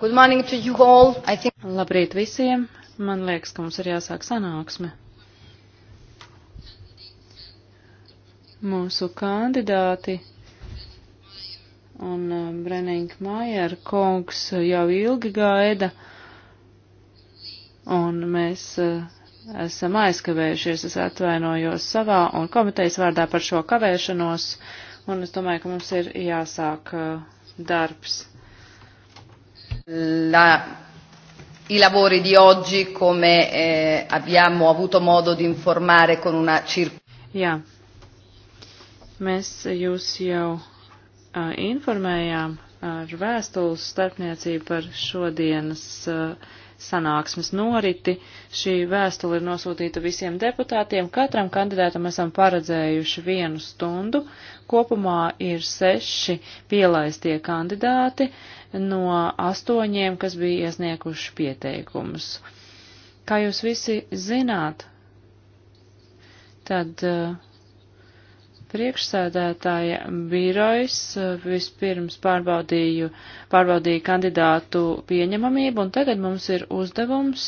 Good morning to you all. I think... Labrīt visiem. Man liekas, ka mums ir jāsāk sanāksme. Mūsu kandidāti un um, Brenning Maier kungs jau ilgi gaida, un mēs uh, esam aizkavējušies. Es atvainojos savā un komitejas vārdā par šo kavēšanos, un es domāju, ka mums ir jāsāk uh, darbs. La... I lavori di oggi, come eh, abbiamo avuto modo di informare con una circolare. Jā, mēs jūs jau uh, informējām ar vēstules starpniecību par šodienas uh, sanāksmes noriti. Šī vēstule ir nosūtīta visiem deputātiem. Katram kandidātam esam paredzējuši vienu stundu. Kopumā ir seši pielaistie kandidāti no astoņiem, kas bija iesnieguši pieteikumus. Kā jūs visi zināt, tad. Uh, Priekšsēdētāja birojs eh, vispirms pārbaudīju, pārbaudīja kandidātu pieņemamību, un tagad mums ir uzdevums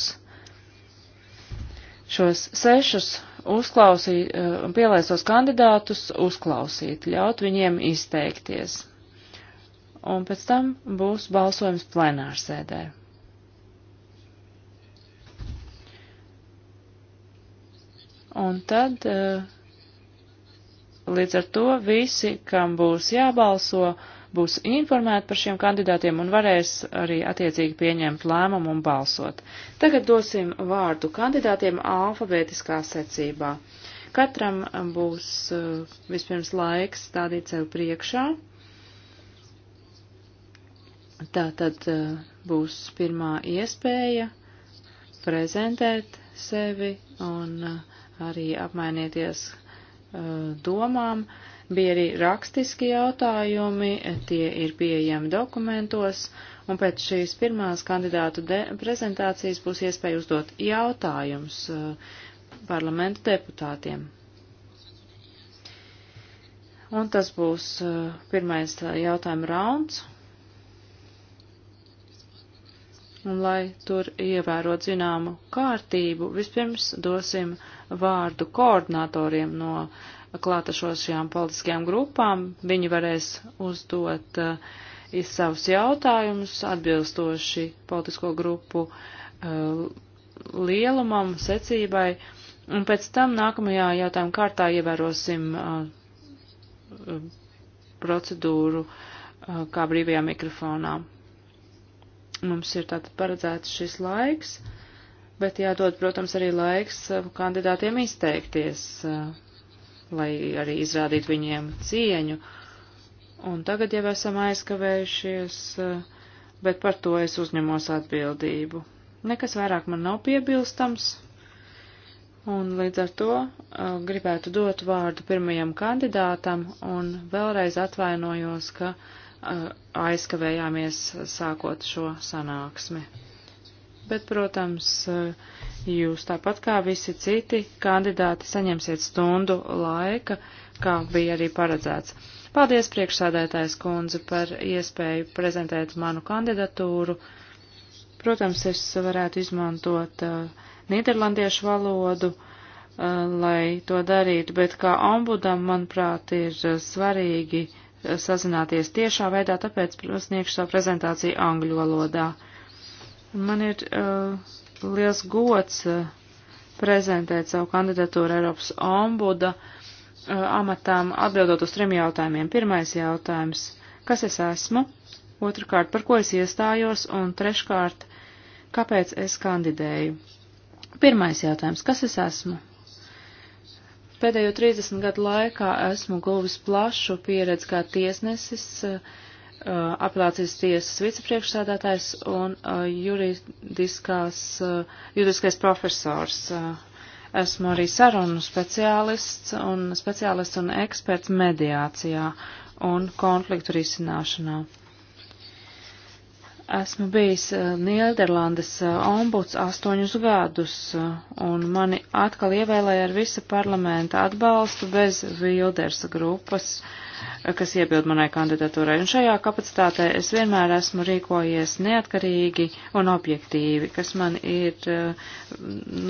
šos sešus uzklausīt, eh, pielaisos kandidātus uzklausīt, ļaut viņiem izteikties. Un pēc tam būs balsojums plenārsēdē. Un tad uh, Līdz ar to visi, kam būs jābalso, būs informēti par šiem kandidātiem un varēs arī attiecīgi pieņemt lēmumu un balsot. Tagad dosim vārdu kandidātiem alfabētiskā secībā. Katram būs eh, vispirms laiks stādīt sev priekšā. Tā tad eh, būs pirmā iespēja prezentēt sevi un eh, arī apmainieties Uh, domām. Bija arī rakstiski jautājumi, tie ir pieejami dokumentos, un pēc šīs pirmās kandidātu prezentācijas būs iespēja uzdot jautājumus uh, parlamentu deputātiem. Un tas būs uh, pirmais jautājuma rauns, un lai tur ievērot zināmu kārtību, vispirms dosim vārdu koordinatoriem no klātešošajām politiskajām grupām. Viņi varēs uzdot uh, savus jautājumus atbilstoši politisko grupu uh, lielumam, secībai, un pēc tam nākamajā jautājuma kārtā ievērosim uh, procedūru kā brīvajā mikrofonā. Mums ir tātad paredzēts šis laiks, bet jādod, protams, arī laiks uh, kandidātiem izteikties, uh, lai arī izrādītu viņiem cieņu. Un tagad jau esam aizkavējušies, uh, bet par to es uzņemos atbildību. Nekas vairāk man nav piebilstams. Un līdz ar to uh, gribētu dot vārdu pirmajam kandidātam un vēlreiz atvainojos, ka uh, aizkavējāmies sākot šo sanāksmi. Bet, protams, jūs tāpat kā visi citi kandidāti saņemsiet stundu laika, kā bija arī paredzēts. Paldies priekšsādētājs kundze par iespēju prezentēt manu kandidatūru. Protams, es varētu izmantot uh, nīderlandiešu valodu, uh, lai to darītu, bet kā ombudam, manuprāt, ir uh, svarīgi uh, sazināties tiešā veidā, tāpēc sniegšu savu prezentāciju angļu valodā. Man ir uh, liels gods uh, prezentēt savu kandidatūru Eiropas ombuda uh, amatām, atbildot uz trim jautājumiem. Pirmais jautājums - kas es esmu? Otrakārt, par ko es iestājos? Un treškārt, kāpēc es kandidēju? Pirmais jautājums - kas es esmu? Pēdējo 30 gadu laikā esmu guvis plašu pieredzi kā tiesnesis, eh, apelācijas tiesas vicepriekšsādātājs un eh, eh, juridiskais profesors. Esmu arī sarunu speciālists un speciālists un eksperts mediācijā un konfliktu risināšanā. Esmu bijis eh, Nielderlandes eh, ombuds astoņus gadus, eh, un mani atkal ievēlēja ar visa parlamenta atbalstu bez Vildersa grupas, kas iebild manai kandidatūrai. Un šajā kapacitātē es vienmēr esmu rīkojies neatkarīgi un objektīvi, kas man ir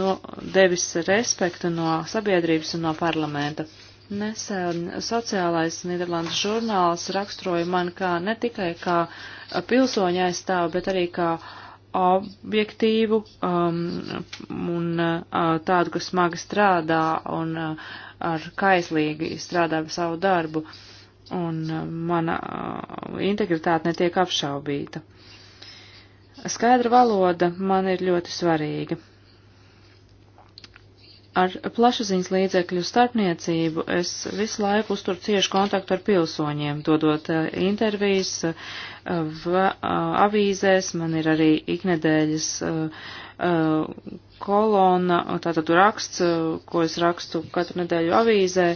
no, devis respektu no sabiedrības un no parlamenta. Nesen sociālais Nīderlandes žurnāls raksturoja man kā ne tikai kā pilsoņa aizstāvu, bet arī kā objektīvu um, un uh, tādu, kas smagi strādā un uh, ar kaislīgi strādā savu darbu. Un uh, mana uh, integritāte netiek apšaubīta. Skaidra valoda man ir ļoti svarīga. Ar plašsaziņas līdzekļu starpniecību es visu laiku uzturu ciešu kontaktu ar pilsoņiem, dodot eh, intervijas eh, avīzēs, man ir arī iknedēļas eh, kolona, tātad raksts, ko es rakstu katru nedēļu avīzē,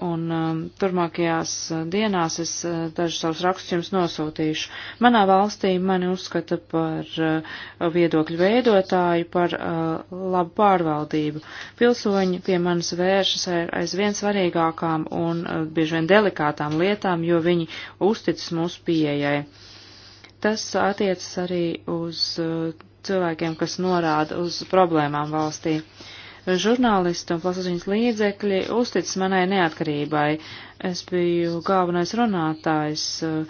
un um, turmākajās uh, dienās es uh, dažus savus rakstus jums nosūtīšu. Manā valstī mani uzskata par uh, viedokļu veidotāju, par uh, labu pārvaldību. Pilsoņi pie manis vēršas ar aizvien svarīgākām un uh, bieži vien delikātām lietām, jo viņi uzticas mūsu pieejai. Tas attiecas arī uz uh, cilvēkiem, kas norāda uz problēmām valstī. Uh, žurnālisti un plasaziņas līdzekļi uztic manai neatkarībai. Es biju galvenais runātājs uh,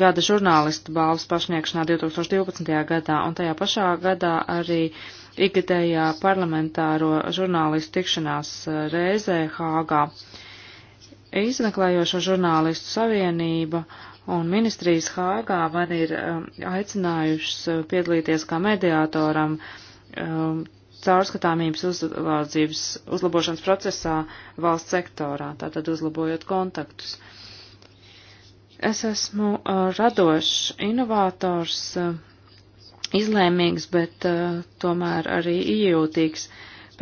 gada žurnālistu balvas pašniegšanā 2012. gadā, un tajā pašā gadā arī ikgadējā parlamentāro žurnālistu tikšanās uh, reizē Hāgā. Izmeklējošo žurnālistu savienība un ministrijas Hāgā man ir um, aicinājušas uh, piedalīties kā mediātoram um, caurskatāmības uzvārdzības uzlabošanas procesā valsts sektorā, tātad uzlabojot kontaktus. Es esmu uh, radošs inovators, uh, izlēmīgs, bet uh, tomēr arī iejūtīgs.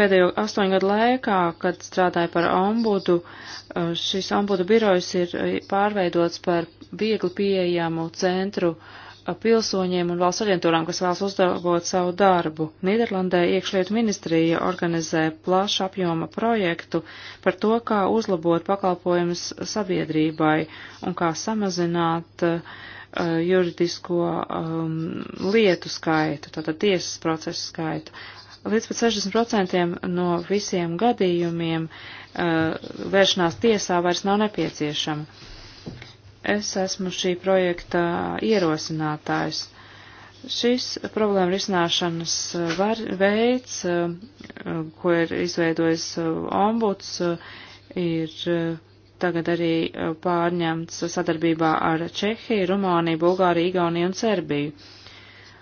Pēdējo astoņu gadu laikā, kad strādāju par ombudu, uh, šis ombudu birojs ir pārveidots par viegli pieejamu centru uh, pilsoņiem un valsts aģentūrām, kas vēlas uzlabot savu darbu. Nīderlandē iekšlietu ministrija organizē plašu apjoma projektu par to, kā uzlabot pakalpojumus sabiedrībai un kā samazināt uh, juridisko um, lietu skaitu, tātad tiesas procesu skaitu. Līdz pat 60% no visiem gadījumiem uh, vēršanās tiesā vairs nav nepieciešama. Es esmu šī projekta ierosinātājs. Šis problēma risināšanas uh, var, veids, uh, uh, ko ir izveidojis ombuds, ir tagad arī pārņemts sadarbībā ar Čehiju, Rumāniju, Bulgāriju, Igauniju un Serbiju.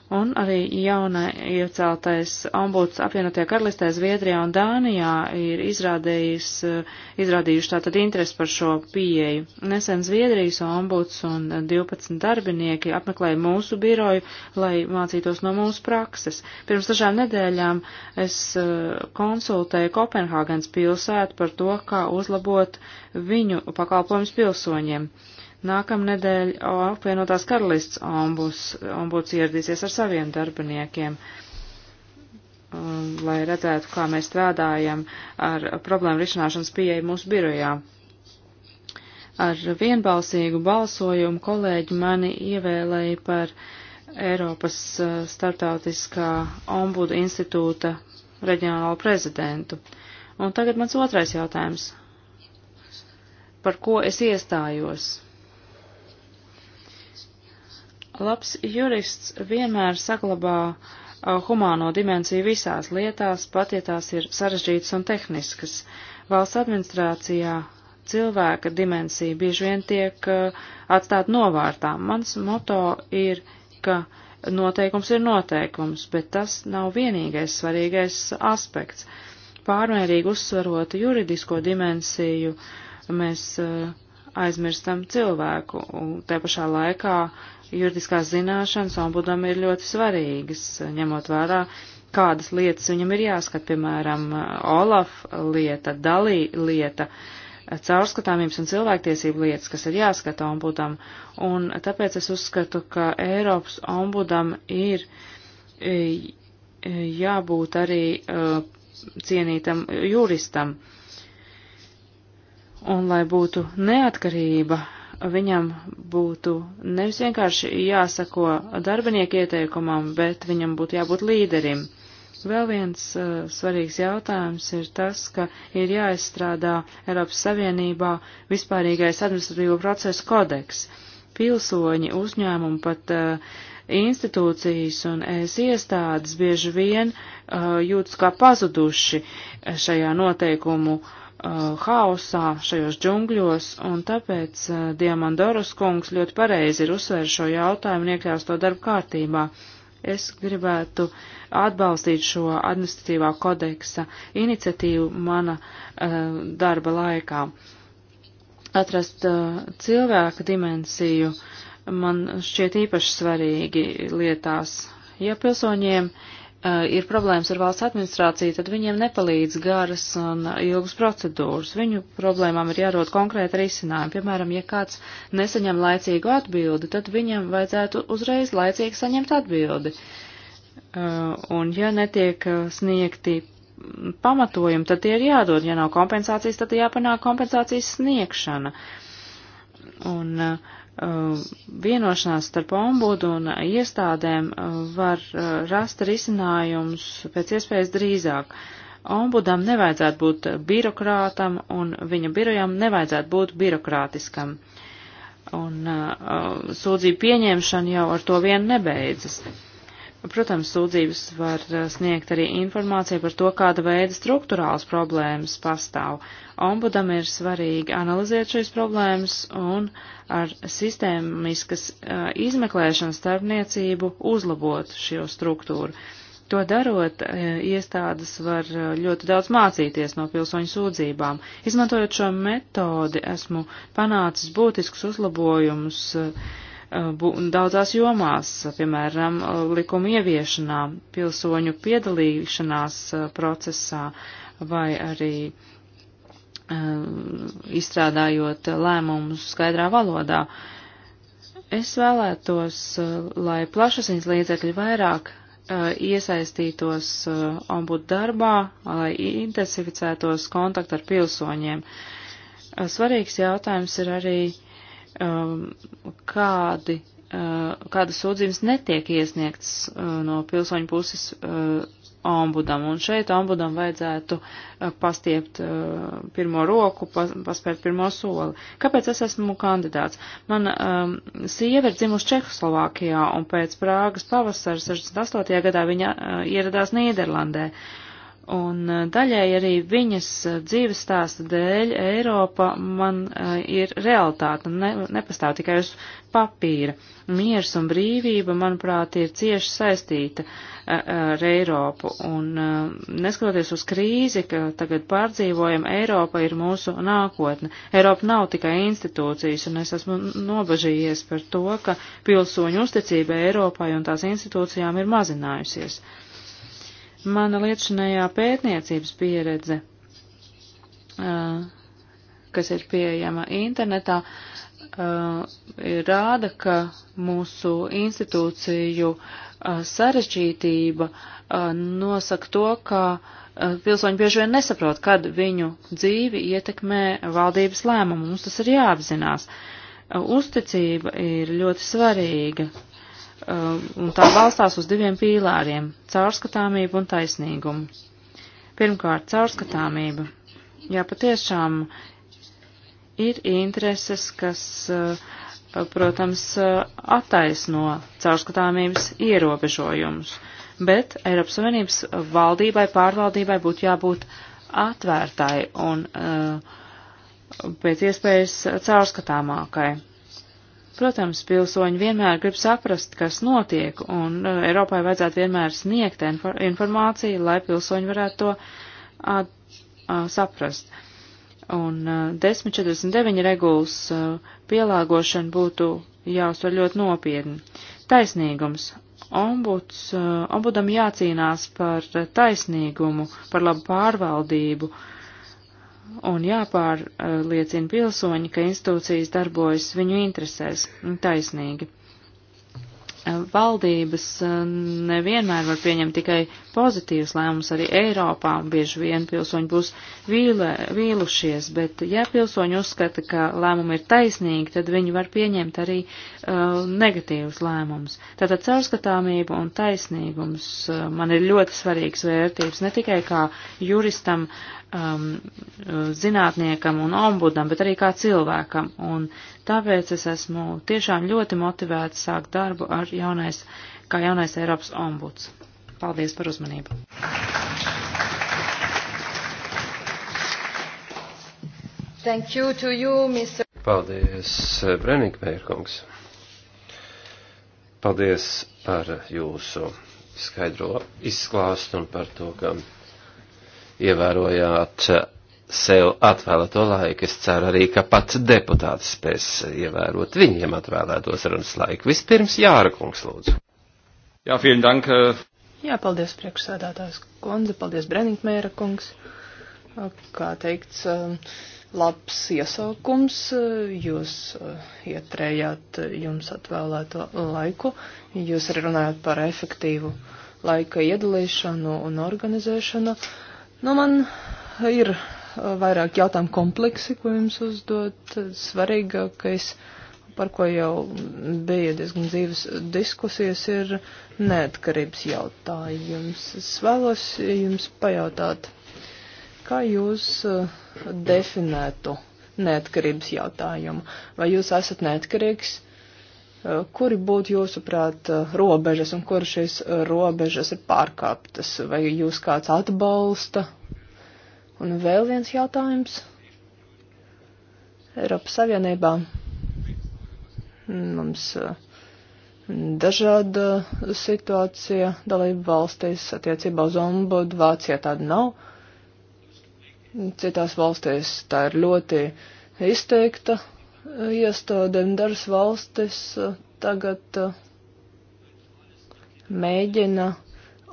Un arī jaunai ieceltais ombuds apvienotie karalistē Zviedrijā un Dānijā ir eh, izrādījuši tātad interesi par šo pieeju. Nesen Zviedrijas ombuds un 12 darbinieki apmeklēja mūsu biroju, lai mācītos no mūsu prakses. Pirms dažām nedēļām es eh, konsultēju Kopenhāgens pilsētu par to, kā uzlabot viņu pakalpojumus pilsoņiem. Nākamnedēļ apvienotās karalists ombus, ombuds ieradīsies ar saviem darbiniekiem, um, lai redzētu, kā mēs strādājam ar problēmu risināšanas pieeju mūsu birojā. Ar vienbalsīgu balsojumu kolēģi mani ievēlēja par Eiropas uh, startautiskā ombuda institūta reģionālo prezidentu. Un tagad mans otrais jautājums. Par ko es iestājos? Labs jurists vienmēr saglabā humāno dimensiju visās lietās, pat ja tās ir sarežģītas un tehniskas. Valsts administrācijā cilvēka dimensija bieži vien tiek atstāt novārtā. Mans moto ir, ka noteikums ir noteikums, bet tas nav vienīgais svarīgais aspekts. Pārmērīgi uzsvarot juridisko dimensiju, mēs aizmirstam cilvēku, un te pašā laikā juridiskās zināšanas ombudam ir ļoti svarīgas, ņemot vērā, kādas lietas viņam ir jāskat, piemēram, Olaf lieta, Dalī lieta, caurskatāmības un cilvēktiesību lietas, kas ir jāskata ombudam. Un tāpēc es uzskatu, ka Eiropas ombudam ir e, e, jābūt arī e, cienītam juristam. Un lai būtu neatkarība, viņam būtu nevis vienkārši jāsako darbinieku ieteikumam, bet viņam būtu jābūt līderim. Vēl viens uh, svarīgs jautājums ir tas, ka ir jāizstrādā Eiropas Savienībā vispārīgais administratīvo procesu kodeks. Pilsoņi, uzņēmumi, pat uh, institūcijas un es iestādes bieži vien uh, jūtas kā pazuduši šajā noteikumu uh, Uh, haosā šajos džungļos, un tāpēc uh, Diamandoras kungs ļoti pareizi ir uzsvērs šo jautājumu un iekļaus to darbu kārtībā. Es gribētu atbalstīt šo administratīvā kodeksa iniciatīvu mana uh, darba laikā. Atrast uh, cilvēka dimensiju man šķiet īpaši svarīgi lietās, ja pilsoņiem uh, Eh, ir problēmas ar valsts administrāciju, tad viņiem nepalīdz garas un ilgas procedūras. Viņu problēmām ir jārod konkrēta risinājuma. Piemēram, ja kāds nesaņem laicīgu atbildi, tad viņam vajadzētu uzreiz laicīgi saņemt atbildi. Eh, un ja netiek eh, sniegti pamatojumi, tad tie ir jādod. Ja nav kompensācijas, tad jāpanāk kompensācijas sniegšana. Un uh, Uh, vienošanās starp ombudu un iestādēm uh, var uh, rast risinājums pēc iespējas drīzāk. Ombudam nevajadzētu būt birokrātam un viņa birojam nevajadzētu būt birokrātiskam. Un uh, sūdzību pieņemšana jau ar to vien nebeidzas. Uh, Protams, sūdzības var eh, sniegt arī informāciju par to, kāda veida struktūrāls problēmas pastāv. Ombudam ir svarīgi analizēt šīs problēmas un ar sistēmiskas uh, izmeklēšanas starpniecību uzlabot šo struktūru. To darot, eh, iestādes var ļoti daudz mācīties no pilsoņu sūdzībām. Izmantojot šo metodi, esmu panācis būtiskus uzlabojumus uh, Uh, daudzās jomās, piemēram, uh, likuma ieviešanā, pilsoņu piedalīšanās uh, procesā vai arī izstrādājot lēmumus skaidrā valodā. Es vēlētos, lai plašasins līdzekļi vairāk iesaistītos ombudu darbā, lai intensificētos kontaktu ar pilsoņiem. Svarīgs jautājums ir arī uh, um, kādi, uh, kādas sūdzības netiek iesniegtas uh, no pilsoņu puses uh, ombudam. Un šeit ombudam vajadzētu uh, pastiept uh, pirmo roku, pas, paspērt pirmo soli. Kāpēc es esmu kandidāts? Man um, sieva ir dzimusi Čehoslovākijā, un pēc Prāgas pavasara 68. gadā viņa uh, ieradās Nīderlandē. Uh, Un eh, daļai arī viņas eh, dzīves stāsta dēļ Eiropa man uh, ir realitāte, ne, nepastāv tikai uz papīra. Miers un brīvība, manuprāt, ir cieši saistīta uh, ar Eiropu. Un uh, neskatoties uz krīzi, ka tagad pārdzīvojam, Eiropa ir mūsu nākotne. Eiropa nav tikai institūcijas, un es esmu nobažījies par to, ka pilsoņu uzticība Eiropai un tās institūcijām ir mazinājusies. Uh, Mana liecinājā pētniecības pieredze, kas ir pieejama internetā, rāda, ka mūsu institūciju sarežģītība nosaka to, ka pilsoņi bieži vien nesaprot, kad viņu dzīvi ietekmē valdības lēmumu. Mums tas ir jāapzinās. Uzticība ir ļoti svarīga, Uh, un tā balstās uz diviem pīlāriem - caurskatāmību un taisnīgumu. Pirmkārt, caurskatāmība. Jā, patiešām ir intereses, kas, uh, protams, uh, attaisno caurskatāmības ierobežojumus, bet Eiropas Savienības valdībai, pārvaldībai būtu jābūt atvērtai un pēc iespējas caurskatāmākai. Protams, pilsoņi vienmēr grib saprast, kas notiek, un uh, Eiropai vajadzētu vienmēr sniegt informāciju, lai pilsoņi varētu to at, at, uh, saprast. Un 1049 uh, regulas pielāgošana būtu jāuztver ļoti nopietni. Taisnīgums. Ombuds, ombudam jācīnās par taisnīgumu, par labu pārvaldību. Uh, un jāpārliecina pilsoņi, ka institūcijas darbojas viņu interesēs taisnīgi. Valdības nevienmēr var pieņemt tikai pozitīvas lēmumus, arī Eiropā bieži vien pilsoņi būs vīlē, vīlušies, bet ja pilsoņi uzskata, ka lēmumi ir taisnīgi, tad viņi var pieņemt arī uh, negatīvus lēmumus. Tātad caurskatāmība un taisnīgums uh, man ir ļoti svarīgs vērtības, ne tikai kā juristam uh, um, zinātniekam un ombudam, bet arī kā cilvēkam. Un tāpēc es esmu tiešām ļoti motivēts sākt darbu ar jaunais, kā jaunais Eiropas ombuds. Paldies par uzmanību. Thank you to you, Mr. Paldies, eh, Brenikmērkungs. Paldies par jūsu skaidro izklāstu un par to, ka ievērojāt sev atvēlēto laiku. Es ceru arī, ka pat deputāti spēs ievērot viņiem atvēlētos runas laiku. Vispirms Jāra kungs lūdzu. Jā, vielen dank. Eh. Jā, paldies priekšsēdētājs kundze, paldies Brenningmēra kungs. Kā teikts, eh, labs iesaukums, eh, jūs ietrējāt jums atvēlēto laiku, jūs arī runājāt par efektīvu laika iedalīšanu un organizēšanu. Uh, Nu, man ir uh, vairāk jautājumu kompleksi, ko jums uzdot. Svarīgākais, par ko jau bija diezgan dzīves diskusijas, ir neatkarības jautājums. Es vēlos jums pajautāt, kā jūs uh, definētu neatkarības jautājumu? Vai jūs esat neatkarīgs? kuri būtu jūsuprāt eh, robežas un kur šīs eh, robežas ir pārkāptas, vai jūs kāds atbalsta? Un vēl viens jautājums. Eiropas Savienībā mums eh, dažāda situācija dalību valstīs attiecībā uz ombudu, Vācijā tāda nav. Citās valstīs tā ir ļoti izteikta iestādēm daras valstis eh, tagad eh, mēģina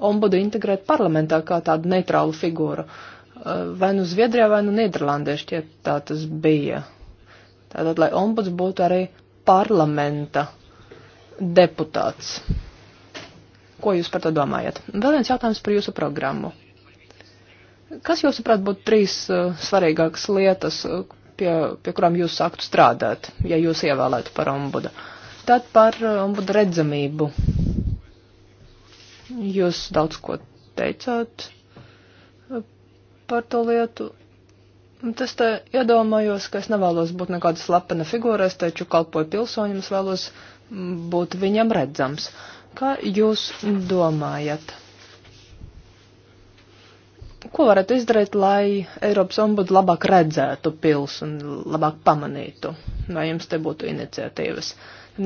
ombudu integrēt parlamentā kā tādu neitrālu figūru. Eh, vai nu Zviedrijā, vai nu Nīderlandē šķiet tā tas bija. Tātad, lai ombuds būtu arī parlamenta deputāts. Ko jūs par to domājat? Vēl viens jautājums par jūsu programmu. Kas jūsuprāt būtu trīs uh, svarīgākas lietas, uh, pie, pie kurām jūs sāktu strādāt, ja jūs ievēlētu par ombudu. Tad par eh, ombudu redzamību. Jūs daudz ko teicāt eh, par to lietu. Tas te iedomājos, ka es nevēlos būt nekāda slepena figūra, es taču kalpoju pilsoņiem, es vēlos mm, būt viņam redzams. Kā jūs domājat? Ko varētu izdarīt, lai Eiropas ombudu labāk redzētu pils un labāk pamanītu, vai jums te būtu iniciatīvas?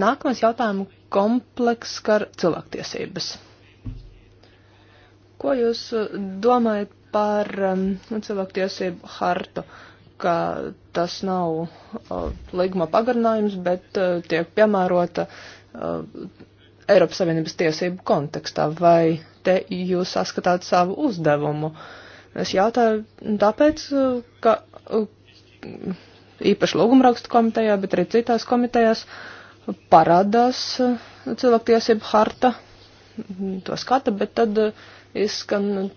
Nākamais jautājumu kompleks kar cilvēktiesības. Ko jūs uh, domājat par um, nu, cilvēktiesību hartu, ka tas nav uh, līguma pagarinājums, bet uh, tiek piemērota uh, Eiropas Savienības tiesību kontekstā, vai te jūs saskatāt savu uzdevumu? Uh, Es jautāju tāpēc, ka īpaši lūgumrakstu komitejā, bet arī citās komitejās parādās cilvēktiesība harta, to skata, bet tad izskan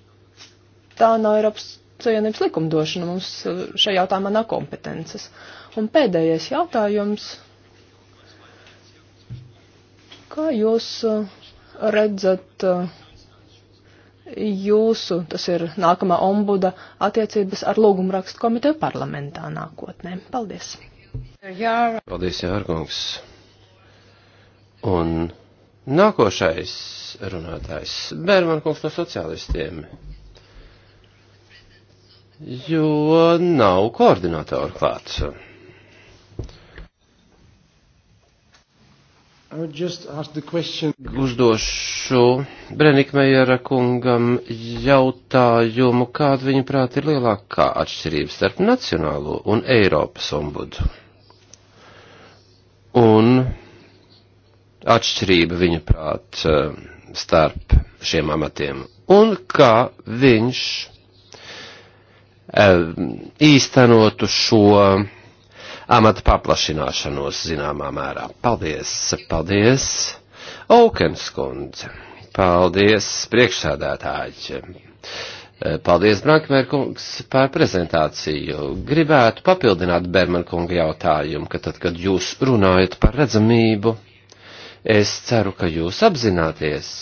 tā nav Eiropas Savienības likumdošana, mums šajā jautājumā nav kompetences. Un pēdējais jautājums, kā jūs redzat, uh, jūsu, tas ir nākamā ombuda attiecības ar lūgumrakstu komiteju parlamentā nākotnē. Paldies! Jā. Paldies, Jārkungs! Un nākošais runātājs - Bērman kungs no sociālistiem. Jo nav koordinātoru klāts. Uzdošu Brenikmejera kungam jautājumu, kāda viņa prāt ir lielākā atšķirība starp nacionālo un Eiropas ombudu. Un atšķirība viņa prāt eh, starp šiem amatiem. Un kā viņš eh, īstenotu šo amata paplašināšanos zināmā mērā. Paldies, paldies, Aukens kundze. Paldies, priekšsādātāji. Paldies, Brankmēr kungs, par prezentāciju. Gribētu papildināt Berman kunga jautājumu, ka tad, kad jūs runājat par redzamību, es ceru, ka jūs apzināties,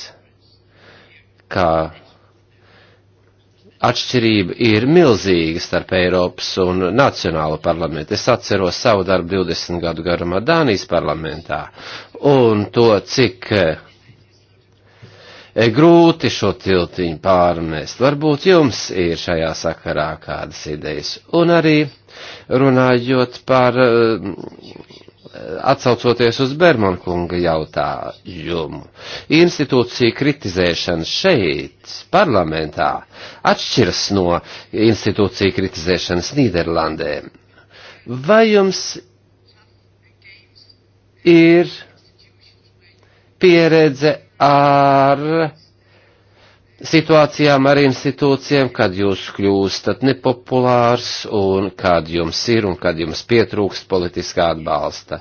ka atšķirība ir milzīga starp Eiropas un Nacionālo parlamentu. Es atceros savu darbu 20 gadu garumā Dānijas parlamentā un to, cik eh, grūti šo tiltiņu pārmest. Varbūt jums ir šajā sakarā kādas idejas. Un arī runājot par eh, atsaucoties uz Bermanu kunga jautājumu, institūcija kritizēšana šeit, parlamentā, atšķiras no institūcija kritizēšanas Nīderlandē. Vai jums ir pieredze ar situācijām ar institūcijiem, kad jūs kļūstat nepopulārs un kad jums ir un kad jums pietrūkst politiskā atbalsta.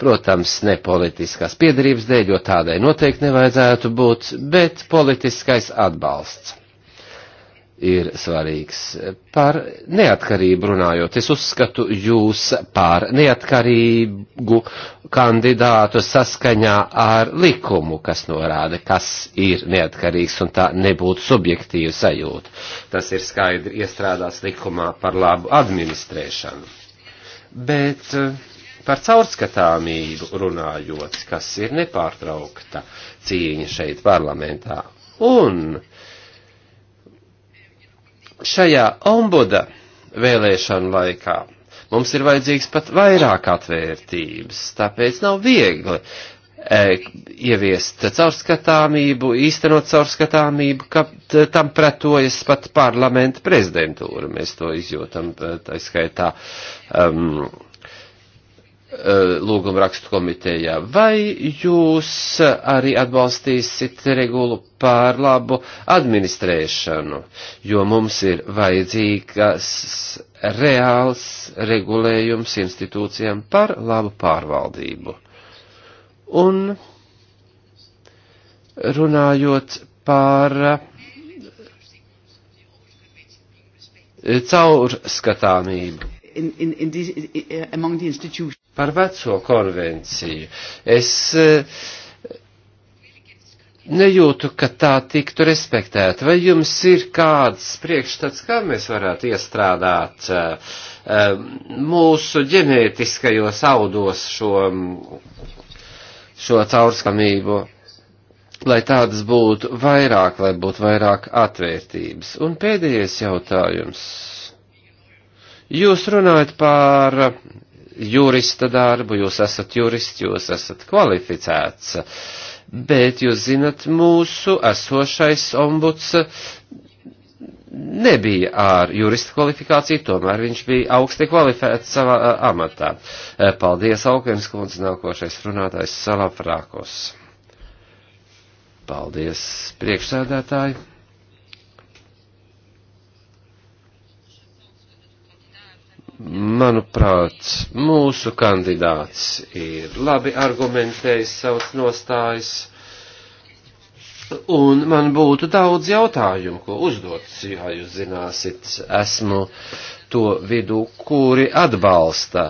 Protams, ne politiskās piedarības dēļ, jo tādai noteikti nevajadzētu būt, bet politiskais atbalsts ir svarīgs. Par neatkarību runājot, es uzskatu jūs par neatkarīgu kandidātu saskaņā ar likumu, kas norāda, kas ir neatkarīgs un tā nebūtu subjektīva sajūta. Tas ir skaidri iestrādās likumā par labu administrēšanu. Bet eh, par caurskatāmību runājot, kas ir nepārtraukta cīņa šeit parlamentā. Un uh, šajā ombuda vēlēšanu laikā mums ir vajadzīgs pat vairāk atvērtības, tāpēc nav viegli e, ieviest caurskatāmību, īstenot caurskatāmību, ka tam pretojas pat parlamenta prezidentūra. Mēs to izjūtam, e, tā skaitā. Um, Eh, lūguma rakstu komitejā. Vai jūs arī atbalstīsit regulu pār labu administrēšanu, jo mums ir vajadzīgas reāls regulējums institūcijām par labu pārvaldību? Un runājot par eh, caurskatāmību in, in, in these, in, uh, among the institutions. Par veco konvenciju. Es eh, nejūtu, ka tā tiktu respektēta. Vai jums ir kāds priekšstats, kā mēs varētu iestrādāt eh, eh, mūsu ģenētiskajos audos šo, šo caurskamību? lai tādas būtu vairāk, lai būtu vairāk atvērtības. Un pēdējais jautājums. Jūs runājat par jurista darbu, jūs esat jurists, jūs esat kvalificēts, bet jūs zinat, mūsu esošais ombuds nebija ar jurista kvalifikāciju, tomēr viņš bija augsti kvalificēts savā amatā. E, paldies, Aukens kundze, nākošais runātājs Salafrākos. Paldies, priekšsēdētāji. Manuprāt, mūsu kandidāts ir labi argumentējis savas nostājas, un man būtu daudz jautājumu, ko uzdot, ja jūs zināsit, esmu to vidu, kuri atbalsta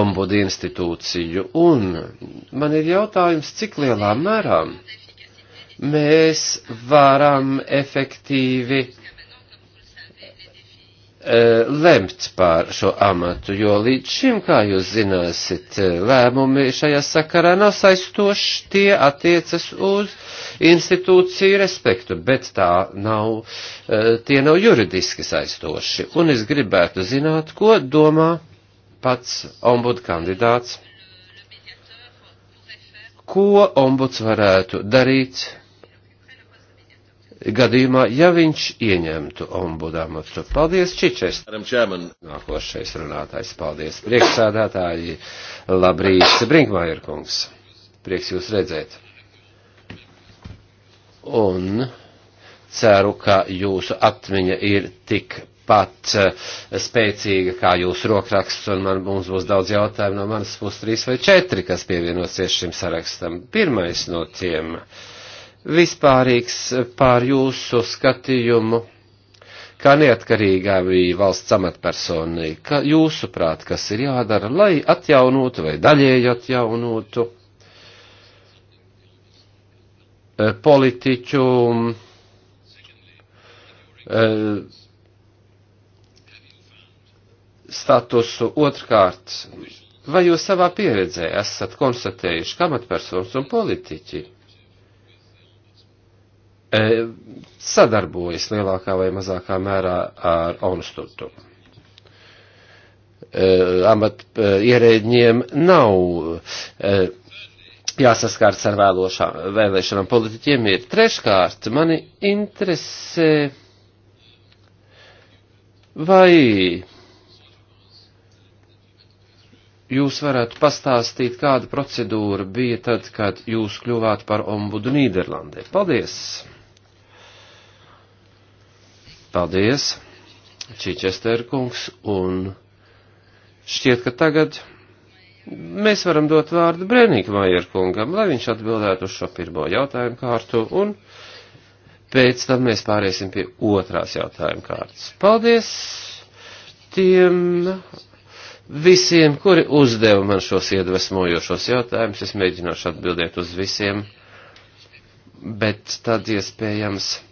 ombudu institūciju, un man ir jautājums, cik lielā mērā mēs varam efektīvi Eh, lemt pār šo amatu, jo līdz šim, kā jūs zināsiet, eh, lēmumi šajā sakarā nav saistoši, tie attiecas uz institūciju respektu, bet tā nav, eh, tie nav juridiski saistoši. Un es gribētu zināt, ko domā pats ombud kandidāts, ko ombuds varētu darīt gadījumā, ja viņš ieņemtu ombudā matu. Paldies, Čičes! Nākošais runātājs, paldies, priekšsādātāji, labrīt, Brinkmājer kungs, prieks jūs redzēt. Un ceru, ka jūsu atmiņa ir tik pat eh, spēcīga kā jūsu rokraksts, un man, mums būs daudz jautājumu no manas puses trīs vai četri, kas pievienosies šim sarakstam. Pirmais no tiem. Uh, vispārīgs pār jūsu skatījumu, kā neatkarīgā bija valsts amatpersonai, ka jūsuprāt, kas ir jādara, lai atjaunotu vai daļēji atjaunotu eh, politiķu eh, statusu. Otrkārt, vai jūs savā pieredzē esat konstatējuši, ka amatpersonas un politiķi E, sadarbojas lielākā vai mazākā mērā ar Onstutu. E, amat e, ierēģiem nav jāsaskārts ar vēlošā, vēlēšanām. Politiķiem ir treškārt. Mani interesē, vai jūs varētu pastāstīt, kāda procedūra bija tad, kad jūs kļuvāt par ombudu Nīderlandē. Paldies! Paldies, Čičester kungs, un šķiet, ka tagad mēs varam dot vārdu Brēnīkmajer kungam, lai viņš atbildētu uz šo pirmo jautājumu kārtu, un pēc tam mēs pāriesim pie otrās jautājuma kārtas. Paldies tiem visiem, kuri uzdeva man šos iedvesmojošos jautājumus. Es mēģināšu atbildēt uz visiem, bet tad iespējams. Ja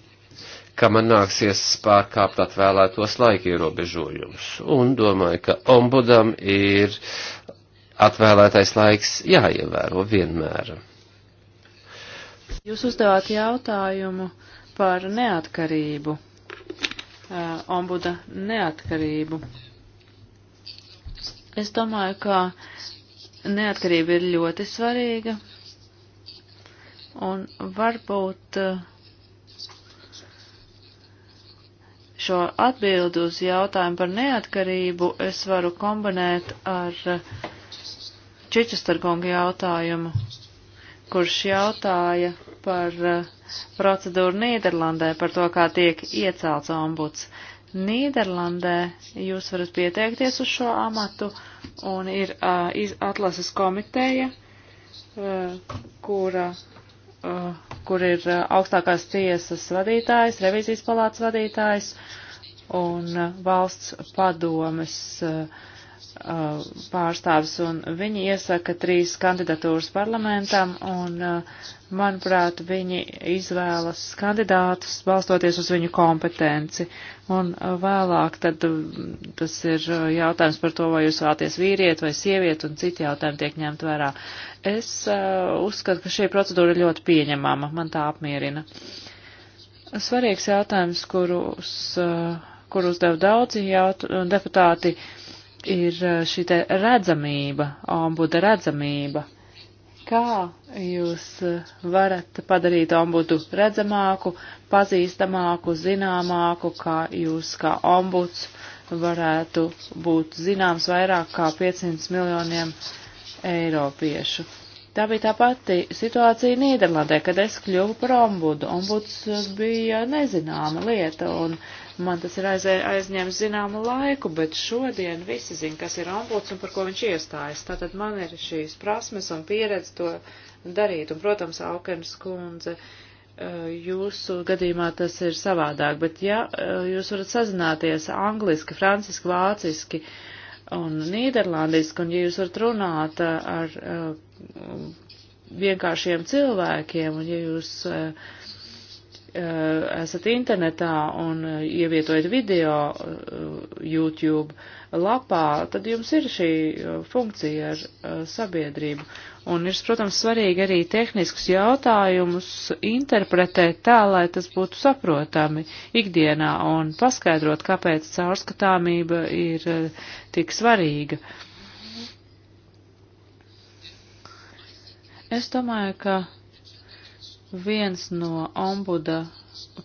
ka man nāksies pārkāpt atvēlētos laika ierobežojumus. Un domāju, ka ombudam ir atvēlētais laiks jāievēro vienmēr. Jūs uzdevāt jautājumu par neatkarību, ombuda neatkarību. Es domāju, ka neatkarība ir ļoti svarīga, un varbūt uh, šo atbildu uz jautājumu par neatkarību es varu kombinēt ar eh, Čičestargonga jautājumu, kurš jautāja par eh, procedūru Nīderlandē, par to, kā tiek iecelts ombuds. Nīderlandē jūs varat pieteikties uz šo amatu un ir uh, atlases komiteja, uh, kura Uh, kur ir uh, augstākās tiesas vadītājs, revizijas palātas vadītājs un uh, valsts padomes uh, Uh, pārstāvis, un viņi iesaka trīs kandidatūras parlamentam, un, uh, manuprāt, viņi izvēlas kandidātus balstoties uz viņu kompetenci. Un uh, vēlāk tad mm, tas ir jautājums par to, vai jūs vēlaties vīrieti vai sievieti, un citi jautājumi tiek ņemt vērā. Es uh, uzskatu, ka šī procedūra ir ļoti pieņemama, man tā apmierina. Svarīgs jautājums, kurus, uh, kur uzdev daudzi jaut deputāti. Uh, ir eh, šī te redzamība, ombuda redzamība. Kā jūs eh, varat padarīt ombudu redzamāku, pazīstamāku, zināmāku, kā jūs kā ombuds varētu būt zināms vairāk kā 500 miljoniem eiropiešu? Tā bija tā pati situācija Nīderlandē, kad es kļuvu par ombudu. Ombuds bija nezināma lieta, un uh, Man tas ir aiz, aizņem zināmu laiku, bet šodien visi zina, kas ir ombuds un par ko viņš iestājas. Tātad man ir šīs prasmes un pieredze to darīt. Un, protams, Aukenas kundze, eh, jūsu gadījumā tas ir savādāk, bet ja eh, jūs varat sazināties angliski, franciski, vāciski un nīderlandiski, un ja jūs varat runāt eh, ar vienkāršiem cilvēkiem, un ja jūs uh, Eh, esat internetā un eh, ievietojat video eh, YouTube lapā, tad jums ir šī funkcija ar sabiedrību. Un ir, protams, svarīgi arī tehniskus jautājumus interpretēt tā, lai tas būtu saprotami ikdienā un paskaidrot, kāpēc caurskatāmība ir tik svarīga. Es domāju, ka viens no ombuda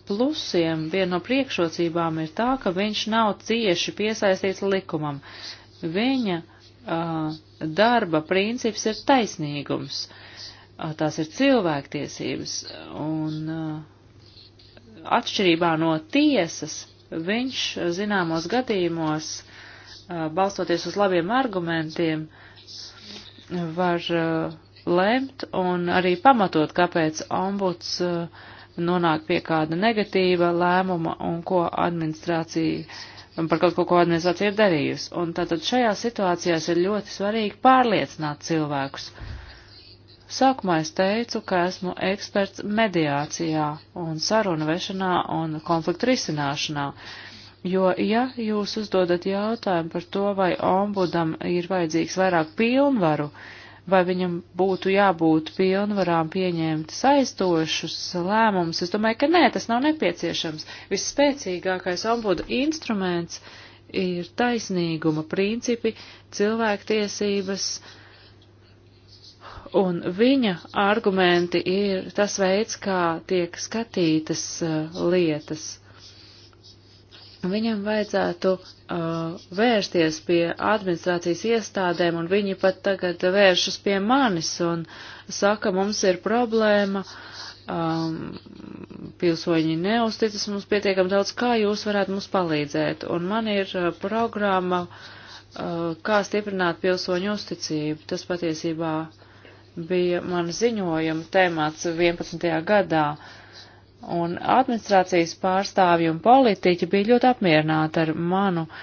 plusiem, viena no priekšrocībām ir tā, ka viņš nav cieši piesaistīts likumam. Viņa uh, darba princips ir taisnīgums, uh, tās ir cilvēktiesības, un uh, atšķirībā no tiesas viņš zināmos gadījumos, uh, balstoties uz labiem argumentiem, var uh, lemt un arī pamatot, kāpēc ombuds uh, nonāk pie kāda negatīva lēmuma un ko administrācija, par kaut ko, ko administrācija ir darījusi. Un tātad šajās situācijās ir ļoti svarīgi pārliecināt cilvēkus. Sākumā es teicu, ka esmu eksperts mediācijā un sarunu vešanā un konfliktu risināšanā. Jo, ja jūs uzdodat jautājumu par to, vai ombudam ir vajadzīgs vairāk pilnvaru, uh, vai viņam būtu jābūt pilnvarām pieņemt saistošus lēmumus. Es domāju, ka nē, tas nav nepieciešams. Visspēcīgākais ombudu instruments ir taisnīguma principi, cilvēktiesības, un viņa argumenti ir tas veids, kā tiek skatītas uh, lietas viņam vajadzētu uh, vērsties pie administrācijas iestādēm, un viņi pat tagad vēršas pie manis un saka, mums ir problēma, um, pilsoņi neusticas mums pietiekam daudz, kā jūs varētu mums palīdzēt. Un man ir uh, programma, uh, kā stiprināt pilsoņu uzticību. Tas patiesībā bija mana ziņojuma temats 11. gadā. Uh, Un administrācijas pārstāvji un politiķi bija ļoti apmierināti ar manu uh,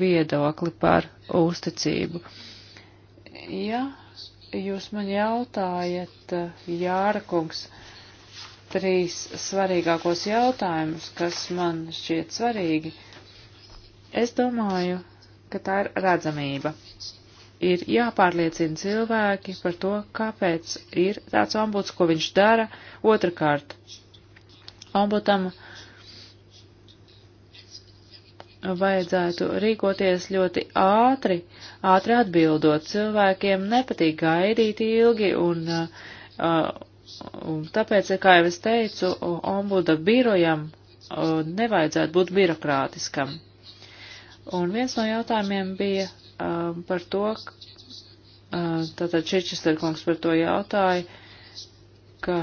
viedokli par uzticību. Ja jūs man jautājat, uh, Jāra kungs, trīs svarīgākos jautājumus, kas man šķiet svarīgi, es domāju, ka tā ir redzamība ir jāpārliecina cilvēki par to, kāpēc ir tāds ombuds, ko viņš dara. Otrakārt, ombudam vajadzētu rīkoties ļoti ātri, ātri atbildot. Cilvēkiem nepatīk gaidīt ilgi, un, uh, uh, un tāpēc, kā jau es teicu, ombuda birojam uh, nevajadzētu būt birokrātiskam. Un viens no jautājumiem bija par to, tātad Čičester kungs par to jautāja, ka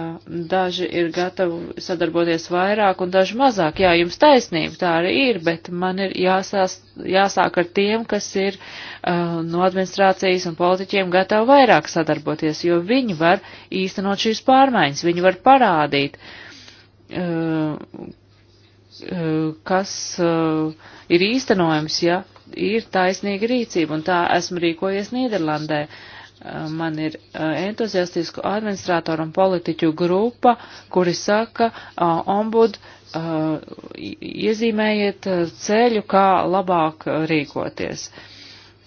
daži ir gatavi sadarboties vairāk un daži mazāk. Jā, jums taisnība tā arī ir, bet man ir jāsās, jāsāk ar tiem, kas ir uh, no administrācijas un politiķiem gatavi vairāk sadarboties, jo viņi var īstenot šīs pārmaiņas, viņi var parādīt, uh, uh, kas uh, ir īstenojams, ja ir taisnīga rīcība, un tā esmu rīkojies Nīderlandē. Uh, man ir entuziastisku administratoru un politiķu grupa, kuri saka, ombud, iezīmējiet ceļu, kā labāk rīkoties.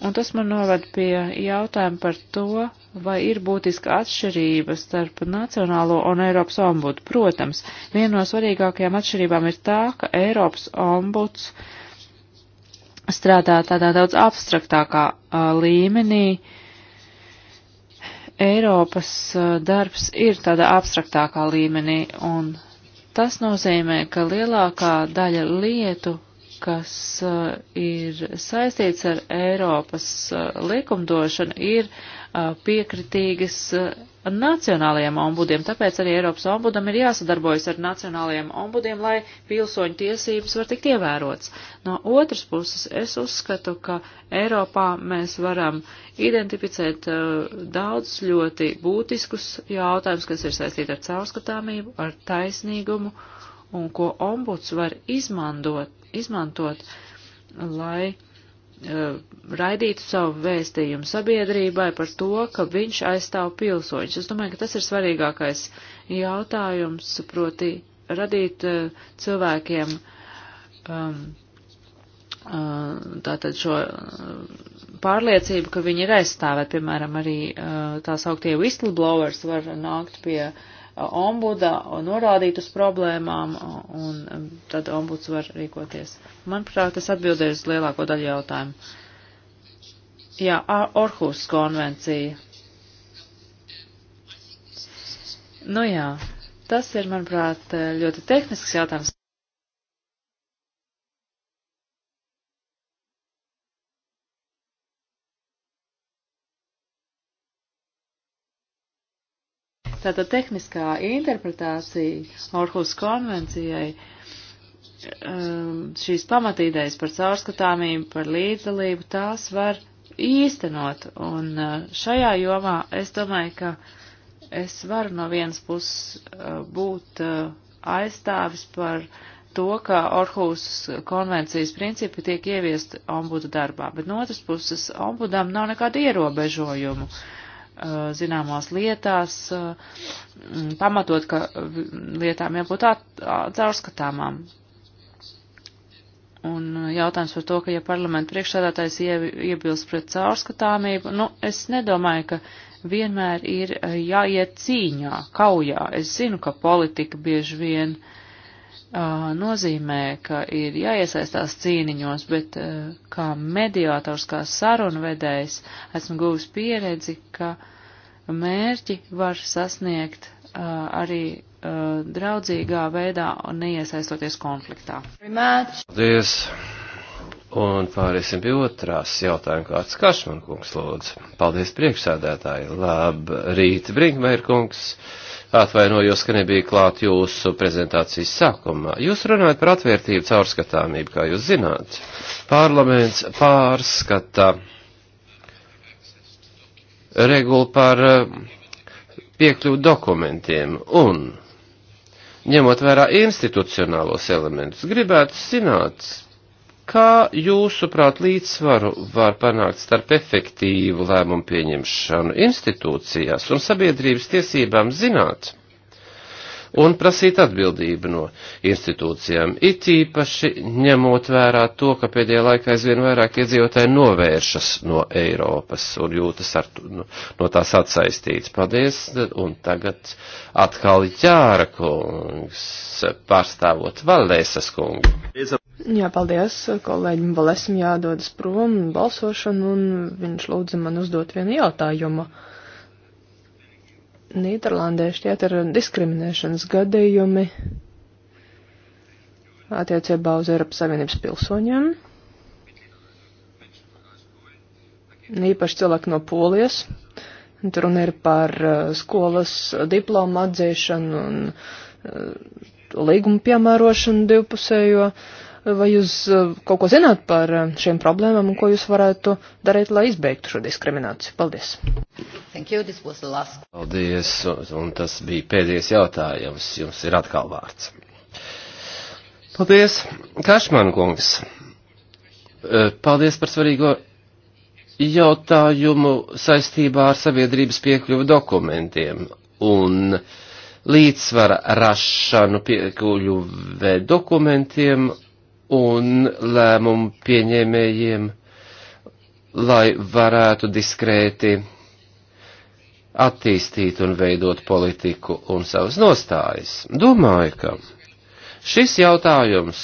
Un tas man noved pie jautājuma par to, vai ir būtiska atšķirība starp Nacionālo un Eiropas ombudu. Protams, viena no svarīgākajām atšķirībām ir tā, ka Eiropas ombuds strādā tādā daudz abstraktākā līmenī, uh, Eiropas uh, darbs ir tādā abstraktākā līmenī, un tas nozīmē, ka lielākā daļa lietu, kas uh, ir saistīts ar Eiropas uh, likumdošanu, ir piekritīgas nacionālajiem ombudiem, tāpēc arī Eiropas ombudam ir jāsadarbojas ar nacionālajiem ombudiem, lai pilsoņu tiesības var tikt ievērots. No otras puses, es uzskatu, ka Eiropā mēs varam identificēt uh, daudz ļoti būtiskus jautājumus, kas ir saistīti ar caurskatāmību, ar taisnīgumu un ko ombuds var izmantot, izmantot lai Uh, raidītu savu vēstījumu sabiedrībai par to, ka viņš aizstāv pilsoņus. Es domāju, ka tas ir svarīgākais jautājums, proti radīt uh, cilvēkiem um, uh, tātad šo pārliecību, ka viņi ir aizstāvēt, piemēram, arī tās augtie whistleblowers var nākt pie uh, ombuda un norādīt uz problēmām, un um, tad ombuds var rīkoties. Manuprāt, es atbildēju uz lielāko daļu jautājumu. Jā, Orhus konvencija. Nu jā, tas ir, manuprāt, ļoti tehnisks jautājums. Tātad tehniskā interpretācija Orhus konvencijai um, šīs pamatīdējas par caurskatāmību, par līdzdalību, tās var īstenot. Un uh, šajā jomā es domāju, ka es varu no vienas puses uh, būt uh, aizstāvis par to, ka Orhusas konvencijas principi tiek ieviest ombuda darbā, bet no otras puses ombudam nav nekāda ierobežojumu. Uh, zināmās lietās, pamatot, ka lietām jābūt caurskatāmām. Un jautājums par to, ka ja parlamenta priekšsādātājs iebilst pret caurskatāmību, nu, es nedomāju, ka vienmēr ir jāiet cīņā, kaujā. Es zinu, ka politika bieži vien uh, nozīmē, ka ir jāiesaistās cīniņos, bet kā mediātors, kā sarunvedējs, esmu guvis pieredzi, ka mērķi var sasniegt arī draudzīgā veidā un neiesaistoties konfliktā. Paldies! Un pāriesim pie otrās jautājuma kārtas Kašman kungs lūdzu. Paldies priekšsēdētāji. Labrīt, Brinkmēr kungs atvainojos, ka nebija klāt jūsu prezentācijas sākumā. Jūs runājat par atvērtību caurskatāmību, kā jūs zināt. Parlaments pārskata regulu par eh, piekļuvu dokumentiem un, ņemot vērā institucionālos elementus, gribētu zināt, Kā jūsuprāt līdzsvaru var panākt starp efektīvu lēmumu pieņemšanu institūcijās un sabiedrības tiesībām zināt? un prasīt atbildību no institūcijām, it īpaši ņemot vērā to, ka pēdējā laikā aizvien vairāk iedzīvotāji novēršas no Eiropas un jūtas ar, no, nu, no tās atsaistīts. Paldies, un tagad atkal ķāra kungs, pārstāvot Valēsas kungu. Jā, paldies kolēģim Valēsim jādodas prom balsošanu, un viņš lūdza man uzdot vienu jautājumu. Nīderlandē šķiet ir diskriminēšanas gadījumi attiecībā uz Eiropas Savienības pilsoņiem. Īpaši cilvēki no Polijas. Tur runa ir par uh, skolas diplomu atzīšanu un uh, līgumu piemērošanu divpusējo. Uh, Vai jūs eh, kaut ko zināt par eh, šiem problēmām un ko jūs varētu darīt, lai izbeigtu šo diskrimināciju? Paldies! Paldies, un tas bija pēdējais jautājums. Jums ir atkal vārds. Paldies, Kašman kungs. Eh, paldies par svarīgo jautājumu saistībā ar sabiedrības piekļuvu dokumentiem un līdzsvara rašanu piekļuve dokumentiem un lēmumu pieņēmējiem, lai varētu diskrēti attīstīt un veidot politiku un savas nostājas. Domāju, ka šis jautājums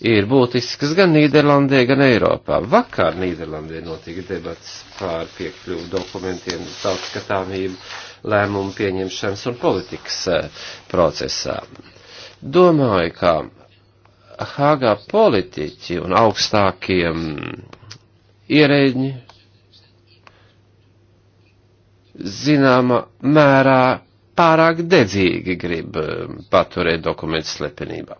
ir būtisks gan Nīderlandē, gan Eiropā. Vakar Nīderlandē notika debats pār piekļuvu dokumentiem, tautskatāmību, lēmumu pieņemšanas un politikas eh, procesā. Domāju, ka Hāgā politiķi un augstākiem mm, ierēģi zināma mērā pārāk dedzīgi grib mm, paturēt dokumentu slepenībā.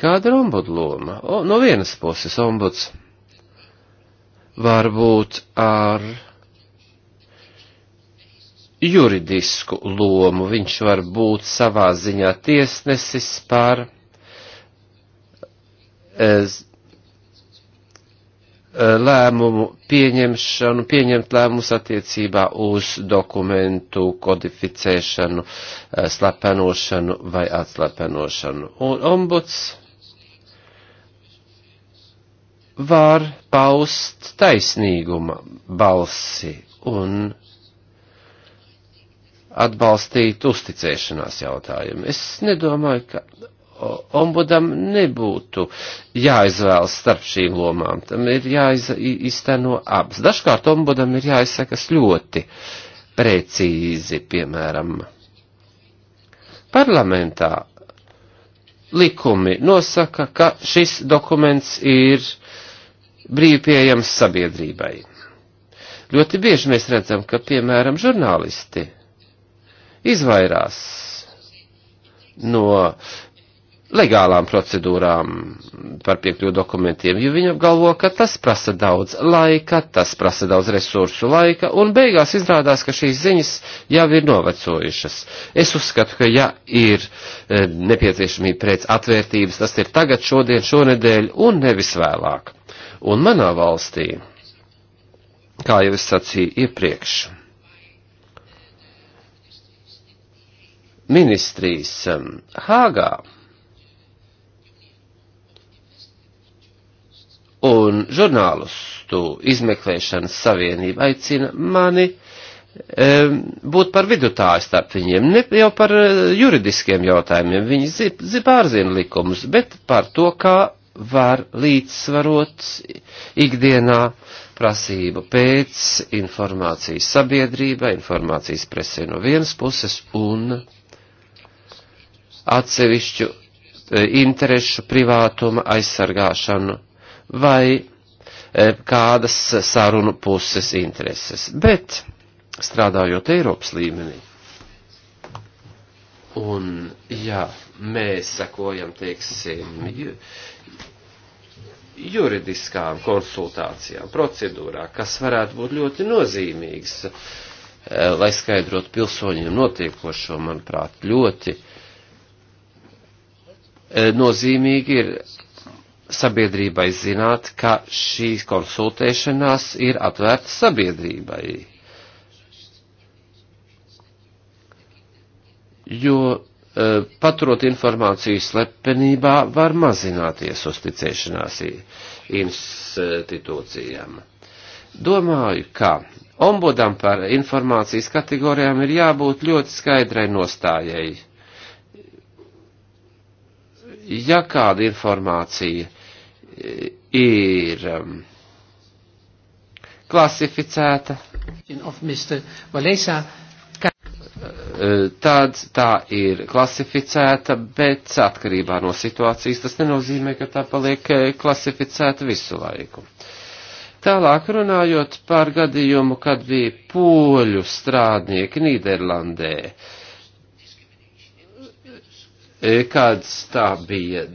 Kāda ir ombudu loma? O, no vienas puses ombuds var būt ar juridisku lomu, viņš var būt savā ziņā tiesnesis par Eh, lēmumu pieņemšanu, pieņemt lēmumus attiecībā uz dokumentu kodificēšanu, eh, slepenošanu vai atslepenošanu. Un ombuds var paust taisnīguma balsi un atbalstīt uzticēšanās jautājumu. Es nedomāju, ka ombudam nebūtu jāizvēlas starp šīm lomām. Tam ir jāizteno abas. Dažkārt ombudam ir jāizsakas ļoti precīzi, piemēram, parlamentā likumi nosaka, ka šis dokuments ir brīvpieejams sabiedrībai. Ļoti bieži mēs redzam, ka, piemēram, žurnālisti izvairās no legālām procedūrām par piekļuvu dokumentiem, jo viņi apgalvo, ka tas prasa daudz laika, tas prasa daudz resursu laika, un beigās izrādās, ka šīs ziņas jau ir novecojušas. Es uzskatu, ka ja ir e, nepieciešamība pēc atvērtības, tas ir tagad, šodien, šonedēļ, un nevis vēlāk. Un manā valstī, kā jau es sacīju iepriekš, ministrijas e, Hāgā, un žurnālistu izmeklēšanas savienība aicina mani būt par vidutāju starp viņiem, ne jau par eh, juridiskiem jautājumiem, viņi zip, zip pārzina likumus, bet par to, kā var līdzsvarot ikdienā prasību pēc informācijas sabiedrība, informācijas presē no vienas puses un atsevišķu eh, interešu privātuma aizsargāšanu vai e, kādas sarunu puses intereses. Bet strādājot Eiropas līmenī, un ja mēs sakojam, teiksim, juridiskām konsultācijām, procedūrā, kas varētu būt ļoti nozīmīgs, e, lai skaidrotu pilsoņiem notiekošo, manuprāt, ļoti e, nozīmīgi ir sabiedrībai zināt, ka šīs konsultēšanās ir atvērta sabiedrībai. Jo e, paturot informāciju slepenībā, var mazināties uzticēšanās institūcijām. Domāju, ka ombudam par informācijas kategorijām ir jābūt ļoti skaidrai nostājai. Ja kāda informācija ir um, klasificēta. Eh, tad tā ir klasificēta, bet atkarībā no situācijas tas nenozīmē, ka tā paliek eh, klasificēta visu laiku. Tālāk runājot par gadījumu, kad bija poļu strādnieki Nīderlandē, eh, kad tā bija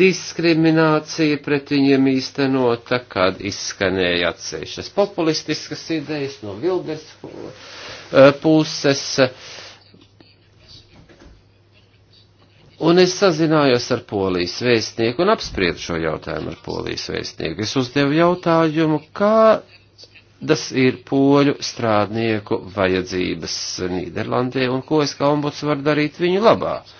diskriminācija pret viņiem īstenota, kad izskanēja atsevišķas populistiskas idejas no Vildes eh, puses. Un es sazinājos ar polijas vēstnieku un apspriedu šo jautājumu ar polijas vēstnieku. Es uzdevu jautājumu, kā tas ir poļu strādnieku vajadzības Nīderlandē un ko es kā ombuds varu darīt viņu labā. Uh,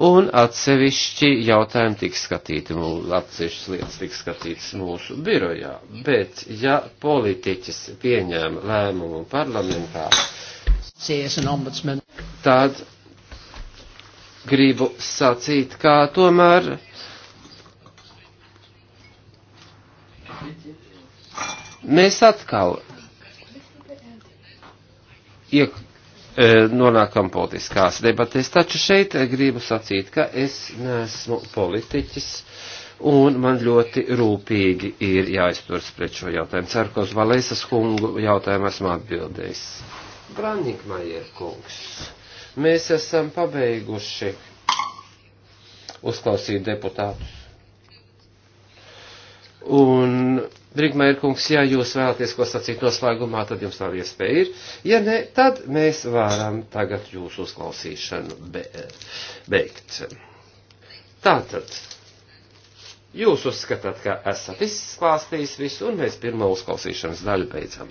un atsevišķi jautājumi tiks skatīti, atsevišķas lietas tiks skatītas mūsu birojā. Bet, ja politiķis pieņēma lēmumu parlamentā, tad gribu sacīt, kā tomēr mēs atkal iekļūt E, nonākam politiskās debatēs. Taču šeit gribu sacīt, ka es neesmu politiķis. Un man ļoti rūpīgi ir jāizturas pret šo jautājumu. Ceru, ka uz Valēsas kungu jautājumu esmu atbildējis. Branikmajer kungs, mēs esam pabeiguši uzklausīt deputātus. Un Brigmair kungs, ja jūs vēlaties ko sacīt noslēgumā, tad jums nav iespēja ir. Ja ne, tad mēs varam tagad jūsu uzklausīšanu be, beigt. Tātad, jūs uzskatāt, ka esat izklāstījis visu, un mēs pirmo uzklausīšanas daļu beidzam.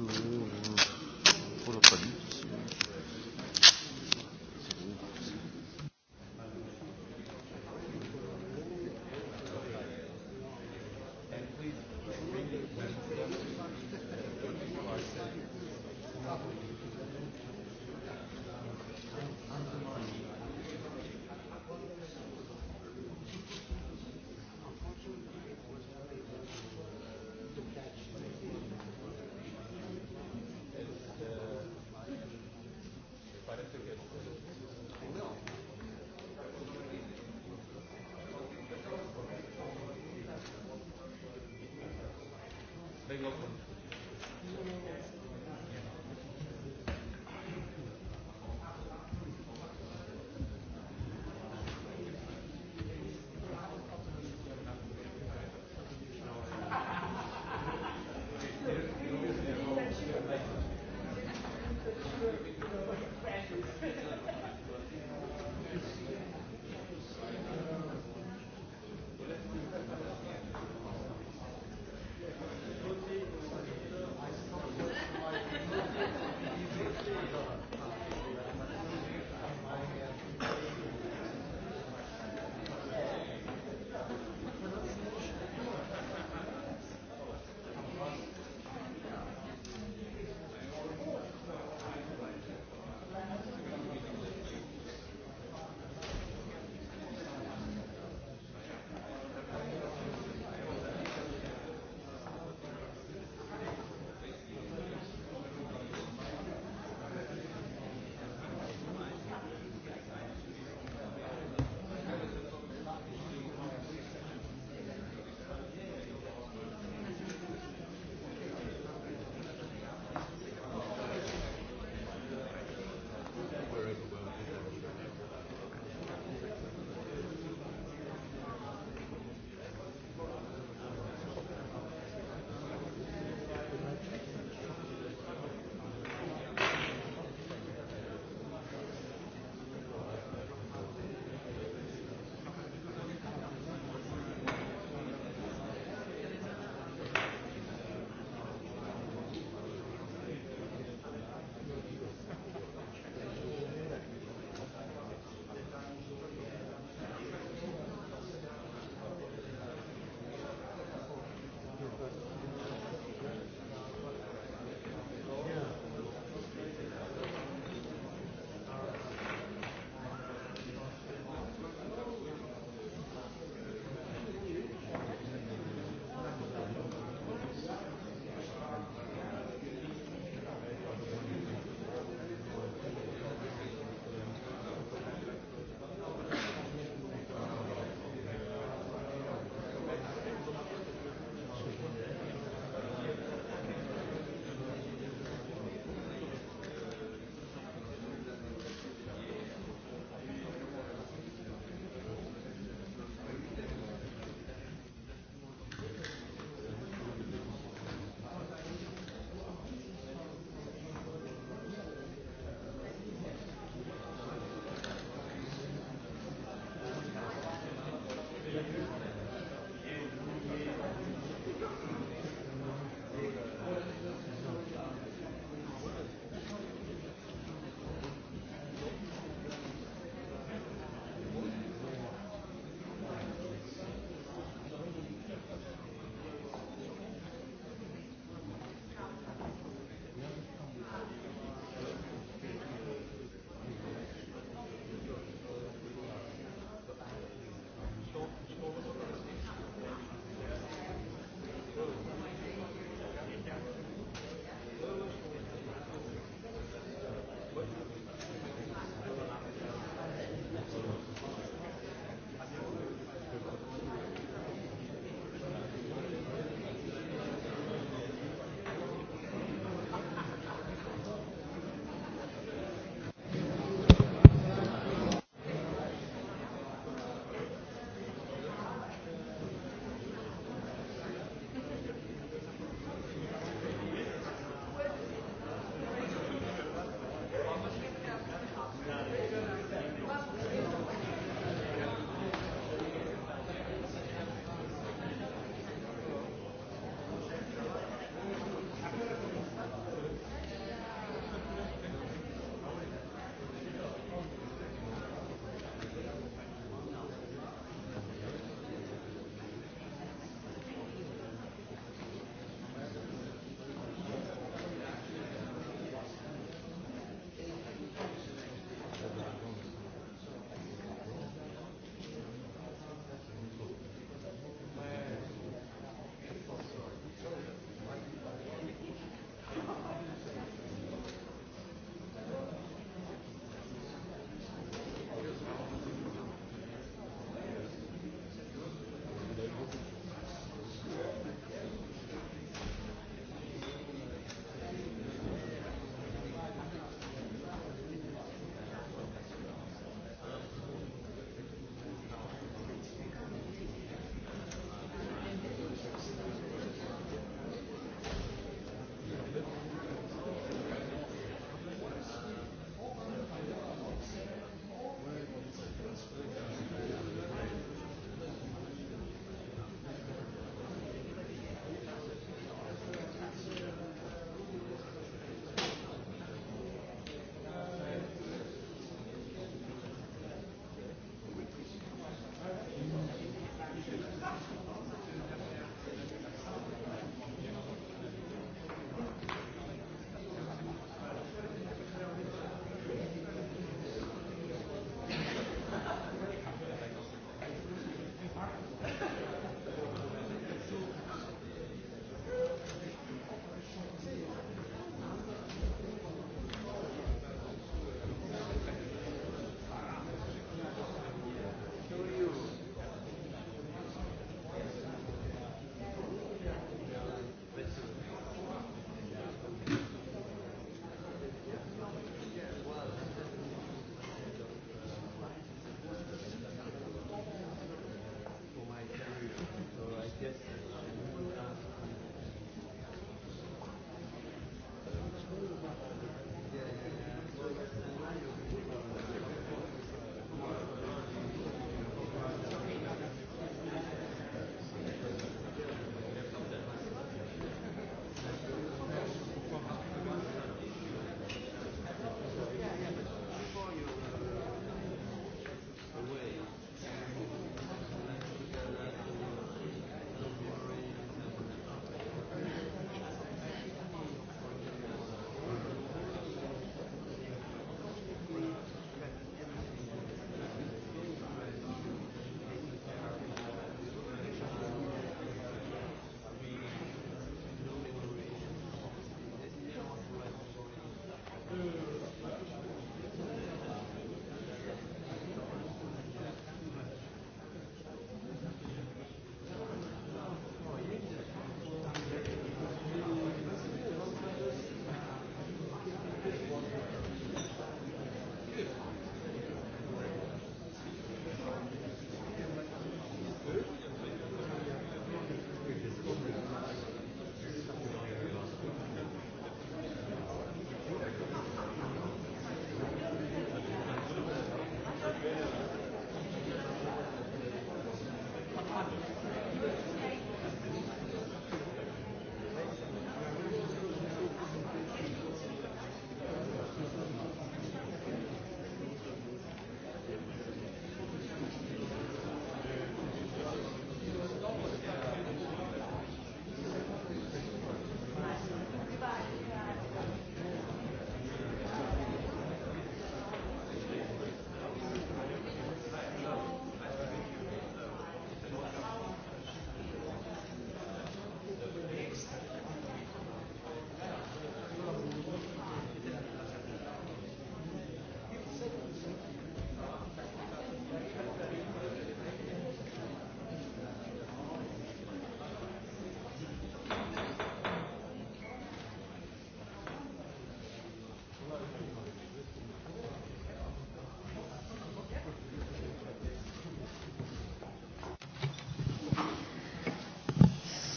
tego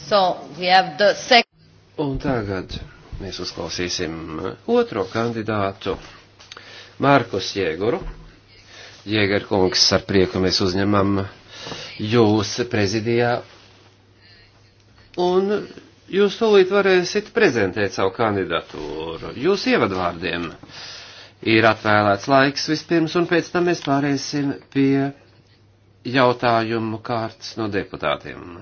So we have the second. Un tagad mēs uzklausīsim otro kandidātu, Mārkus Jēguru. Jēger kungs, ar prieku mēs uzņemam jūs prezidijā. Un jūs tūlīt varēsiet prezentēt savu kandidatūru. Jūs ievadvārdiem ir atvēlēts laiks vispirms, un pēc tam mēs pārēsim pie jautājumu kārtas no deputātiem.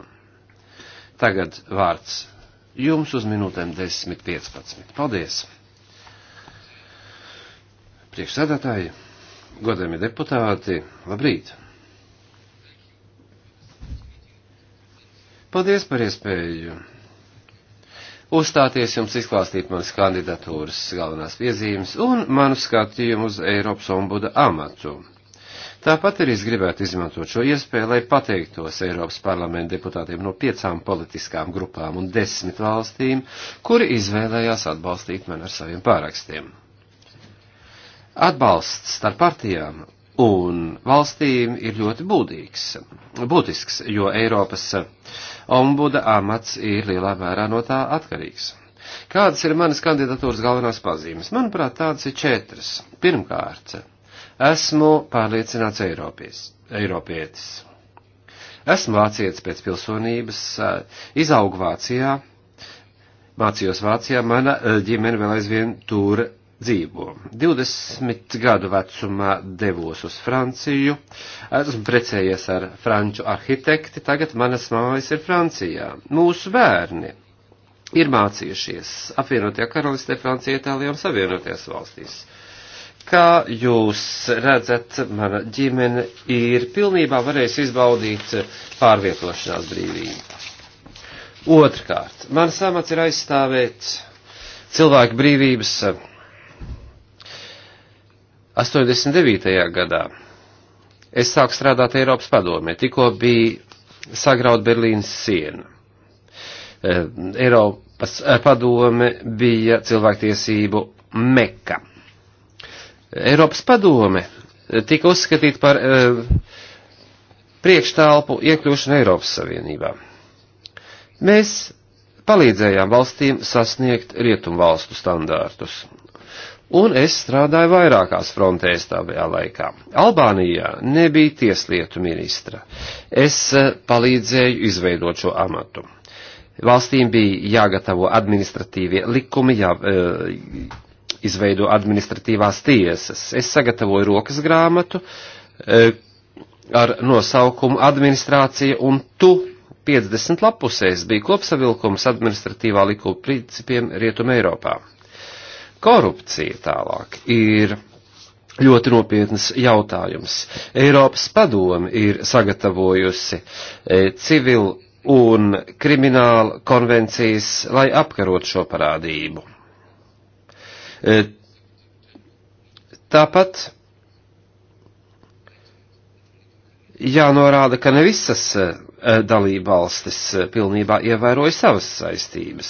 Tagad vārds jums uz minūtēm 10.15. Paldies! Priekšsēdētāji, godami deputāti, labrīt! Paldies par iespēju uzstāties jums izklāstīt manas kandidatūras galvenās piezīmes un manu skatījumu uz Eiropas ombuda amatu. Tāpat arī es gribētu izmantot šo iespēju, lai pateiktos Eiropas parlamenta deputātiem no piecām politiskām grupām un desmit valstīm, kuri izvēlējās atbalstīt mani ar saviem pārakstiem. Atbalsts starp partijām un valstīm ir ļoti būdīgs, būtisks, jo Eiropas ombuda amats ir lielā mērā no tā atkarīgs. Kādas ir manas kandidatūras galvenās pazīmes? Manuprāt, tādas ir četras. Pirmkārt, Esmu pārliecināts Eiropies, Eiropietis. Esmu vācietis pēc pilsonības, eh, izaugu Vācijā, mācījos Vācijā, mana eh, ģimene vēl aizvien tur dzīvo. 20 gadu vecumā devos uz Franciju, esmu precējies ar franču arhitekti, tagad manas mājas ir Francijā. Mūsu bērni ir mācījušies apvienotajā karalistē, Francijā, Itālijā un Savienotajās valstīs kā jūs redzat, mana ģimene ir pilnībā varējusi izbaudīt pārvietošanās brīvību. Otrkārt, mans amats ir aizstāvēt cilvēku brīvības 89. Eh, gadā. Es sāku strādāt Eiropas padomē, tikko bija sagraut Berlīnas siena. Eh, Eiropas eh, padome bija cilvēktiesību meka Eiropas padome tika uzskatīta par e, priekštālpu iekļūšanu Eiropas Savienībā. Mēs palīdzējām valstīm sasniegt rietumvalstu standārtus. Un es strādāju vairākās frontēs tajā laikā. Albānijā nebija tieslietu ministra. Es e, palīdzēju izveidot šo amatu. Valstīm bija jāgatavo administratīvie likumi, jā, e, jāizveido administratīvās tiesas. Es sagatavoju rokas grāmatu e, ar nosaukumu Administrācija un tu 50 lapusēs bija kopsavilkums administratīvā likuma principiem Rietuma Eiropā. Korupcija tālāk ir ļoti nopietnas jautājums. Eiropas padomi ir sagatavojusi e, civilu un krimināla konvencijas, lai apkarot šo parādību. E, tāpat jānorāda, ka ne visas e, dalībvalstis e, pilnībā ievēroja savas saistības.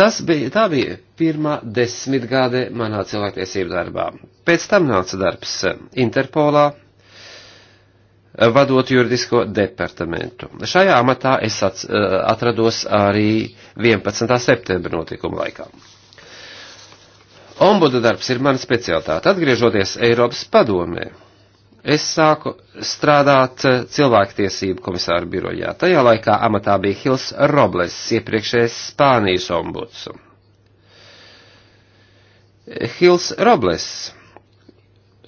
Tas bija, tā bija pirmā desmitgāde manā cilvēktiesību darbā. Pēc tam nāca darbs Interpolā, vadot juridisko departamentu. Šajā amatā es atrados arī 11. septembra notikuma laikā. Ombuda darbs ir mana specialitāte. Atgriežoties Eiropas padomē, es sāku strādāt eh, cilvēktiesību komisāru birojā. Tajā laikā amatā bija Hils Robles, iepriekšējais Spānijas ombuds. Hils Robles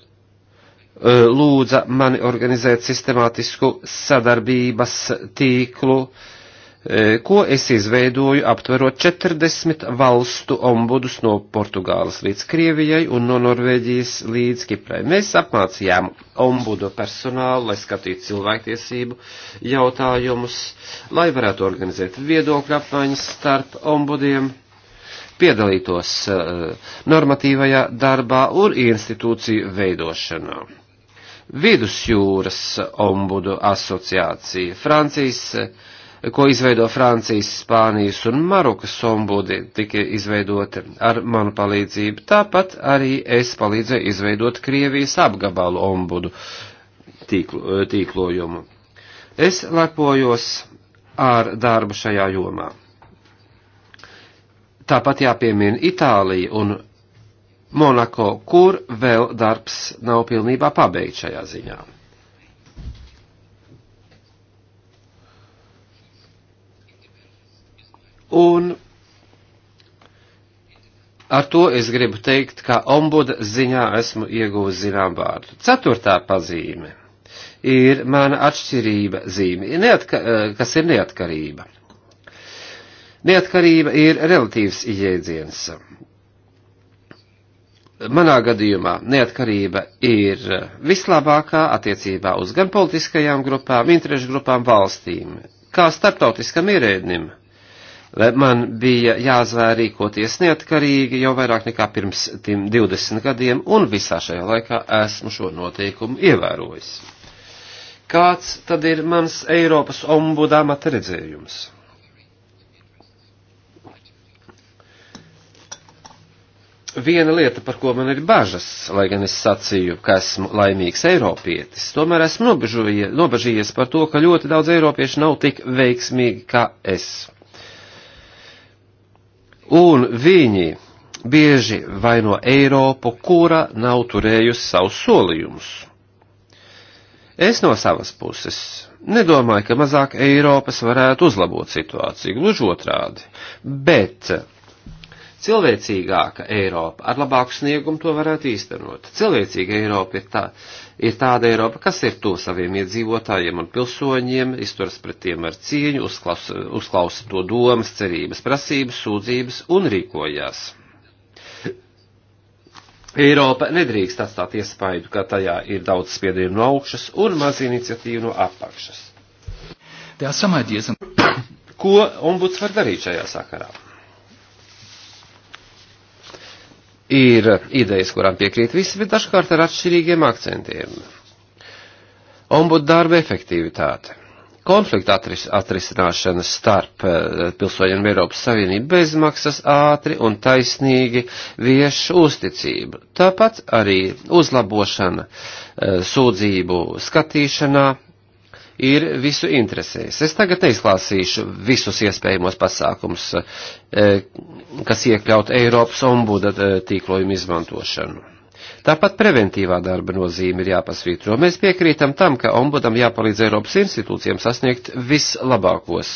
eh, lūdza mani organizēt sistemātisku sadarbības tīklu uh, Eh, ko es izveidoju aptverot 40 valstu ombudus no Portugāles līdz Krievijai un no Norvēģijas līdz Kiprai. Mēs apmācījām ombudu personālu, lai skatītu cilvēktiesību jautājumus, lai varētu organizēt viedokļu apmaiņas starp ombudiem piedalītos eh, normatīvajā darbā un institūciju veidošanā. Vidusjūras ombudu asociācija, Francijas eh, ko izveido Francijas, Spānijas un Marukas ombudi, tika izveidoti ar manu palīdzību. Tāpat arī es palīdzēju izveidot Krievijas apgabalu ombudu tīklu, eh, tīklojumu. Es lepojos ar darbu šajā jomā. Tāpat jāpiemina Itālija un Monako, kur vēl darbs nav pilnībā pabeigts šajā ziņā. Un ar to es gribu teikt, ka ombuda ziņā esmu iegūst zinām vārdu. Ceturtā pazīme ir mana atšķirība zīme, neatka, eh, kas ir neatkarība. Neatkarība ir relatīvs jēdziens. Manā gadījumā neatkarība ir vislabākā attiecībā uz gan politiskajām grupām, interešu grupām, valstīm, kā starptautiskam ierēdnim man bija jāzvērīkoties neatkarīgi jau vairāk nekā pirms 20 gadiem, un visā šajā laikā esmu šo noteikumu ievērojis. Kāds tad ir mans Eiropas ombuda amata redzējums? Viena lieta, par ko man ir bažas, lai gan es sacīju, ka esmu laimīgs eiropietis, tomēr esmu nobežījies par to, ka ļoti daudz eiropiešu nav tik veiksmīgi kā es Un viņi bieži vaino Eiropu, kura nav turējusi savus solījumus. Es no savas puses nedomāju, ka mazāk Eiropas varētu uzlabot situāciju, gluži otrādi, bet Cilvēcīgāka Eiropa ar labāku sniegumu to varētu īstenot. Cilvēcīga Eiropa ir, tā, ir tāda Eiropa, kas ir to saviem iedzīvotājiem un pilsoņiem, izturas pret tiem ar cieņu, uzklausa, uzklausa to domas, cerības, prasības, sūdzības un rīkojās. Eiropa nedrīkst atstāt iespaidu, ka tajā ir daudz spiedienu no augšas un maz iniciatīvu no apakšas. Ko ombuds var darīt šajā sakarā? ir idejas, kurām piekrīt visi, bet dažkārt ar atšķirīgiem akcentiem. Ombudu darba efektivitāte. Konflikta atris, atrisināšana starp eh, pilsoņiem un Eiropas Savienību bezmaksas ātri un taisnīgi vieš uzticību. Tāpat arī uzlabošana eh, sūdzību skatīšanā ir visu interesēs. Es tagad neizklāsīšu visus iespējamos pasākums, e, kas iekļaut Eiropas ombuda e, tīklojumu izmantošanu. Tāpat preventīvā darba nozīme ir jāpasvītro. Mēs piekrītam tam, ka ombudam jāpalīdz Eiropas institūcijiem sasniegt vislabākos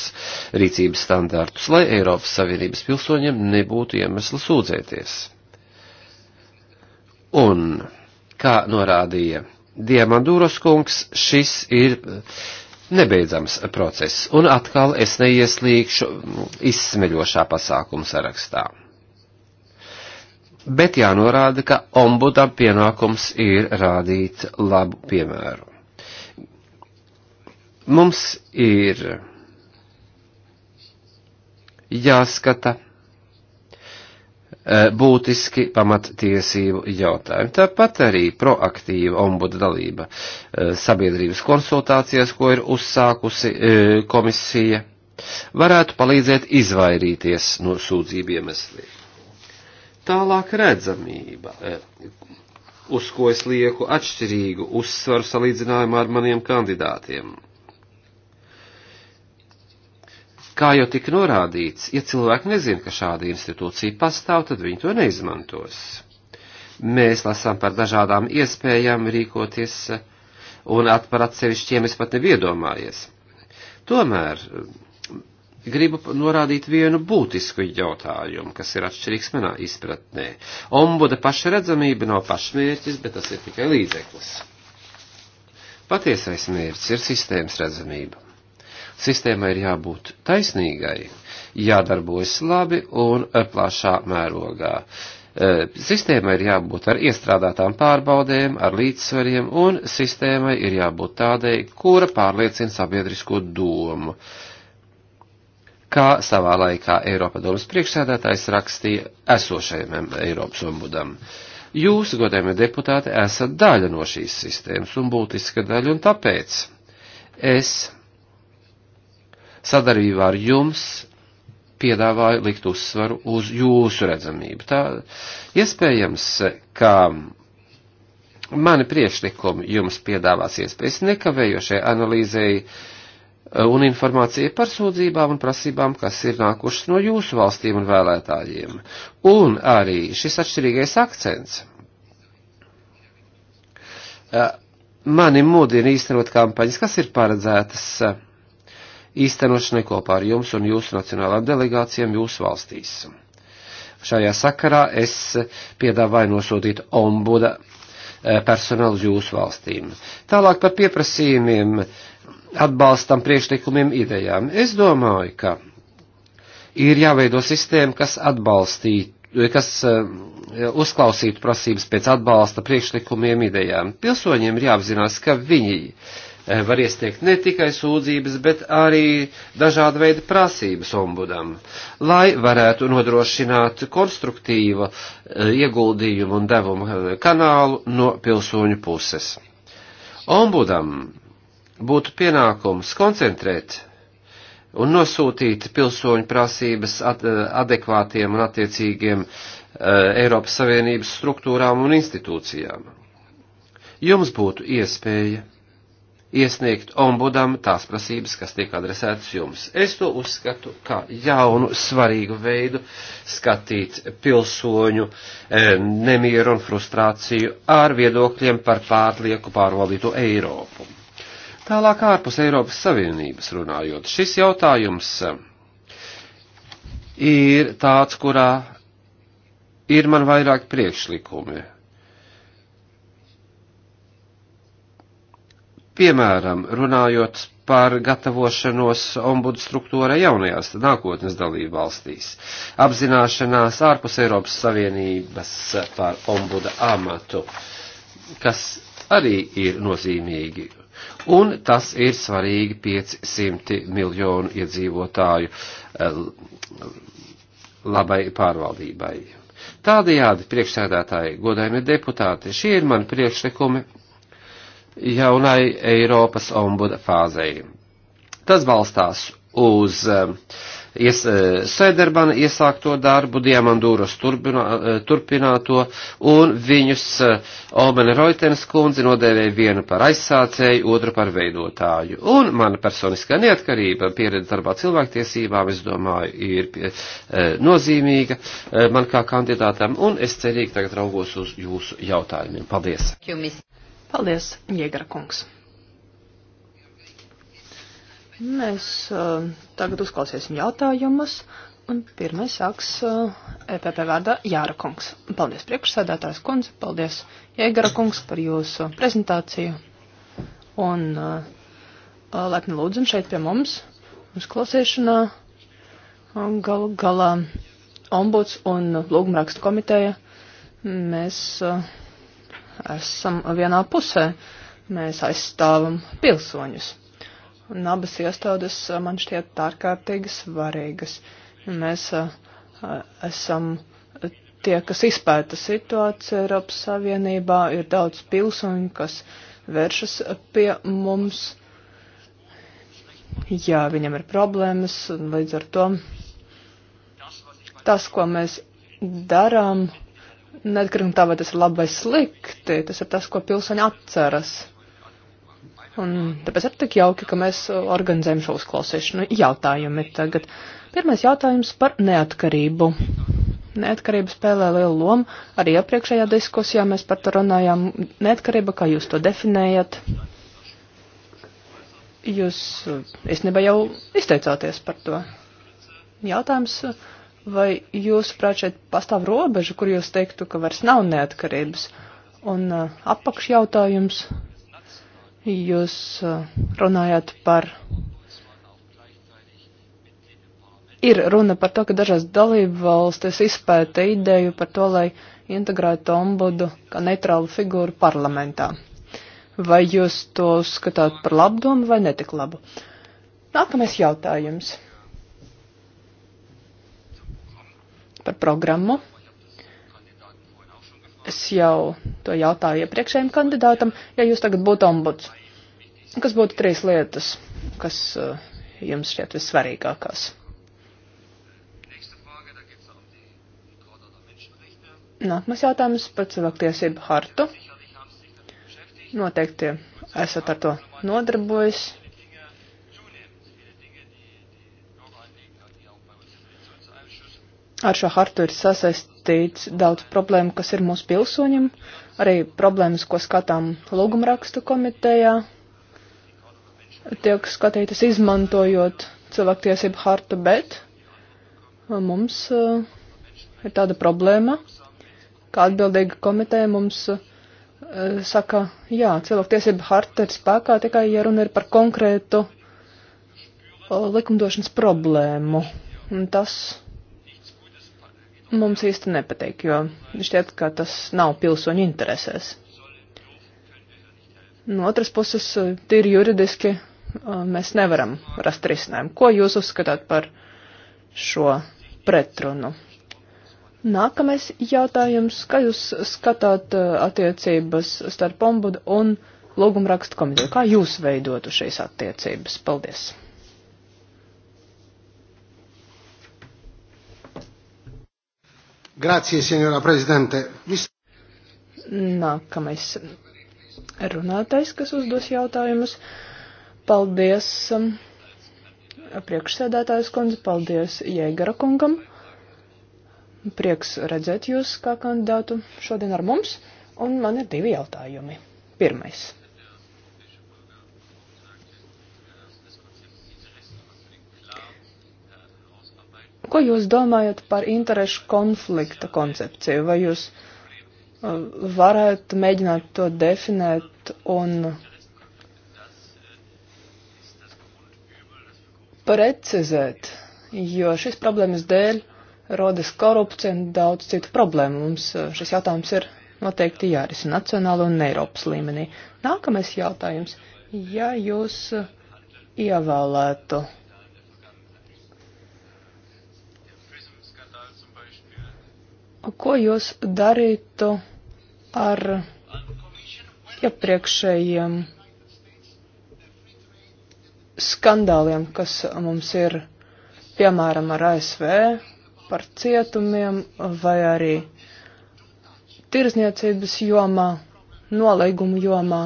rīcības standārtus, lai Eiropas Savienības pilsoņiem nebūtu iemesli sūdzēties. Un, kā norādīja Diamandūros kungs, šis ir eh, nebeidzams process, un atkal es neieslīgšu nu, izsmeļošā pasākuma sarakstā. Bet jānorāda, ka ombudam pienākums ir rādīt labu piemēru. Mums ir jāskata Eh, būtiski pamattiesību jautājumi. Tāpat arī proaktīva ombuda dalība eh, sabiedrības konsultācijās, ko ir uzsākusi eh, komisija, varētu palīdzēt izvairīties no sūdzību iemesliem. Tālāk redzamība, uz ko es lieku atšķirīgu uzsvaru salīdzinājumā ar maniem kandidātiem. Kā jau tika norādīts, ja cilvēki nezina, ka šāda institūcija pastāv, tad viņi to neizmantos. Mēs lasām par dažādām iespējām rīkoties, un at par atsevišķiem es pat neviedomājies. Tomēr gribu norādīt vienu būtisku jautājumu, kas ir atšķirīgs manā izpratnē. Ombuda pašredzamība nav pašmērķis, bet tas ir tikai līdzeklis. Patiesais mērķis ir sistēmas redzamība. Sistēmai ir jābūt taisnīgai, jādarbojas labi un eh, plašā mērogā. Eh, sistēmai ir jābūt ar iestrādātām pārbaudēm, ar līdzsvariem, un sistēmai ir jābūt tādai, kura pārliecina sabiedrisko domu. Kā savā laikā Eiropa domas priekšsēdētājs rakstīja esošajam Eiropas ombudam. Jūs, godējumie deputāti, esat daļa no šīs sistēmas un būtiska daļa, un tāpēc es sadarbībā ar jums piedāvāju likt uzsvaru uz jūsu redzamību. Tā iespējams, ka mani priekšlikumi jums piedāvās iespējas nekavējošai analīzei e, un informācija par sūdzībām un prasībām, kas ir nākušas no jūsu valstīm un vēlētājiem. Un arī šis atšķirīgais akcents e, mani mudina īstenot kampaņas, kas ir paredzētas e, īstenošanai kopā ar jums un jūsu nacionālām delegācijām jūsu valstīs. Šajā sakarā es piedāvāju nosūtīt ombuda eh, personālu uz jūsu valstīm. Tālāk par pieprasījumiem, atbalstam, priekšlikumiem, idejām. Es domāju, ka ir jāveido sistēma, kas atbalstītu kas eh, uzklausītu prasības pēc atbalsta priekšlikumiem, idejām. Pilsoņiem ir jāapzinās, ka viņi Eh, var iesniegt ne tikai sūdzības, bet arī dažāda veida prasības ombudam, lai varētu nodrošināt konstruktīvu eh, ieguldījumu un devumu eh, kanālu no pilsoņu puses. Ombudam būtu pienākums koncentrēt un nosūtīt pilsoņu prasības ad, adekvātiem un attiecīgiem uh, Eiropas Savienības struktūrām un institūcijām. Jums būtu iespēja iesniegt ombudam tās prasības, kas tiek adresētas jums. Es to uzskatu kā jaunu, svarīgu veidu skatīt pilsoņu e, nemieru un frustrāciju ar viedokļiem par pārlieku pārvaldīto Eiropu. Tālāk ārpus Eiropas Savienības runājot, šis jautājums eh, ir tāds, kurā ir man vairāk priekšlikumi Piemēram, runājot par gatavošanos ombudu struktūra jaunajās nākotnes dalību valstīs, apzināšanās ārpus Eiropas Savienības par ombuda amatu, kas arī ir nozīmīgi. Un tas ir svarīgi 500 miljonu iedzīvotāju eh, labai pārvaldībai. Tādējādi priekšsēdētāji, godājumie deputāti, šie ir mani priekšlikumi jaunai Eiropas ombuda fāzei. Tas balstās uz um, ies, uh, Sēderbana iesākto darbu, Diamandūros turpinā, uh, turpināto, un viņus uh, Omena Roitenes kundzi nodēvēja vienu par aizsācēju, otru par veidotāju. Un mana personiskā neatkarība pieredze darbā cilvēktiesībām, es domāju, ir pie, nozīmīga man kā kandidātam, un es cerīgi tagad raugos uz jūsu jautājumiem. Paldies! Jumis. Paldies, Jēgra kungs. Mēs uh, tagad uzklausīsim jautājumus, un pirmais sāks uh, EPP vārdā Jāra kungs. Paldies, priekšsēdētājs kundze, paldies, Jēgra kungs, par jūsu prezentāciju. Un uh, lepni lūdzam šeit pie mums, uzklausīšanā. Galu galā ombuds un lūgumrakstu komiteja mēs. Uh, esam vienā pusē. Mēs aizstāvam pilsoņus. Un abas iestādes eh, man šķiet ārkārtīgi svarīgas. Mēs eh, eh, esam tie, kas izpēta situāciju Eiropas Savienībā, ir daudz pilsoņu, kas vēršas pie mums. Jā, viņam ir problēmas, un līdz ar to tas, ko mēs darām, neatkarīgi no tā, vai tas ir labi vai slikti, tas ir tas, ko pilsoņi atceras. Un tāpēc ir tik jauki, ka mēs organizējam šo uzklausīšanu. Jautājumi tagad. Pirmais jautājums par neatkarību. Neatkarība spēlē lielu lomu. Arī iepriekšējā diskusijā mēs par to runājām. Neatkarība, kā jūs to definējat? Jūs īstenībā jau izteicāties par to. Jautājums Vai jūsuprāt šeit pastāv robeža, kur jūs teiktu, ka vairs nav neatkarības? Un uh, apakšjautājums, jūs uh, runājāt par. Ir runa par to, ka dažās dalību valstis izpēta ideju par to, lai integrētu ombudu kā neitrālu figūru parlamentā. Vai jūs to uzskatāt par labdomu vai netik labu? Nākamais jautājums. par programmu. Es jau to jautāju iepriekšējiem kandidātam, ja jūs tagad būtu ombuds. Kas būtu trīs lietas, kas uh, jums šķiet vissvarīgākās? Nākamais jautājums par cilvēktiesību hartu. Noteikti esat ar to nodarbojies. ar šo hartu ir sasaistīts daudz problēmu, kas ir mūsu pilsoņiem, arī problēmas, ko skatām lūgumrakstu komitejā, tiek skatītas izmantojot cilvēktiesību hartu, bet uh, mums uh, ir tāda problēma, ka atbildīga komiteja mums uh, saka, jā, cilvēktiesība harta ir spēkā tikai, ja runa ir par konkrētu uh, likumdošanas problēmu. Un tas mums īsti nepatīk, jo šķiet, ka tas nav pilsoņu interesēs. No otras puses, tīri juridiski mēs nevaram rast risinājumu. Ko jūs uzskatāt par šo pretrunu? Nākamais jautājums, kā jūs skatāt attiecības starp ombudu un lūgumrakstu komiteju? Kā jūs veidotu šīs attiecības? Paldies! Grācie, senjora prezidente. Vis... Nākamais runātais, kas uzdos jautājumus. Paldies um, priekšsēdētājas kundze, paldies Jēgara kungam. Prieks redzēt jūs kā kandidātu šodien ar mums, un man ir divi jautājumi. Pirmais. Ko jūs domājat par interešu konflikta koncepciju? Vai jūs uh, varētu mēģināt to definēt un precizēt, jo šis problēmas dēļ rodas korupcija un daudz citu problēmu. Mums uh, šis jautājums ir noteikti jārisina nacionāla un Eiropas līmenī. Nākamais jautājums. Ja jūs uh, ievēlētu ko jūs darītu ar iepriekšējiem skandāliem, kas mums ir, piemēram, ar ASV par cietumiem vai arī tirzniecības jomā, nolaigumu jomā,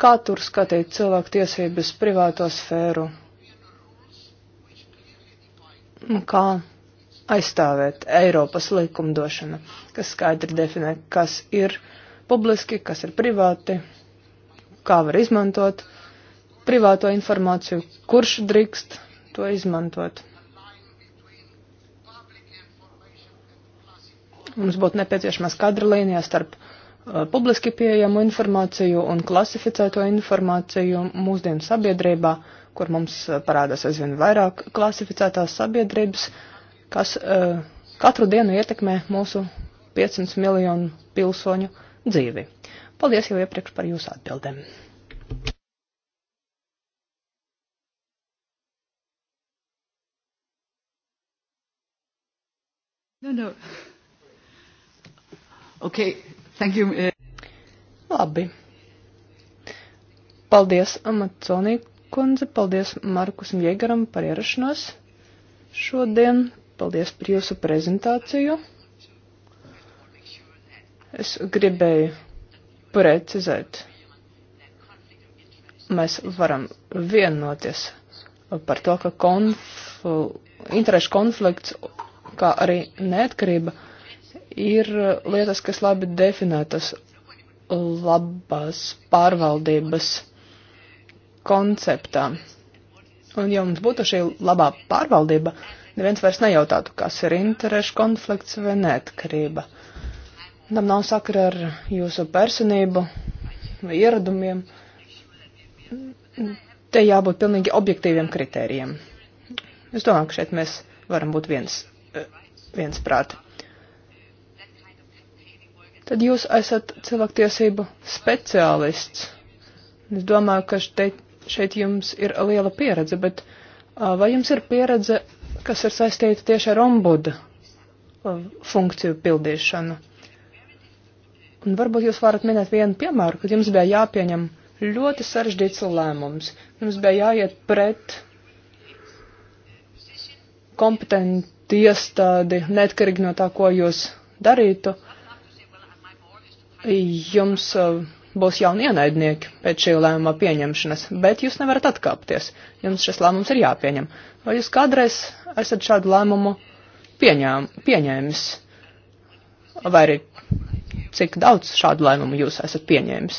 kā tur skatīt cilvēku tiesības privāto sfēru, kā aizstāvēt Eiropas likumdošana, kas skaidri definē, kas ir publiski, kas ir privāti, kā var izmantot privāto informāciju, kurš drīkst to izmantot. Mums būtu nepieciešama skadra līnija starp uh, publiski pieejamu informāciju un klasificēto informāciju mūsdienu sabiedrībā, kur mums uh, parādās aizvien vairāk klasificētās sabiedrības, uh, kas uh, katru dienu ietekmē mūsu 500 miljonu pilsoņu dzīvi. Paldies jau iepriekš par jūsu atbildēm. No, no. Okay, thank you. Eh. Labi. Paldies Amazonī kundze, paldies Markusam Jēgaram par ierašanos šodien. Paldies par jūsu prezentāciju. Es gribēju precizēt. Mēs varam vienoties par to, ka konfl interešu konflikts, kā arī neatkarība, ir lietas, kas labi definētas labās pārvaldības konceptā. Un ja mums būtu šī labā pārvaldība, uh, neviens vairs nejautātu, kas ir interešu konflikts vai neatkarība. Tam nav sakara ar jūsu personību vai ieradumiem. Te jābūt pilnīgi objektīviem kritērijiem. Es domāju, ka šeit mēs varam būt viens, e, viens prāti. Tad jūs esat cilvēktiesību speciālists. Es domāju, ka šeit, šeit jums ir liela pieredze, bet vai jums ir pieredze kas ir saistīti tieši ar ombuda uh, funkciju pildīšanu. Un varbūt jūs varat minēt vienu piemēru, kad jums bija jāpieņem ļoti sarežģīts lēmums. Jums bija jāiet pret kompetenti iestādi, neatkarīgi no tā, ko jūs darītu. Jums uh, būs jauni ienaidnieki pēc šī lēmuma pieņemšanas, bet jūs nevarat atkāpties. Jums šis lēmums ir jāpieņem. Vai jūs kādreiz esat šādu lēmumu pieņēm, pieņēmis? Vai arī cik daudz šādu lēmumu jūs esat pieņēmis?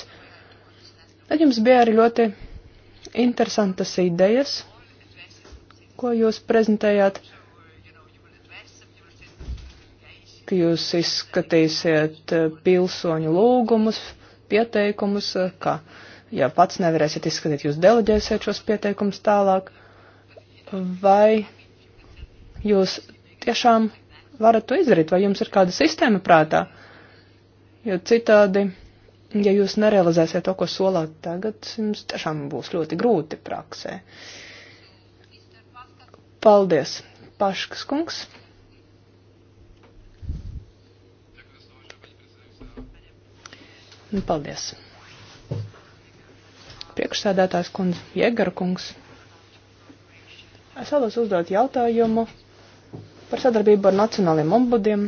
Tad jums bija arī ļoti interesantas idejas, ko jūs prezentējāt, ka jūs izskatīsiet eh, pilsoņu lūgumus, pieteikumus, eh, ka, ja pats nevarēsiet izskatīt, jūs deleģēsiet šos pieteikumus tālāk vai jūs tiešām varat to izdarīt, vai jums ir kāda sistēma prātā, jo citādi, ja jūs nerealizēsiet to, ko solāt tagad, jums tiešām būs ļoti grūti praksē. Paldies, Paškas kungs. Nu, paldies. Priekšsēdētājs kundze, Jēgara kungs. Es vēlos uzdot jautājumu par sadarbību ar nacionāliem ombudiem.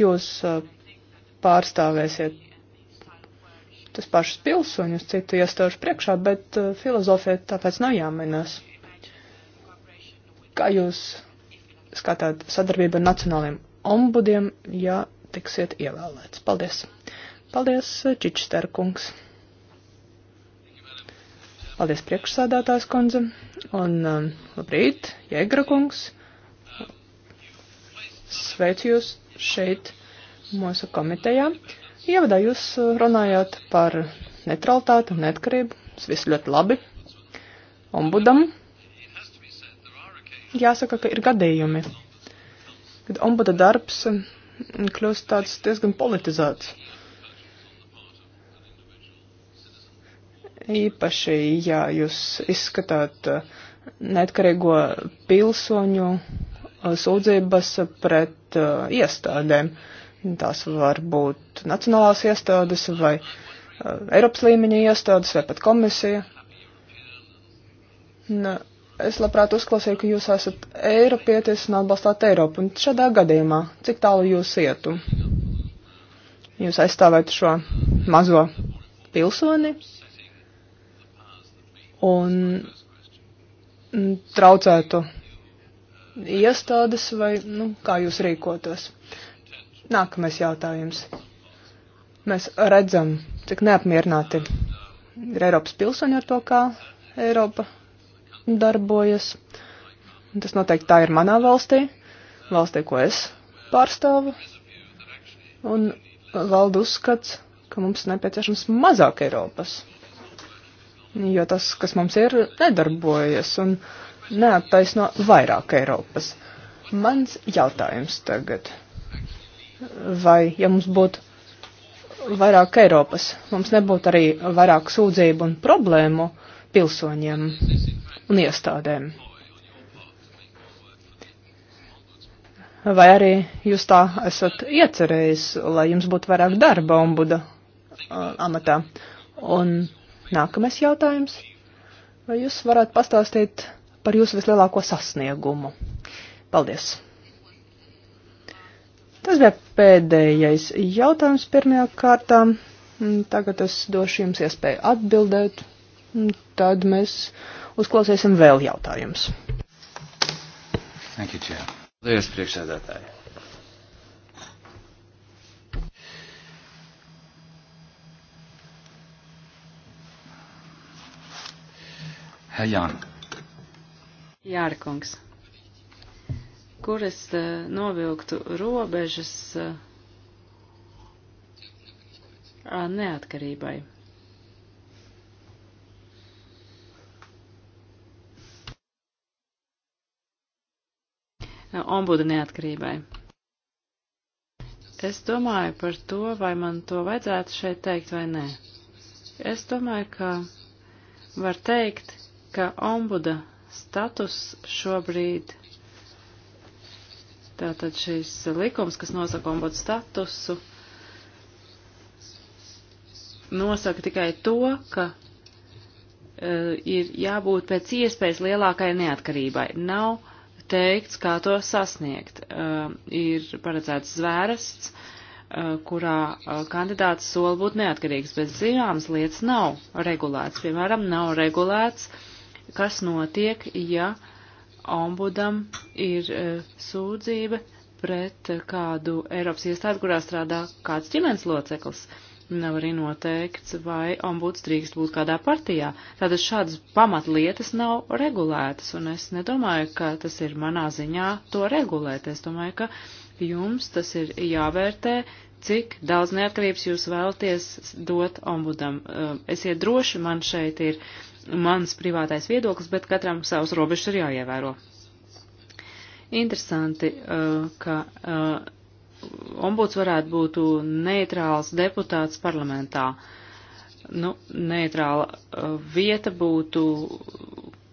Jūs uh, pārstāvēsiet tas pašas pilsoņus citu iestāžu priekšā, bet uh, filozofija tāpēc nav jāmainās. Kā jūs skatāt sadarbību ar nacionāliem ombudiem, ja tiksiet ievēlēts? Paldies! Paldies, Čičster kungs. Paldies, priekšsādātājs kundze. Un um, labrīt, Jēgra kungs. Sveicu jūs šeit mūsu komitejā. Ievadā jūs runājāt par neutralitāti un neatkarību. Tas viss ļoti labi. Ombudam jāsaka, ka ir gadījumi, kad ombuda darbs kļūst tāds diezgan politizēts. īpaši, ja jūs izskatāt uh, neatkarīgo pilsoņu uh, sūdzības pret uh, iestādēm. Tās var būt nacionālās iestādes vai Eiropas līmeņa iestādes vai pat komisija. Un es labprāt uzklausīju, ka jūs esat Eiropietis un atbalstāt Eiropu. Un šādā gadījumā, cik tālu jūs ietu? Jūs aizstāvētu šo mazo pilsoni? un traucētu iestādes vai, nu, kā jūs rīkotos. Nākamais jautājums. Mēs redzam, cik neapmierināti ir Eiropas pilsoņi ar to, kā Eiropa darbojas. Tas noteikti tā ir manā valstī, valstī, ko es pārstāvu. Un valda uzskats, ka mums nepieciešams mazāk Eiropas jo tas, kas mums ir, nedarbojas un neattaisno vairāk Eiropas. Mans jautājums tagad. Vai, ja mums būtu vairāk Eiropas, mums nebūtu arī vairāk sūdzību un problēmu pilsoņiem un iestādēm? Vai arī jūs tā esat iecerējis, lai jums būtu vairāk darba ombuda uh, amatā? Un Nākamais jautājums. Vai jūs varētu pastāstīt par jūsu vislielāko sasniegumu? Paldies! Tas bija pēdējais jautājums pirmajā kārtā. Mm, Tagad es došu jums iespēju atbildēt. Mm, Tad mēs uzklausīsim vēl jautājumus. Paldies, priekšsēdētāji! Herr Jār. Jārkungs. Kur es uh, novilktu robežas uh, neatkarībai? Eh, ombuda neatkarībai. Es domāju par to, vai man to vajadzētu šeit teikt vai nē. Es domāju, ka var teikt, ka ombuda status šobrīd, tātad šis likums, kas nosaka ombuda statusu, nosaka tikai to, ka uh, ir jābūt pēc iespējas lielākai neatkarībai. Nav teikts, kā to sasniegt. Uh, ir paredzēts zvērsts, uh, e, kurā uh, kandidāts sola būt neatkarīgs, bet zināmas lietas nav regulēts. Piemēram, nav regulēts uh, kas notiek, ja ombudam ir e, sūdzība pret kādu Eiropas iestādi, kurā strādā kāds ģimenes loceklis nav arī noteikts, vai ombuds drīkst būt kādā partijā. Tātad šādas pamatlietas nav regulētas, un es nedomāju, ka tas ir manā ziņā to regulēt. Es domāju, ka jums tas ir jāvērtē, cik daudz neatkarības jūs vēlaties dot ombudam. E, esiet droši, man šeit ir mans privātais viedoklis, bet katram savus robežas ir jāievēro. Interesanti, uh, ka uh, ombuds varētu būt neitrāls deputāts parlamentā. Nu, neitrāla uh, vieta būtu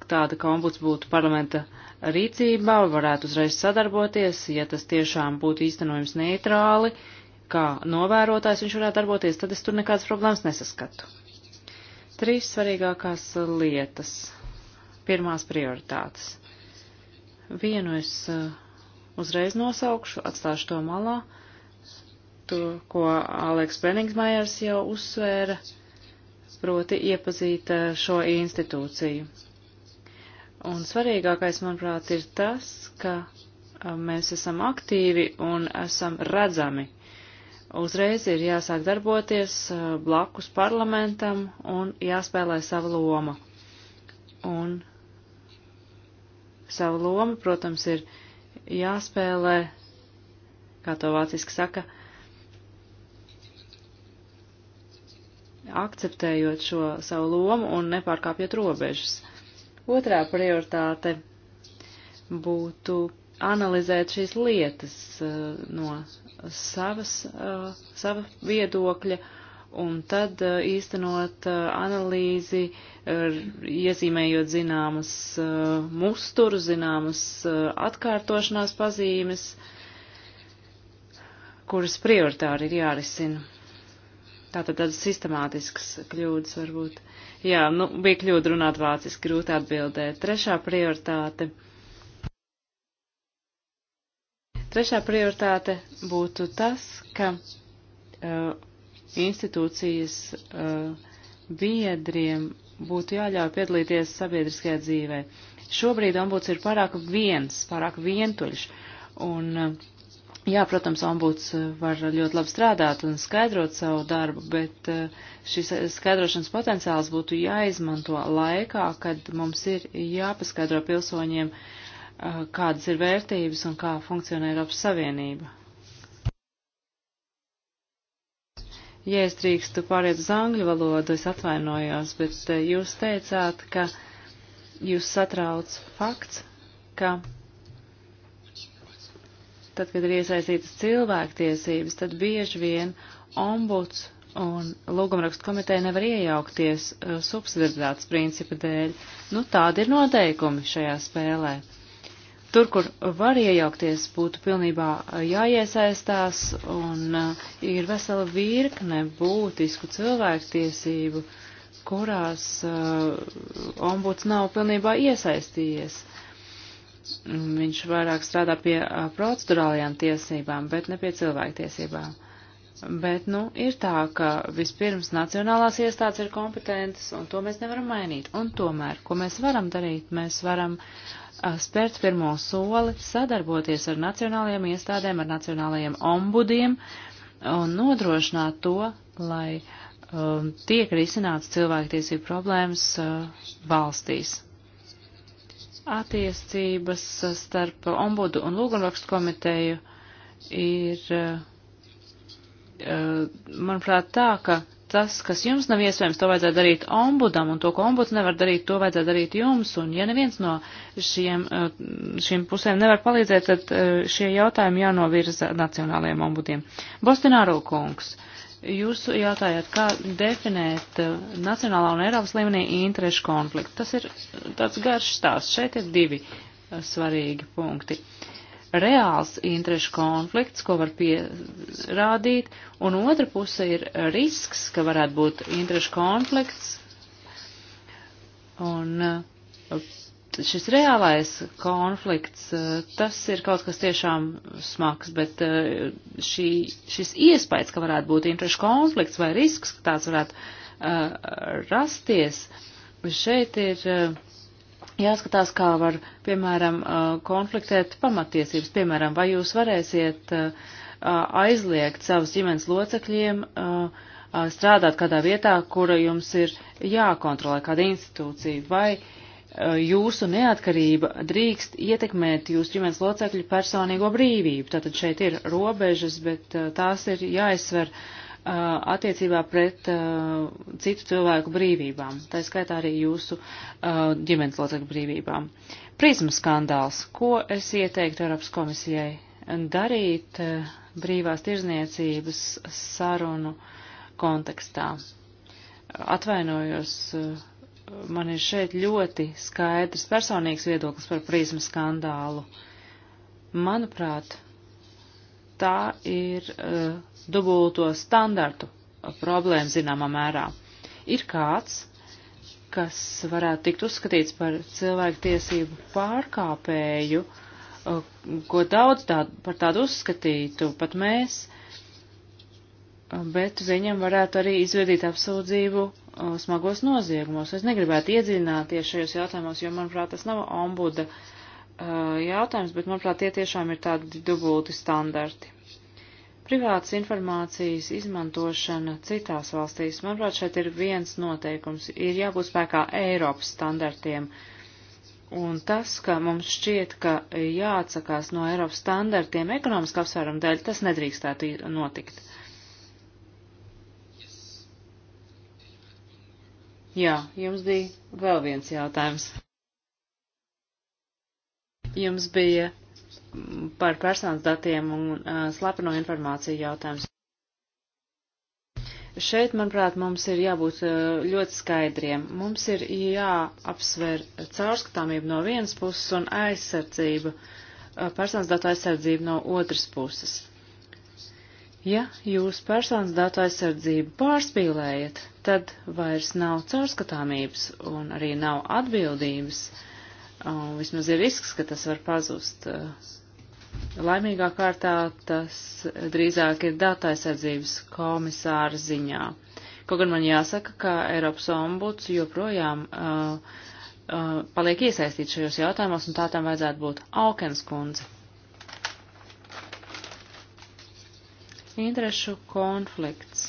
tāda, ka ombuds būtu parlamenta rīcībā, varētu uzreiz sadarboties, ja tas tiešām būtu īstenojums neitrāli, kā novērotājs viņš varētu darboties, tad es tur nekādas problēmas nesaskatu trīs svarīgākās lietas, pirmās prioritātes. Vienu es eh, uzreiz nosaukšu, atstāšu to malā, to, ko Aleks Benigsmajers jau uzsvēra, proti iepazīt eh, šo institūciju. Un svarīgākais, manuprāt, ir tas, ka eh, mēs esam aktīvi un esam redzami uzreiz ir jāsāk darboties uh, blakus parlamentam un jāspēlē sava loma. Un sava loma, protams, ir jāspēlē, kā to vāciski saka, akceptējot šo savu lomu un nepārkāpjot robežas. Otrā prioritāte būtu analizēt šīs lietas eh, no savas, eh, sava viedokļa un tad eh, īstenot analīzi, iezīmējot zināmas musturu, zināmas atkārtošanās pazīmes, kuras prioritāri ir jārisina. Tātad tādas sistemātiskas kļūdas varbūt. Jā, nu, bija kļūda runāt vāciski, grūti atbildēt. Trešā prioritāte. Uh, Trešā prioritāte būtu tas, ka uh, institūcijas uh, biedriem būtu jāļauj piedalīties sabiedriskajā dzīvē. Šobrīd ombuds ir pārāk viens, pārāk vientuļš. Un, uh, jā, protams, ombuds var ļoti labi strādāt un skaidrot savu darbu, bet uh, šis skaidrošanas potenciāls būtu jāizmanto laikā, kad mums ir jāpaskaidro pilsoņiem uh, Uh, kādas ir vērtības un kā funkcionē Eiropas Savienība. Ja es drīkstu pāriet uz angļu valodu, es atvainojos, bet uh, jūs teicāt, ka jūs satrauc fakts, ka tad, kad ir iesaistītas cilvēktiesības, tad bieži vien ombuds un lūgumrakstu komiteja nevar iejaukties uh, subsidiaritātes principa dēļ. Nu, tādi ir noteikumi šajā spēlē. Tur, kur var iejaukties, būtu pilnībā jāiesaistās, un ir vesela virkne būtisku cilvēktiesību, kurās ombuds nav pilnībā iesaistījies. Viņš vairāk strādā pie procedurālajām tiesībām, bet ne pie cilvēktiesībām. Bet, nu, ir tā, ka vispirms nacionālās iestādes ir kompetentas, un to mēs nevaram mainīt. Un tomēr, ko mēs varam darīt, mēs varam a, uh, spērt pirmo soli, sadarboties ar nacionālajiem iestādēm, ar nacionālajiem ombudiem un nodrošināt to, lai um, tiek risināts cilvēktiesību problēmas uh, valstīs. Attiecības uh, starp ombudu un lūgumrakstu komiteju ir. Uh, Eh, manuprāt, tā, ka tas, kas jums nav iespējams, to vajadzētu darīt ombudam, un to, ko ombuds nevar darīt, to vajadzētu darīt jums, un ja neviens no šiem, eh, šiem pusēm nevar palīdzēt, tad eh, šie jautājumi jānovirza nacionālajiem ombudiem. Bostināro kungs, jūs jautājat, kā definēt nacionālā un Eiropas līmenī interešu konfliktu. Tas ir tāds garš stāsts. Šeit ir divi svarīgi punkti reāls interešu konflikts, ko var pierādīt, un otra puse ir risks, ka varētu būt interešu konflikts. Un eh, šis reālais konflikts, eh, tas ir kaut kas tiešām smags, bet eh, šī, šis iespējas, ka varētu būt interešu konflikts vai risks, ka tāds varētu rasties, šeit ir jāskatās, kā var, piemēram, konfliktēt pamatiesības. Piemēram, vai jūs varēsiet aizliegt savus ģimenes locekļiem strādāt kādā vietā, kura jums ir jākontrolē, kāda institūcija, vai jūsu neatkarība drīkst ietekmēt jūsu ģimenes locekļu personīgo brīvību. Tātad šeit ir robežas, bet tās ir jāizsver uh, attiecībā pret citu cilvēku brīvībām, tā skaitā arī jūsu ģimenes locekļu brīvībām. Prizma skandāls. Ko es ieteiktu Eiropas komisijai darīt brīvās tirzniecības sarunu kontekstā? Atvainojos, man ir šeit ļoti skaidrs personīgs viedoklis par prizma skandālu. Manuprāt, tā ir uh, dubulto standartu eh, problēma zināmā mērā. Ir kāds, kas varētu tikt uzskatīts par cilvēku tiesību pārkāpēju, uh, ko daudz tādu, par tādu uzskatītu, pat mēs, bet uz viņiem varētu arī izvedīt apsūdzību uh, smagos noziegumos. Es negribētu iedzināties šajos jautājumos, jo, manuprāt, tas nav ombuda uh, Uh, jautājums, bet, manuprāt, tie tiešām ir tādi dubulti standarti. Privātas informācijas izmantošana citās valstīs, manuprāt, šeit ir viens noteikums, ir jābūt spēkā Eiropas standartiem. Un tas, ka mums šķiet, ka jāatsakās no Eiropas standartiem ekonomiskā apsvēruma dēļ, tas nedrīkstētu notikt. Jā, jums bija vēl viens jautājums. Jums bija par personas datiem un uh, slepeno informāciju jautājums. Šeit, manuprāt, mums ir jābūt uh, ļoti skaidriem. Mums ir jāapsver caurskatāmība no vienas puses un aizsardzība, uh, personas datu aizsardzība no otras puses. Ja jūs personas datu aizsardzību pārspīlējat, tad vairs nav caurskatāmības un arī nav atbildības uh, Un uh, vismaz ir risks, ka tas var pazust. Uh, laimīgā kārtā tas drīzāk ir datu aizsardzības komisāra ziņā. Kaut gan man jāsaka, ka Eiropas ombuds joprojām uh, uh, paliek iesaistīts šajos jautājumos, un tā tam vajadzētu būt Aukens kundze. Interešu konflikts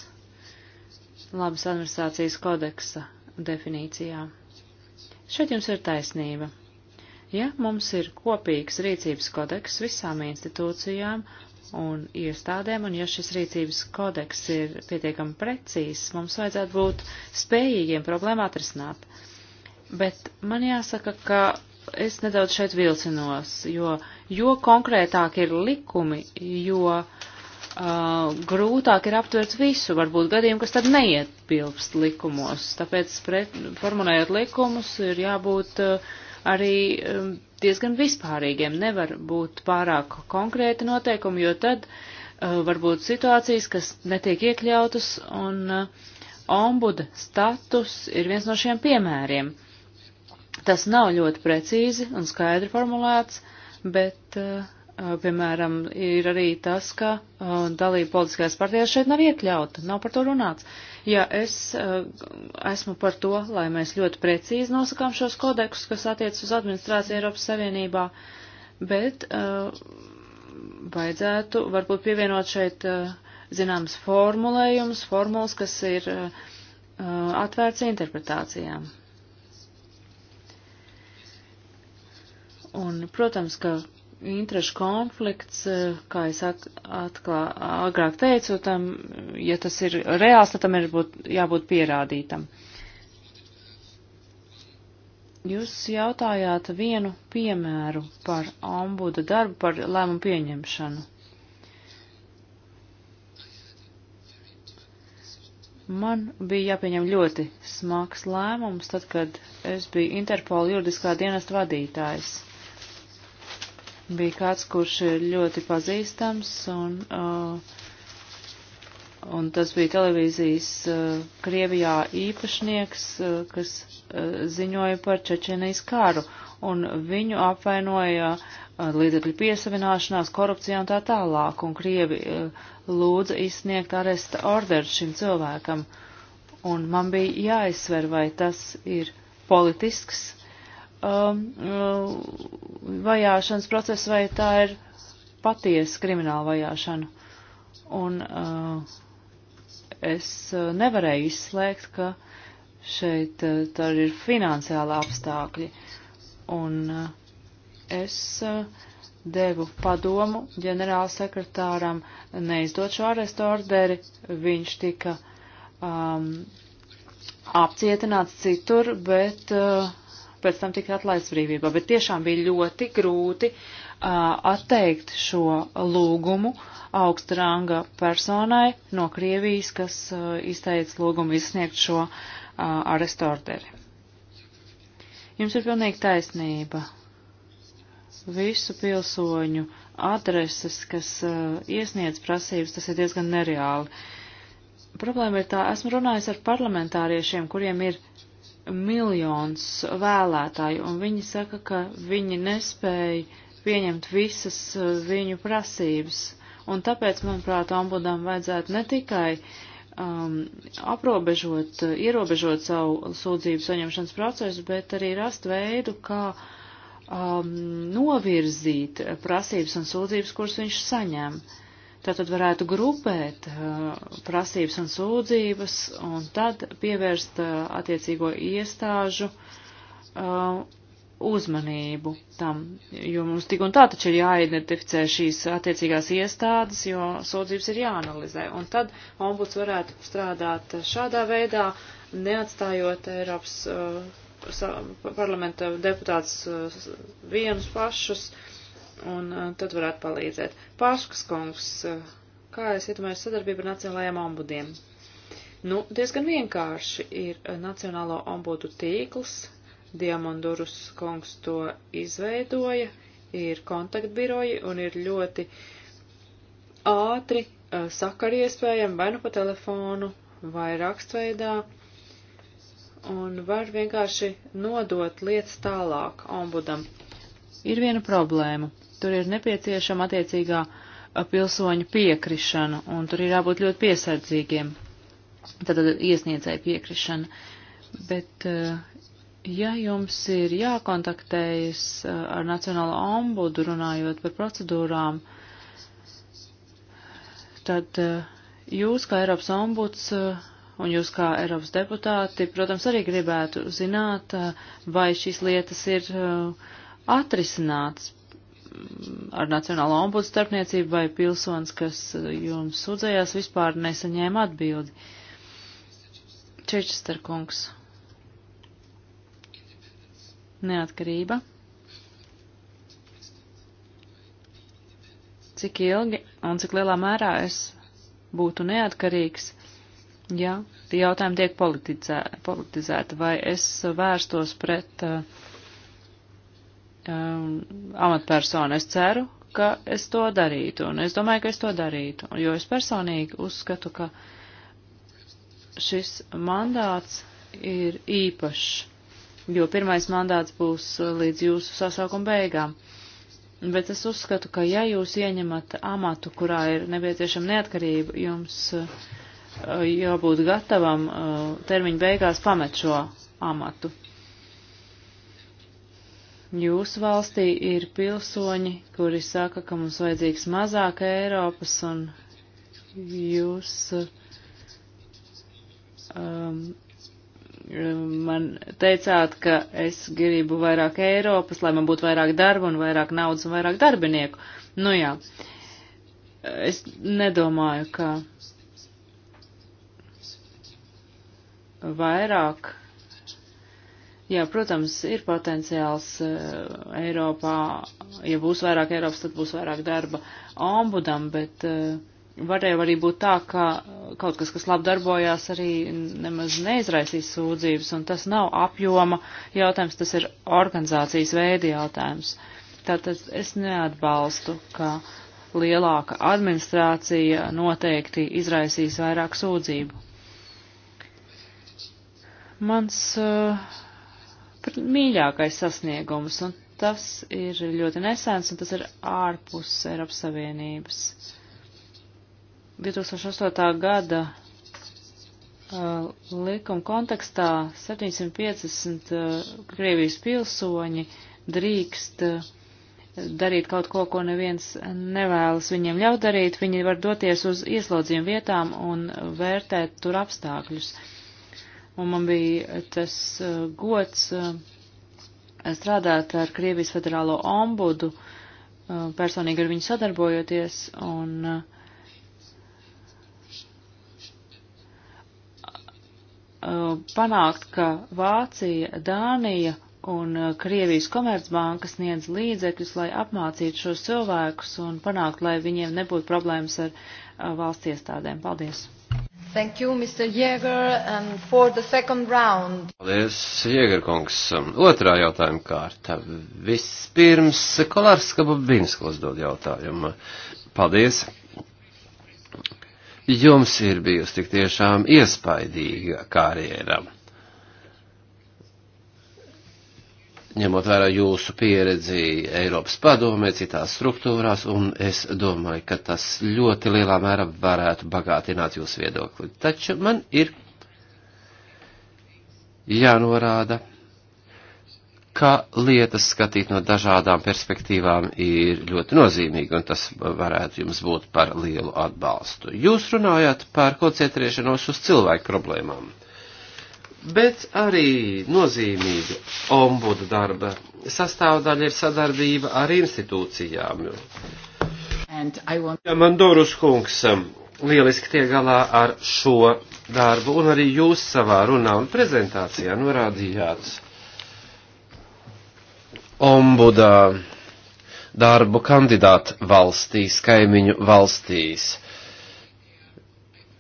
labas administrācijas kodeksa definīcijā. Šeit jums ir taisnība. Ja mums ir kopīgs rīcības kodeks visām institūcijām un iestādēm, un ja šis rīcības kodeks ir pietiekami precīzs, mums vajadzētu būt spējīgiem problēmu atrisināt. Bet man jāsaka, ka es nedaudz šeit vilcinos, jo, jo konkrētāk ir likumi, jo uh, grūtāk ir aptvert visu, varbūt gadījumu, kas tad neietilpst likumos. Tāpēc, pret, formulējot likumus, ir jābūt uh, arī um, diezgan vispārīgiem. Nevar būt pārāk konkrēti noteikumi, jo tad uh, var būt situācijas, kas netiek iekļautas, un uh, ombuda status ir viens no šiem piemēriem. Tas nav ļoti precīzi un skaidri formulēts, bet uh, Uh, piemēram, ir arī tas, ka uh, dalība politiskajās partijās šeit nav iekļauta, nav par to runāts. Jā, es uh, esmu par to, lai mēs ļoti precīzi nosakām šos kodeksus, kas attiec uz administrāciju Eiropas Savienībā, bet vajadzētu varbūt pievienot šeit zināmas formulējumus, formulas, kas ir atvērts interpretācijām. Un, protams, ka interešu konflikts, eh, kā es atklā, agrāk teicu, tam, ja tas ir reāls, tad tam ir būt, jābūt pierādītam. Jūs jautājāt vienu piemēru par ombuda darbu, par lēmumu pieņemšanu. Man bija jāpieņem ļoti smags lēmums, tad, kad es biju Interpola juridiskā dienesta vadītājs bija kāds, kurš ir ļoti pazīstams, un, uh, un tas bija televīzijas uh, Krievijā īpašnieks, uh, kas uh, ziņoja par Čečenijas kāru, un viņu apvainoja uh, līdzekļu piesavināšanās, korupcijā un tā tālāk, un Krievi uh, lūdza izsniegt aresta orderu šim cilvēkam, un man bija jāizsver, vai tas ir politisks um, uh, vajāšanas process vai tā ir patiesa krimināla vajāšana. Un uh, es uh, nevarēju izslēgt, ka šeit uh, tā ir finansiāla apstākļi. Un uh, es. Uh, devu padomu ģenerālsekretāram neizdot šo arestu orderi. Viņš tika um, apcietināts citur, bet uh, pēc tam tika atlaists brīvībā, bet tiešām bija ļoti grūti uh, atteikt šo lūgumu augsta ranga personai no Krievijas, kas uh, izteica lūgumu izsniegt šo uh, arestu orderi. Jums ir pilnīgi taisnība. Visu pilsoņu adreses, kas uh, iesniedz prasības, tas ir diezgan nereāli. Problēma ir tā, esmu runājis ar parlamentāriešiem, kuriem ir miljons vēlētāju, un viņi saka, ka viņi nespēja pieņemt visas uh, viņu prasības. Un tāpēc, manuprāt, ombudam vajadzētu ne tikai um, aprobežot, uh, ierobežot savu sūdzību saņemšanas procesu, bet arī rast veidu, kā um, novirzīt prasības un sūdzības, kuras viņš saņem. Uh, Tātad varētu grupēt uh, prasības un sūdzības un tad pievērst uh, attiecīgo iestāžu uh, uzmanību tam, jo mums tik un tā taču ir jāidentificē šīs attiecīgās iestādes, jo sūdzības ir jāanalizē. Un tad ombuds varētu strādāt šādā veidā, neatstājot Eiropas uh, parlamenta deputātus uh, vienus pašus, un uh, tad varētu palīdzēt. Paškas kungs, uh, kā es ietumēju sadarbību ar nacionālajiem ombudiem? Nu, diezgan vienkārši ir uh, Nacionālo ombudu tīkls, Diamondurus kungs to izveidoja, ir kontaktbiroji un ir ļoti ātri sakari iespējami vai nu pa telefonu, vai rakstveidā, un var vienkārši nodot lietas tālāk ombudam. Ir viena problēma tur ir nepieciešama attiecīgā pilsoņa piekrišana, un tur ir jābūt ļoti piesardzīgiem, tad iesniedzēja piekrišana. Bet, ja jums ir jākontaktējas ar Nacionālo ombudu runājot par procedūrām, tad jūs kā Eiropas ombuds un jūs kā Eiropas deputāti, protams, arī gribētu zināt, vai šīs lietas ir atrisināts, ar Nacionālo ombudu starpniecību vai pilsonis, kas jums sūdzējās, vispār nesaņēma atbildi. Čečester kungs. Neatkarība. Cik ilgi un cik lielā mērā es būtu neatkarīgs, ja jautājumi tiek politizē, politizēti, vai es vērstos pret uh, um, amatpersona. Es ceru, ka es to darītu, un es domāju, ka es to darītu, jo es personīgi uzskatu, ka šis mandāts ir īpašs, jo pirmais mandāts būs līdz jūsu sasaukuma beigām. Bet es uzskatu, ka ja jūs ieņemat amatu, kurā ir nepieciešama neatkarība, jums uh, jābūt gatavam uh, termiņu beigās pamet šo amatu jūsu valstī ir pilsoņi, kuri saka, ka mums vajadzīgs mazāk Eiropas, un jūs um, man teicāt, ka es gribu vairāk Eiropas, lai man būtu vairāk darba un vairāk naudas un vairāk darbinieku. Nu jā, es nedomāju, ka vairāk Jā, protams, ir potenciāls uh, Eiropā. Ja būs vairāk Eiropas, tad būs vairāk darba ombudam, bet uh, varēja arī būt tā, ka kaut kas, kas labi darbojās, arī nemaz neizraisīs sūdzības, un tas nav apjoma jautājums, tas ir organizācijas veidi jautājums. Tātad es neatbalstu, ka lielāka administrācija noteikti izraisīs vairāk sūdzību. Mans uh, mīļākais sasniegums, un tas ir ļoti nesens, un tas ir ārpus Eiropas Savienības. 2008. gada uh, likuma kontekstā 750 uh, Krievijas pilsoņi drīkst uh, darīt kaut ko, ko neviens nevēlas viņiem ļaut darīt. Viņi var doties uz ieslodzījumu vietām un vērtēt tur apstākļus. Uh, un man bija tas eh, gods eh, strādāt ar Krievijas federālo ombudu, eh, personīgi ar viņu sadarbojoties, un panākt, ka Vācija, Dānija un Krievijas komercbanka sniedz līdzekļus, lai apmācītu šos cilvēkus un panākt, lai viņiem nebūtu problēmas ar valsts iestādēm. Paldies! Thank you, Mr. Jēger, and um, for the second round. Paldies, Jēger kungs. Um, otrā jautājuma kārta. Vispirms Kolārska Babinska uzdod jautājumu. Paldies. Jums ir bijusi tik tiešām iespaidīga karjera. ņemot vērā jūsu pieredzi Eiropas padomē, citās struktūrās, un es domāju, ka tas ļoti lielā mērā varētu bagātināt jūsu viedokli. Taču man ir jānorāda, ka lietas skatīt no dažādām perspektīvām ir ļoti nozīmīgi, un tas varētu jums būt par lielu atbalstu. Jūs runājāt par koncentrēšanos uz cilvēku problēmām bet arī nozīmīga ombuda darba sastāvdaļa ir sadarbība ar institūcijām. Want... Ja Mandorus kungs um, lieliski tiek galā ar šo darbu, un arī jūs savā runā un prezentācijā norādījāt ombuda darbu kandidātu valstīs, kaimiņu valstīs.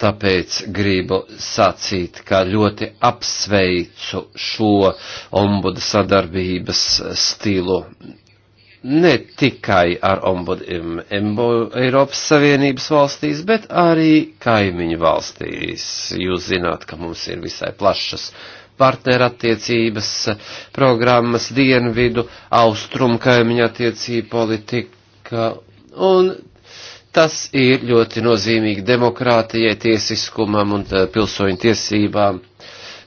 Tāpēc gribu sacīt, ka ļoti apsveicu šo ombuda sadarbības stilu ne tikai ar ombudiem Eiropas Savienības valstīs, bet arī kaimiņu valstīs. Jūs zināt, ka mums ir visai plašas partnerattiecības programmas dienvidu, austrumu kaimiņu attiecību politika, un Tas ir ļoti nozīmīgi demokrātijai, tiesiskumam un eh, pilsoņu tiesībām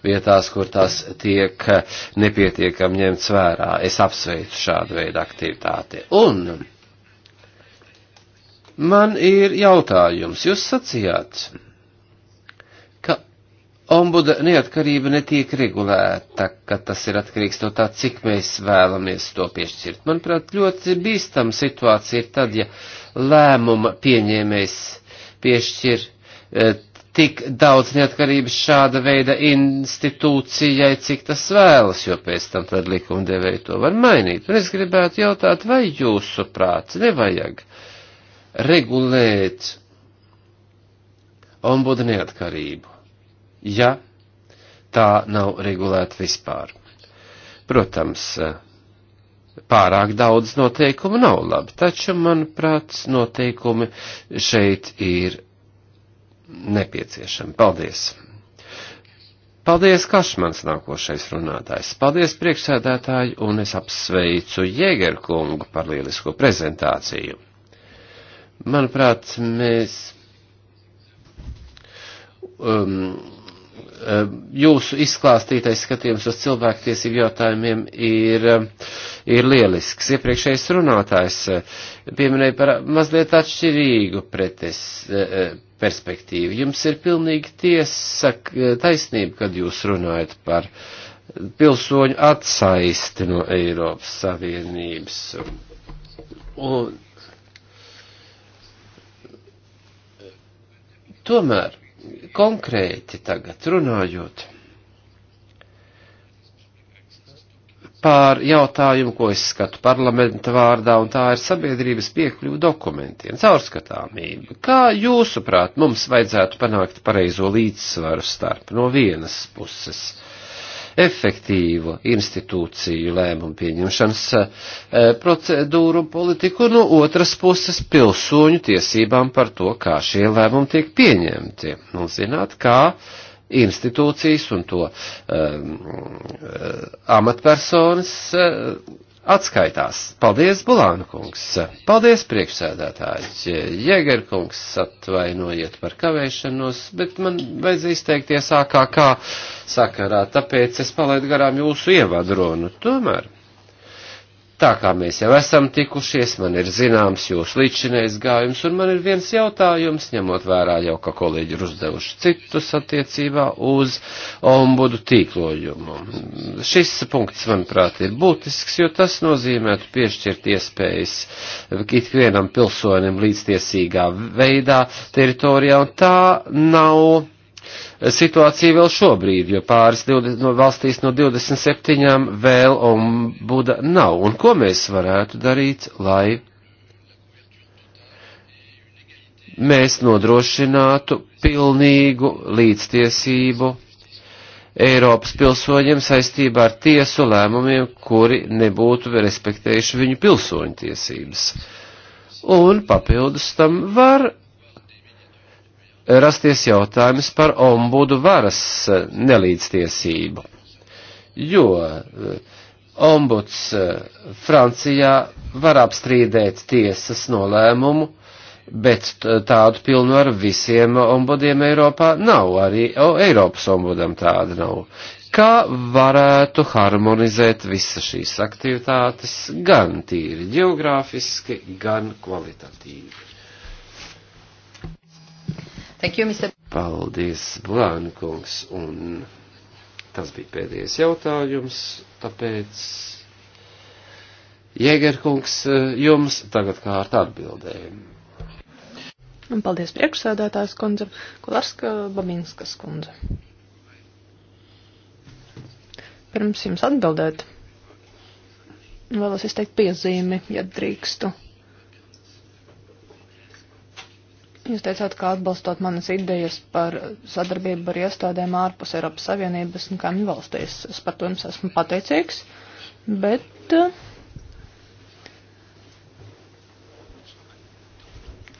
vietās, kur tās tiek eh, nepietiekam ņemts vērā. Es apsveicu šādu veidu aktivitāti. Un man ir jautājums. Jūs sacījāt, ka ombuda neatkarība netiek regulēta, ka tas ir atkarīgs no tā, cik mēs vēlamies to piešķirt. Manuprāt, ļoti bīstama situācija ir tad, ja lēmuma pieņēmējs piešķir eh, tik daudz neatkarības šāda veida institūcijai, cik tas vēlas, jo pēc tam tad likumdevēji to var mainīt. Un es gribētu jautāt, vai jūsu prāts nevajag regulēt ombuda neatkarību, ja tā nav regulēta vispār. Protams, eh, pārāk daudz noteikumu nav labi, taču, manuprāt, noteikumi šeit ir nepieciešami. Paldies! Paldies, Kašmans nākošais runātājs. Paldies, priekšsēdētāji, un es apsveicu Jēgeru kungu par lielisko prezentāciju. Manuprāt, mēs um, Eh, jūsu izklāstītais skatījums uz cilvēktiesību jautājumiem ir, eh, ir lielisks. Iepriekšējais runātājs eh, pieminēja par mazliet atšķirīgu pretes perspektīvu. Jums ir pilnīgi tiesa taisnība, kad jūs runājat par pilsoņu atsaisti no Eiropas Savienības. Un tomēr konkrēti tagad runājot pār jautājumu, ko es skatu parlamenta vārdā, un tā ir sabiedrības piekļuva dokumentiem, caurskatāmība. Kā jūsuprāt, mums vajadzētu panākt pareizo līdzsvaru starp no vienas puses efektīvu institūciju lēmumu pieņemšanas eh, procedūru un politiku, no otras puses pilsoņu tiesībām par to, kā šie lēmumi tiek pieņemti. Un zināt, kā institūcijas un to um, amatpersonas uh, atskaitās. Paldies, Bulānu kungs! Paldies, priekšsēdētājs! Jēger kungs, atvainojiet par kavēšanos, bet man vajadzēja izteikties ākā kā sakarā, tāpēc es palaidu garām jūsu ievadronu. Tomēr Tā kā mēs jau esam tikušies, man ir zināms jūsu līdzinējs gājums, un man ir viens jautājums, ņemot vērā jau, ka kolēģi ir uzdevuši citus attiecībā uz ombudu tīklojumu. Šis punkts, manuprāt, ir būtisks, jo tas nozīmētu piešķirt iespējas ikvienam pilsonim līdztiesīgā veidā teritorijā, un tā nav situācija vēl šobrīd, jo pāris 20, no valstīs no 27 vēl ombuda nav. Un ko mēs varētu darīt, lai mēs nodrošinātu pilnīgu līdztiesību Eiropas pilsoņiem saistībā ar tiesu lēmumiem, kuri nebūtu respektējuši viņu pilsoņu tiesības. Un papildus tam var rasties jautājums par ombudu varas eh, nelīdztiesību, jo eh, ombuds eh, Francijā var apstrīdēt tiesas nolēmumu, bet tādu pilnu ar visiem ombudiem Eiropā nav, arī o, Eiropas ombudam tāda nav. Kā varētu harmonizēt visas šīs aktivitātes gan tīri geogrāfiski, gan kvalitatīvi? Thank you, Mr. Paldies, Blānkungs, un tas bija pēdējais jautājums, tāpēc Jēgerkungs jums tagad kārt atbildēja. Un paldies priekšsēdētājs kundze, Kularska Babinskas kundze. Pirms jums atbildēt, vēlos izteikt piezīmi, ja drīkstu. Jūs teicāt, ka atbalstot manas idejas par sadarbību ar iestādēm ārpus Eiropas Savienības un kaimiņu valstīs, es par to jums esmu pateicīgs, bet eh,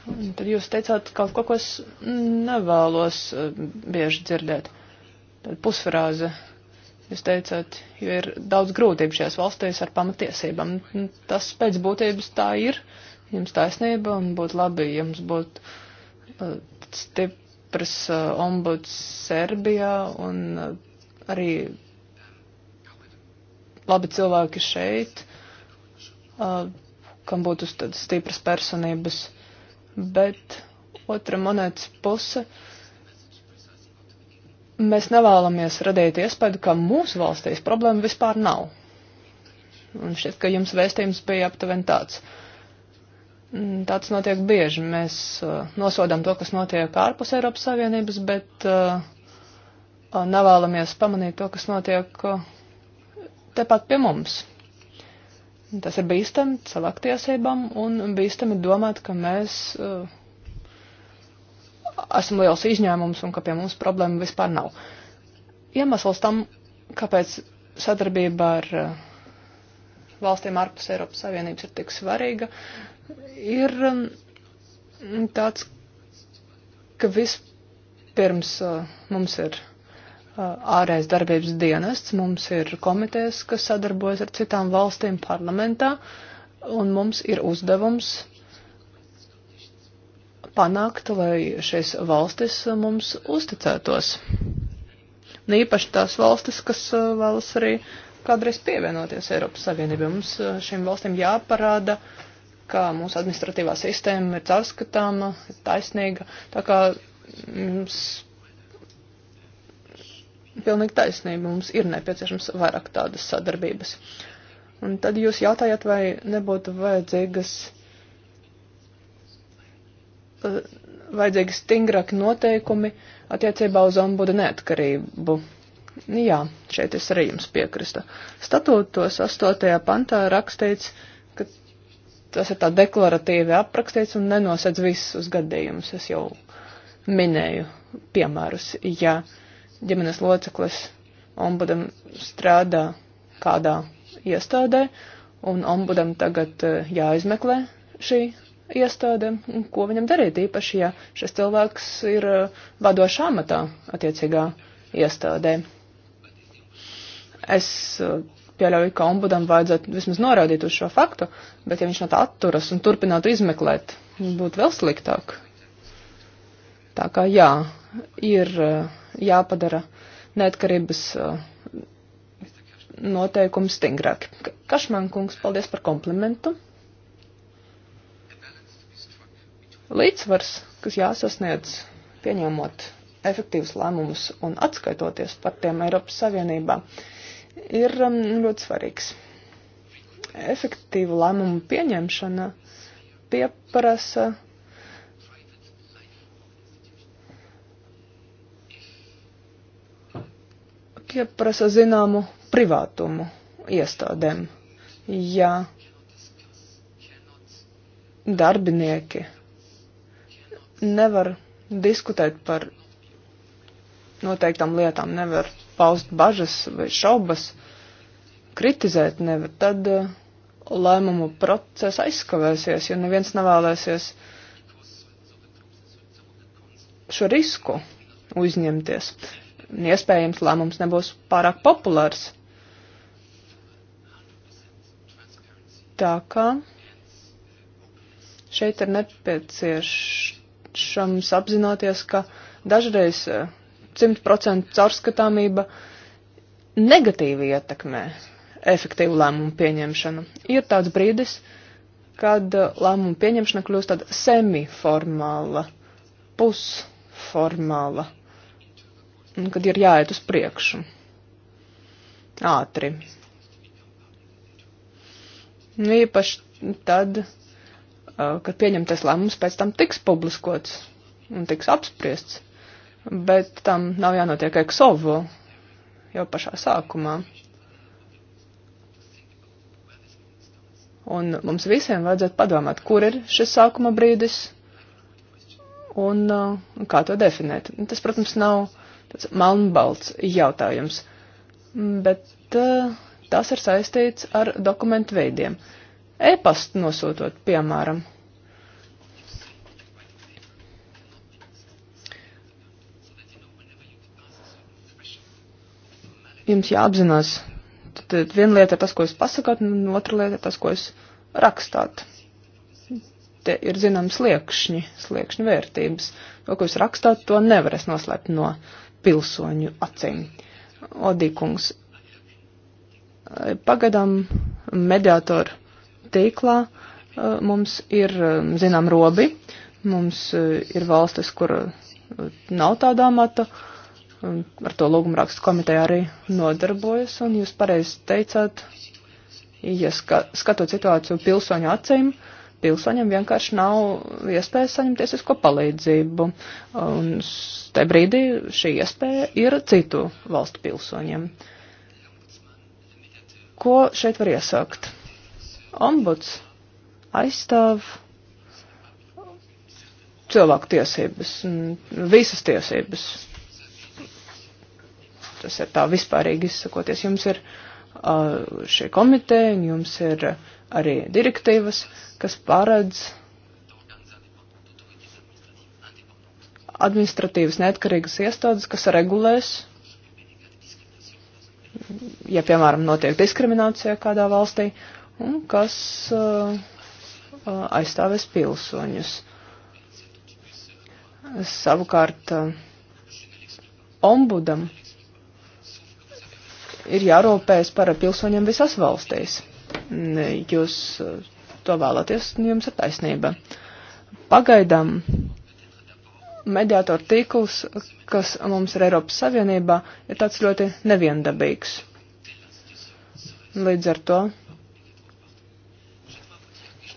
tad jūs teicāt kaut ko, ko es nevēlos eh, bieži dzirdēt. Tad pusfrāze. Jūs teicāt, jo ir daudz grūtību šajās valstīs ar pamatiesībām. Tas pēc būtības tā ir. Jums taisnība un būtu labi, ja mums būtu stiprs uh, ombuds Serbijā un uh, arī labi cilvēki šeit, uh, kam būtu tādas stipras personības. Bet otra monētas puse. Mēs nevēlamies radīt iespēju, ka mūsu valstīs problēma vispār nav. Un šķiet, ka jums vēstījums bija aptuveni tāds. Uh, Mm, Tāds notiek bieži. Mēs uh, nosodām to, kas notiek ārpus Eiropas Savienības, bet uh, uh, nevēlamies pamanīt to, kas notiek tepat pie mums. Tas ir bīstami cilvēktiesībām un bīstami domāt, ka mēs esam liels izņēmums un ka pie mums problēma vispār nav. Iemesls tam, kāpēc sadarbība ar valstīm ārpus Eiropas Savienības ir tik svarīga, uh, ir um, tāds, ka vispirms uh, mums ir uh, ārējais darbības dienests, mums ir komitejas, kas sadarbojas ar citām valstīm parlamentā, un mums ir uzdevums panākt, lai šīs valstis mums uzticētos. Un īpaši tās valstis, kas uh, vēlas arī kādreiz pievienoties Eiropas Savienībai. Mums šīm valstīm jāparāda uh, ka mūsu administratīvā sistēma ir caurskatāma, taisnīga, tā kā mums pilnīgi taisnība, mums ir nepieciešams vairāk tādas sadarbības. Un tad jūs jautājat, vai nebūtu vajadzīgas, eh, vajadzīgi stingrāki noteikumi attiecībā uz ombudu neatkarību. Jā, šeit es arī jums piekrista. Statūtos 8. pantā rakstīts, tas ir tā deklaratīvi aprakstīts un nenosedz visus gadījumus. Es jau minēju piemērus, ja ģimenes loceklis ombudam strādā kādā iestādē, un ombudam tagad eh, jāizmeklē šī iestāde, ko viņam darīt īpaši, ja šis cilvēks ir eh, vadošā amatā attiecīgā iestādē. Es eh, pieļauju, ka ombudam vajadzētu vismaz norādīt uz šo faktu, bet ja viņš no tā atturas un turpinātu izmeklēt, būtu vēl sliktāk. Tā kā jā, ir eh, jāpadara neatkarības eh, noteikumi stingrāki. Kašman kungs, paldies par komplimentu. Līdzsvars, kas jāsasniedz pieņemot efektīvus lēmumus un atskaitoties par tiem Eiropas Savienībā. Uh, ir um, ļoti svarīgs. Efektīva lēmuma pieņemšana pieprasa pieprasa zināmu privātumu iestādēm. Ja darbinieki nevar diskutēt par noteiktām lietām, nevar paust bažas vai šaubas, kritizēt nevar, tad eh, lēmumu process aizskavēsies, jo neviens nevēlēsies šo risku uzņemties. Iespējams, lēmums nebūs pārāk populārs. Tā kā šeit ir nepieciešams apzināties, ka dažreiz eh, 100% caurskatāmība negatīvi ietekmē efektīvu lēmumu pieņemšanu. Ir tāds brīdis, kad uh, lēmumu pieņemšana kļūst tāda semiformāla, pusformāla, un kad ir jāiet uz priekšu ātri. Nu, īpaši tad, uh, kad pieņemtais lēmums pēc tam tiks publiskots un tiks apspriests bet tam nav jānotiek eksovu jau pašā sākumā. Un mums visiem vajadzētu padomāt, kur ir šis sākuma brīdis un uh, kā to definēt. Tas, protams, nav tāds melnbalts jautājums, bet uh, tas ir saistīts ar dokumentu veidiem. E-pastu nosūtot, piemēram, jums jāapzinās. Tad viena lieta ir tas, ko jūs pasakāt, un otra lieta ir tas, ko jūs rakstāt. Te ir zināms sliekšņi, sliekšņu vērtības. To, ko jūs rakstāt, to nevar es noslēpt no pilsoņu acīm. Odīkungs, pagadam mediātoru tīklā eh, mums ir, eh, zinām, robi, mums eh, ir valstis, kur nav tādā mata. Uh, ar to lūgumrakstu komiteja arī nodarbojas, un jūs pareizi teicāt, ja ska, skatot situāciju pilsoņu acīm, pilsoņam vienkārši nav iespējas saņemt tiesisko palīdzību, un te brīdī šī iespēja ir citu valstu pilsoņiem. Ko šeit var iesākt? Ombuds aizstāv cilvēku tiesības, visas tiesības, Tas ir tā vispārīgi izsakoties. Jums ir uh, šie komiteja, un jums ir arī direktīvas, kas paredz administratīvas neatkarīgas iestādes, kas regulēs, ja, piemēram, notiek diskriminācija kādā valstī, un kas uh, aizstāvēs pilsoņus. Savukārt, uh, ombudam ir jārūpējas par pilsoņiem visās valstīs. Mm, Jūs eh, to vēlaties, un jums ir taisnība. Pagaidām mediātoru tīkls, kas mums ir Eiropas Savienībā, ir tāds ļoti neviendabīgs. Līdz ar to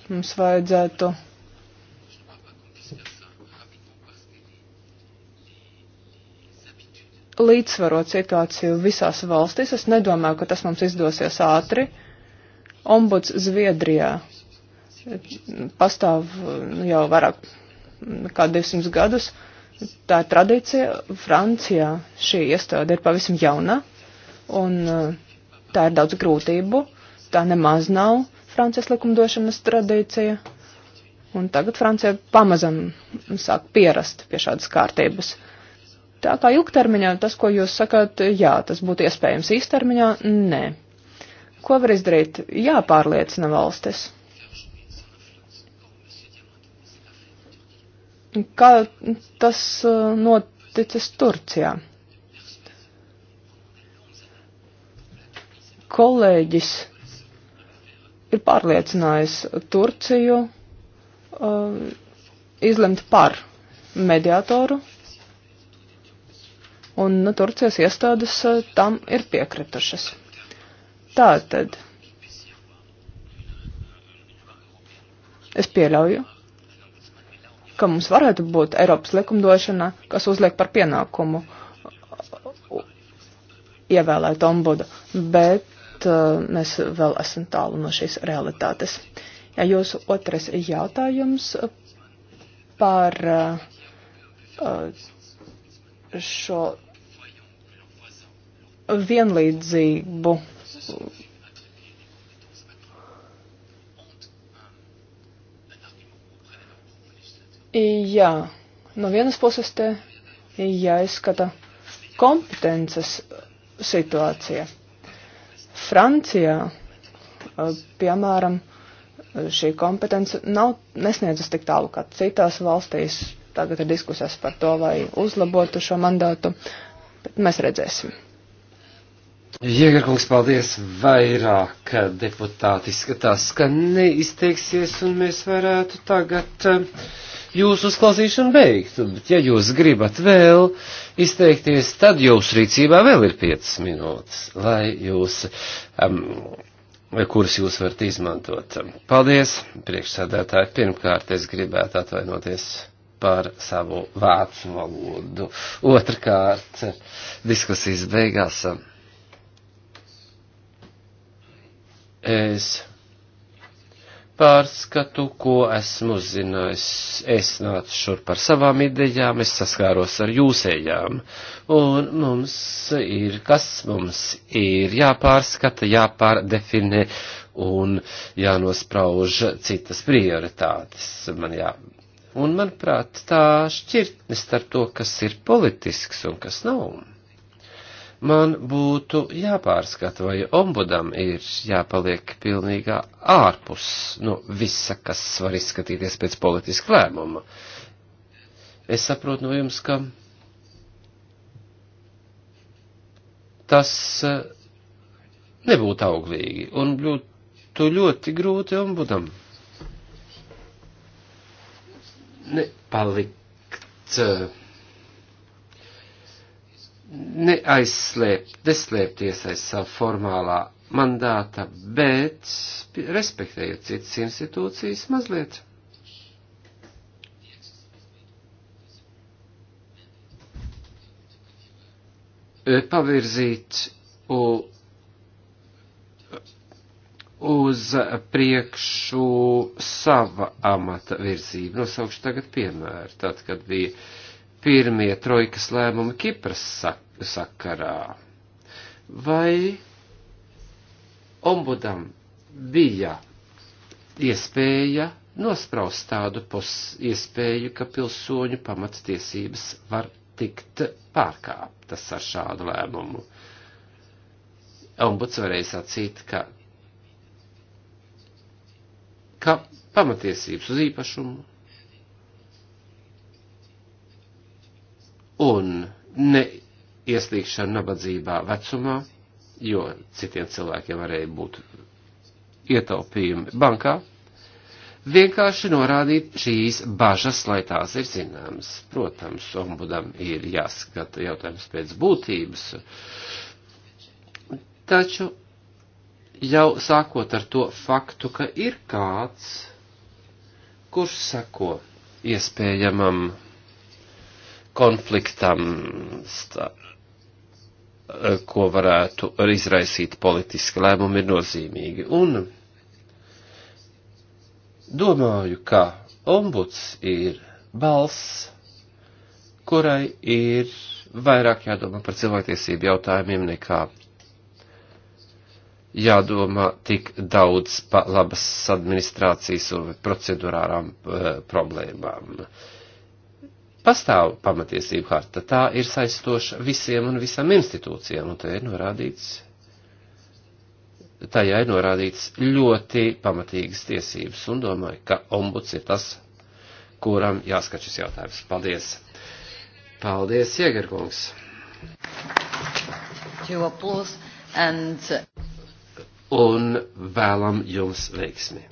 mums vajadzētu līdzsvarot situāciju visās valstīs. Es nedomāju, ka tas mums izdosies ātri. Ombuds Zviedrijā pastāv jau vairāk kā 200 gadus. Tā ir tradīcija. Francijā šī iestāde ir pavisam jauna, un uh, tā ir daudz grūtību. Tā nemaz nav Francijas likumdošanas tradīcija. Un tagad Francija pamazam sāk pierast pie šādas kārtības. Uh, Tā kā ilgtermiņā tas, ko jūs sakat, jā, tas būtu iespējams īstermiņā, nē. Ko var izdarīt? Jāpārliecina valstis. Kā tas uh, noticis Turcijā? Kolēģis ir pārliecinājis Turciju uh, izlemt par mediātoru un nu, Turcijas iestādes eh, tam ir piekritušas. Tātad es pieļauju, ka mums varētu būt Eiropas likumdošana, kas uzliek par pienākumu uh, ievēlēt ombudu, bet uh, mēs vēl esam tālu no šīs realitātes. Ja jūsu otrais jautājums uh, par uh, uh šo vienlīdzību. Jā, no vienas puses te jāizskata kompetences situācija. Francijā, piemēram, šī kompetence nav nesniedzas tik tālu kā citās valstīs. Tagad ir diskusijas par to, vai uzlabotu šo mandātu, bet mēs redzēsim. Jēgerkungs, paldies! Vairāk deputāti skatās, ka neizteiksies, un mēs varētu tagad eh, jūsu uzklausīšanu beigt. Bet, ja jūs gribat vēl izteikties, tad jūsu rīcībā vēl ir 5 minūtes, lai jūs, um, kuras jūs varat izmantot. Paldies, priekšsādātāji! Pirmkārt, es gribētu atvainoties par savu vācu valodu. Otrkārt, diskusijas beigās. Um, Es pārskatu, ko esmu uzzinājis. Es nācu šur par savām idejām, es saskāros ar jūsējām. Un mums ir, kas mums ir jāpārskata, jāpārdefinē un jānosprauž citas prioritātes. Man jā. Un, manuprāt, tā šķirtne starp to, kas ir politisks un kas nav man būtu jāpārskata, vai ombudam ir jāpaliek pilnīgā ārpus no nu, visa, kas var izskatīties pēc politiska lēmuma. Es saprotu no jums, ka tas eh, nebūtu auglīgi un būtu ļoti grūti ombudam. Nepalikt. Uh, neaizslēpt, neslēpties aiz savu formālā mandāta, bet respektējot citas institūcijas mazliet. E, pavirzīt uz priekšu sava amata virzību. Nosaukšu tagad piemēru. Tad, kad bija uh, pirmie trojkas lēmumi Kipras sak sakarā? Vai ombudam bija iespēja nospraust tādu pos iespēju, ka pilsoņu pamatstiesības var tikt pārkāptas ar šādu lēmumu? Ombuds varēja sacīt, ka, ka pamatiesības uz īpašumu un neieslīgšanu nabadzībā vecumā, jo citiem cilvēkiem varēja būt ietaupījumi bankā, vienkārši norādīt šīs bažas, lai tās ir zināmas. Protams, ombudam ir jāskata jautājums pēc būtības, taču jau sākot ar to faktu, ka ir kāds, kurš sako iespējamam konfliktam, eh, ko varētu izraisīt politiski lēmumi, ir nozīmīgi. Un domāju, ka ombuds ir balss, kurai ir vairāk jādomā par cilvēktiesību jautājumiem nekā jādomā tik daudz pa labas administrācijas un procedurārām e, eh, problēmām. E, pastāv pamatiesību harta, tā ir saistoša visiem un visam institūcijām, un te ir norādīts, tajā ir norādīts ļoti pamatīgas tiesības, un domāju, ka ombuds ir tas, kuram jāskat šis jautājums. Paldies! Paldies, Iegerkungs! And... Uh, un vēlam jums veiksmi!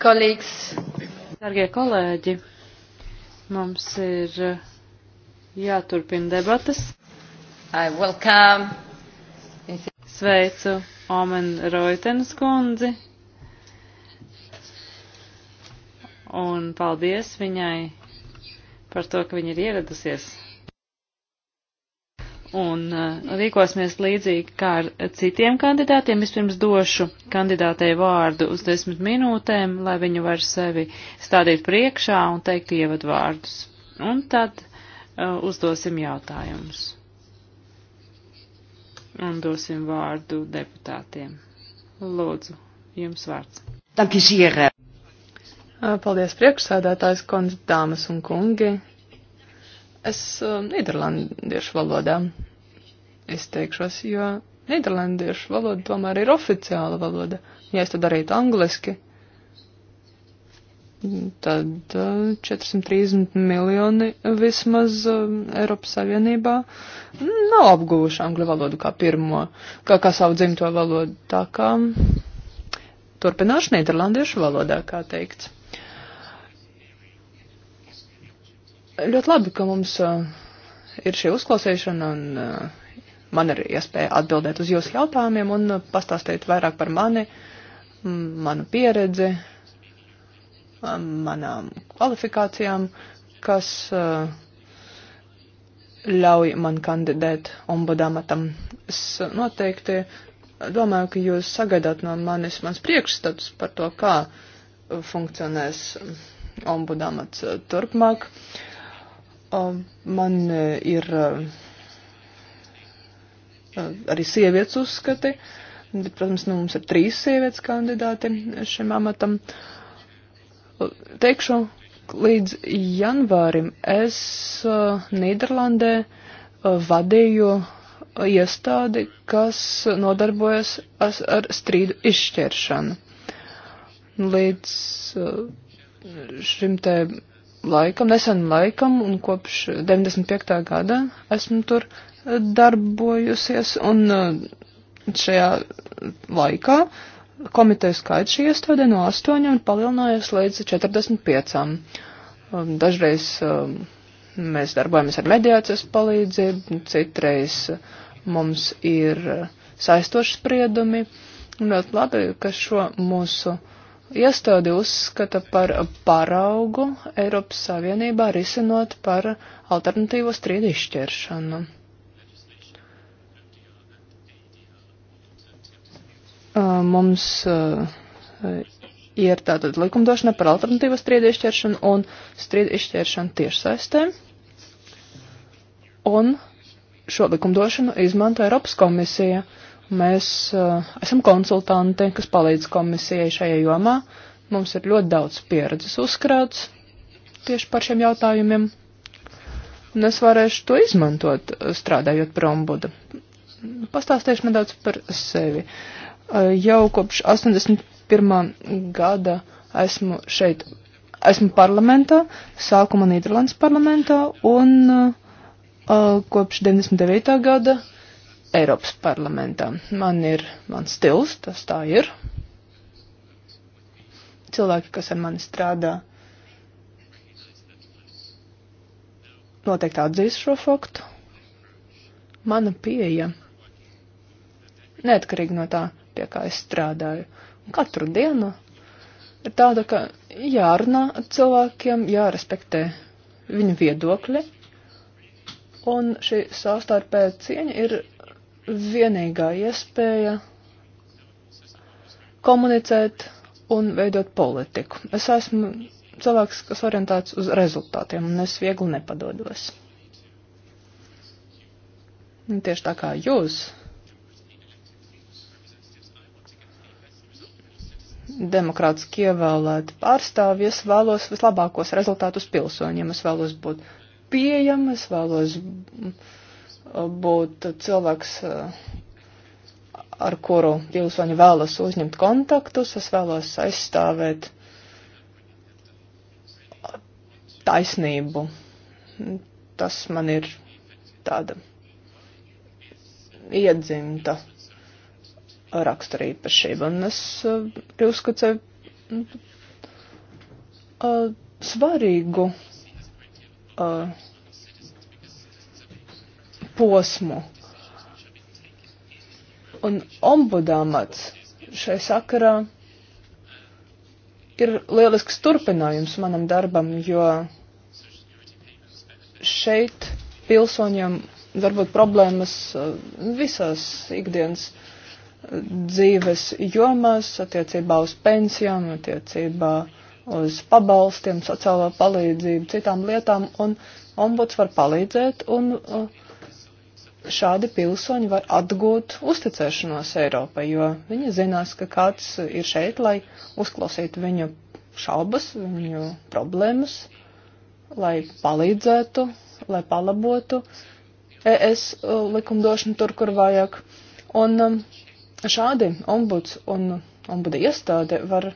Kolīgs. Dargie kolēģi, mums ir uh, jāturpina debatas. I welcome. Sveicu Omen Roitenes kundzi. Un paldies viņai par to, ka viņa ir ieradusies un uh, rīkosimies līdzīgi kā ar citiem kandidātiem. Vispirms došu kandidātei vārdu uz desmit minūtēm, lai viņu var sevi stādīt priekšā un teikt ievadu vārdus. Un tad uh, uzdosim jautājumus. Un dosim vārdu deputātiem. Lūdzu, jums vārds. Paldies priekšsēdētājs kundze, dāmas un kungi. Es uh, nīderlandiešu valodā izteikšos, jo nīderlandiešu valoda tomēr ir oficiāla valoda. Ja es to darītu angliski, tad uh, 430 miljoni vismaz uh, Eiropas Savienībā nav apguvuši angļu valodu kā pirmo, kā, kā savu dzimto valodu. Tā kā turpināšu nīderlandiešu valodā, kā teikts. Ļoti labi, ka mums eh, ir šī uzklausīšana un eh, man ir iespēja atbildēt uz jūsu jautājumiem un eh, pastāstīt vairāk par mani, manu pieredzi, manām kvalifikācijām, kas ļauj man kandidēt ombudamatam. Es noteikti domāju, ka jūs sagaidāt no manis mans priekšstats par to, kā funkcionēs ombudamats turpmāk. Uh, Man e, ir e, e, arī sievietes uzskati, bet, protams, nu, mums ir trīs sievietes kandidāti šim amatam. Teikšu, līdz janvārim es Nīderlandē vadīju iestādi, kas nodarbojas ar strīdu izšķiršanu. Līdz šim te laikam, nesen laikam, un kopš 95. gada esmu tur eh, darbojusies, un eh, šajā laikā komiteja skaits šī iestādē no 8 palielinājies līdz 45. Um, dažreiz um, mēs darbojamies ar mediācijas palīdzību, citreiz mums ir saistoši spriedumi, un ļoti labi, ka šo mūsu uh, iestādi uzskata par paraugu Eiropas Savienībā risinot par alternatīvo strīdu izšķiršanu. Mums ir tātad likumdošana par alternatīvo strīdu izšķiršanu un strīdu izšķiršanu tiešsaistē. Un šo likumdošanu izmanto Eiropas komisija. Uh, Mēs uh, esam konsultanti, kas palīdz komisijai šajā jomā. Mums ir ļoti daudz pieredzes uzkrāts tieši par šiem jautājumiem. Un es varēšu to izmantot, eh, strādājot par ombudu. Pastāstīšu nedaudz par sevi. Uh, jau kopš 81. gada esmu šeit. Esmu parlamentā, sākumā Nīderlandes parlamentā un uh, kopš 99. gada uh, Eiropas parlamentā. Man ir mans stils, tas tā ir. Cilvēki, kas ar mani strādā, noteikti atzīst šo faktu. Mana pieeja, neatkarīgi no tā, pie kā es strādāju, katru dienu ir tāda, ka jārunā ar cilvēkiem, jārespektē viņu viedokļi, un šī savstarpēja cieņa ir vienīgā iespēja komunicēt un veidot politiku. Es esmu cilvēks, kas orientēts uz rezultātiem, un es viegli nepadodos. Un tieši tā kā jūs demokrātiski ievēlēti pārstāvji, es vēlos vislabākos rezultātus pilsoņiem. Es vēlos būt pieejams, es vēlos būtu cilvēks, eh, ar kuru pilsoņi vēlas uzņemt kontaktus, es vēlos aizstāvēt taisnību. Tas man ir tāda iedzimta raksturīpašība. Un es arī eh, uzskatu sevi eh, svarīgu. Uh, posmu. Un ombudāmats šai sakarā ir lielisks turpinājums manam darbam, jo šeit pilsoņiem varbūt problēmas uh, visās ikdienas uh, dzīves jomās, attiecībā uz pensijām, attiecībā uz pabalstiem, sociālā palīdzību, citām lietām, un ombuds var palīdzēt un uh, šādi pilsoņi var atgūt uzticēšanos Eiropai, jo viņi zinās, ka kāds ir šeit, lai uzklausītu viņu šaubas, viņu problēmas, lai palīdzētu, lai palabotu ES uh, likumdošanu tur, kur vajag. Un um, šādi ombuds un ombuda iestāde var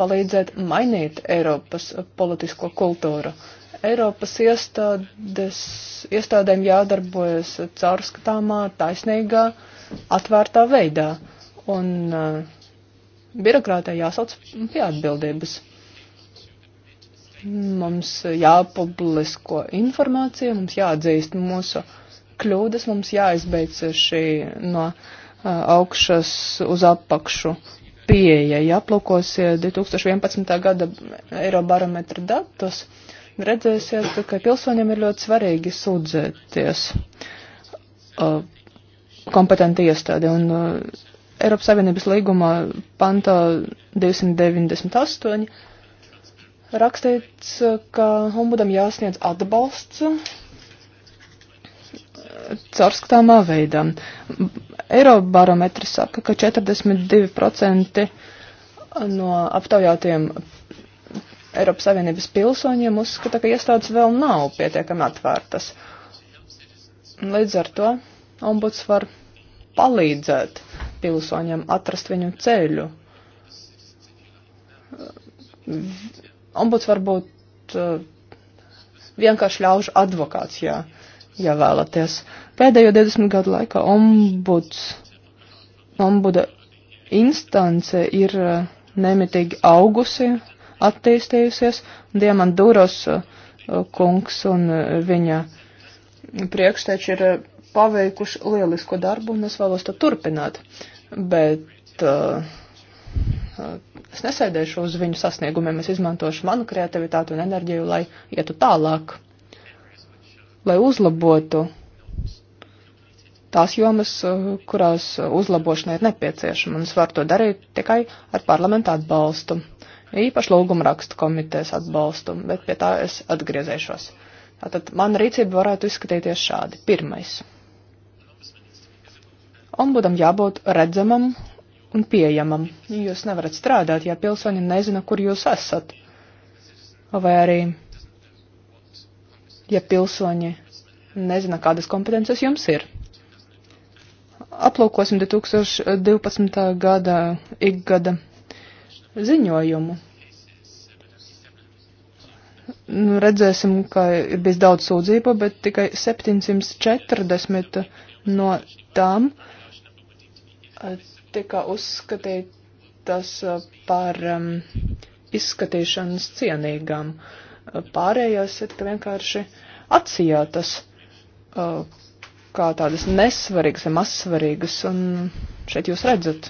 palīdzēt mainīt Eiropas uh, politisko kultūru. Uh, Eiropas iestādes, iestādēm jādarbojas caurskatāmā, taisnīgā, atvērtā veidā. Un uh, birokrātē jāsauc pie atbildības. Mums jāpublisko informācija, mums jāatzīst mūsu kļūdas, mums jāizbeidz šī no uh, augšas uz apakšu pieeja. Ja aplūkosie 2011. gada Eirobarometra datus, uh, redzēsiet, ka pilsoņiem ir ļoti svarīgi sūdzēties uh, kompetenti iestādi. Un uh, Eiropas Savienības līgumā pantā 298 rakstīts, uh, ka ombudam jāsniedz atbalsts uh, caurskatāmā veidā. Eirobarometri saka, ka 42% no aptaujātiem Eiropas Savienības pilsoņiem uzskata, ka iestādes vēl nav pietiekami atvērtas. Līdz ar to ombuds var palīdzēt pilsoņiem atrast viņu ceļu. Ombuds var būt uh, vienkārši ļaužu advokāts, ja, ja vēlaties. Pēdējo 20 gadu laikā ombuds, ombuda instance ir uh, nemitīgi augusi attīstījusies. Diamanduros uh, kungs un uh, viņa priekšteči ir uh, paveikuši lielisku darbu, un es vēlos to turpināt. Bet uh, es nesēdēšu uz viņu sasniegumiem, es izmantošu manu kreativitāti un enerģiju, lai ietu tālāk, lai uzlabotu tās jomas, kurās uzlabošana ir nepieciešama, un es varu to darīt tikai ar parlamentu atbalstu īpaši lūguma rakstu komitejas atbalstu, bet pie tā es atgriezīšos. Tātad mana rīcība varētu izskatīties šādi. Pirmais. Ombudam jābūt redzamam un pieejamam. Jūs nevarat strādāt, ja pilsoņi nezina, kur jūs esat. Vai arī, ja pilsoņi nezina, kādas kompetences jums ir. Aplūkosim 2012. gada ikgada ziņojumu. Nu, redzēsim, ka ir bijis daudz sūdzību, bet tikai 740 no tām eh, tika uzskatītas eh, par um, izskatīšanas cienīgām. Eh, pārējās ir vienkārši atsijātas uh, kā tādas nesvarīgas, mazsvarīgas, un šeit jūs redzat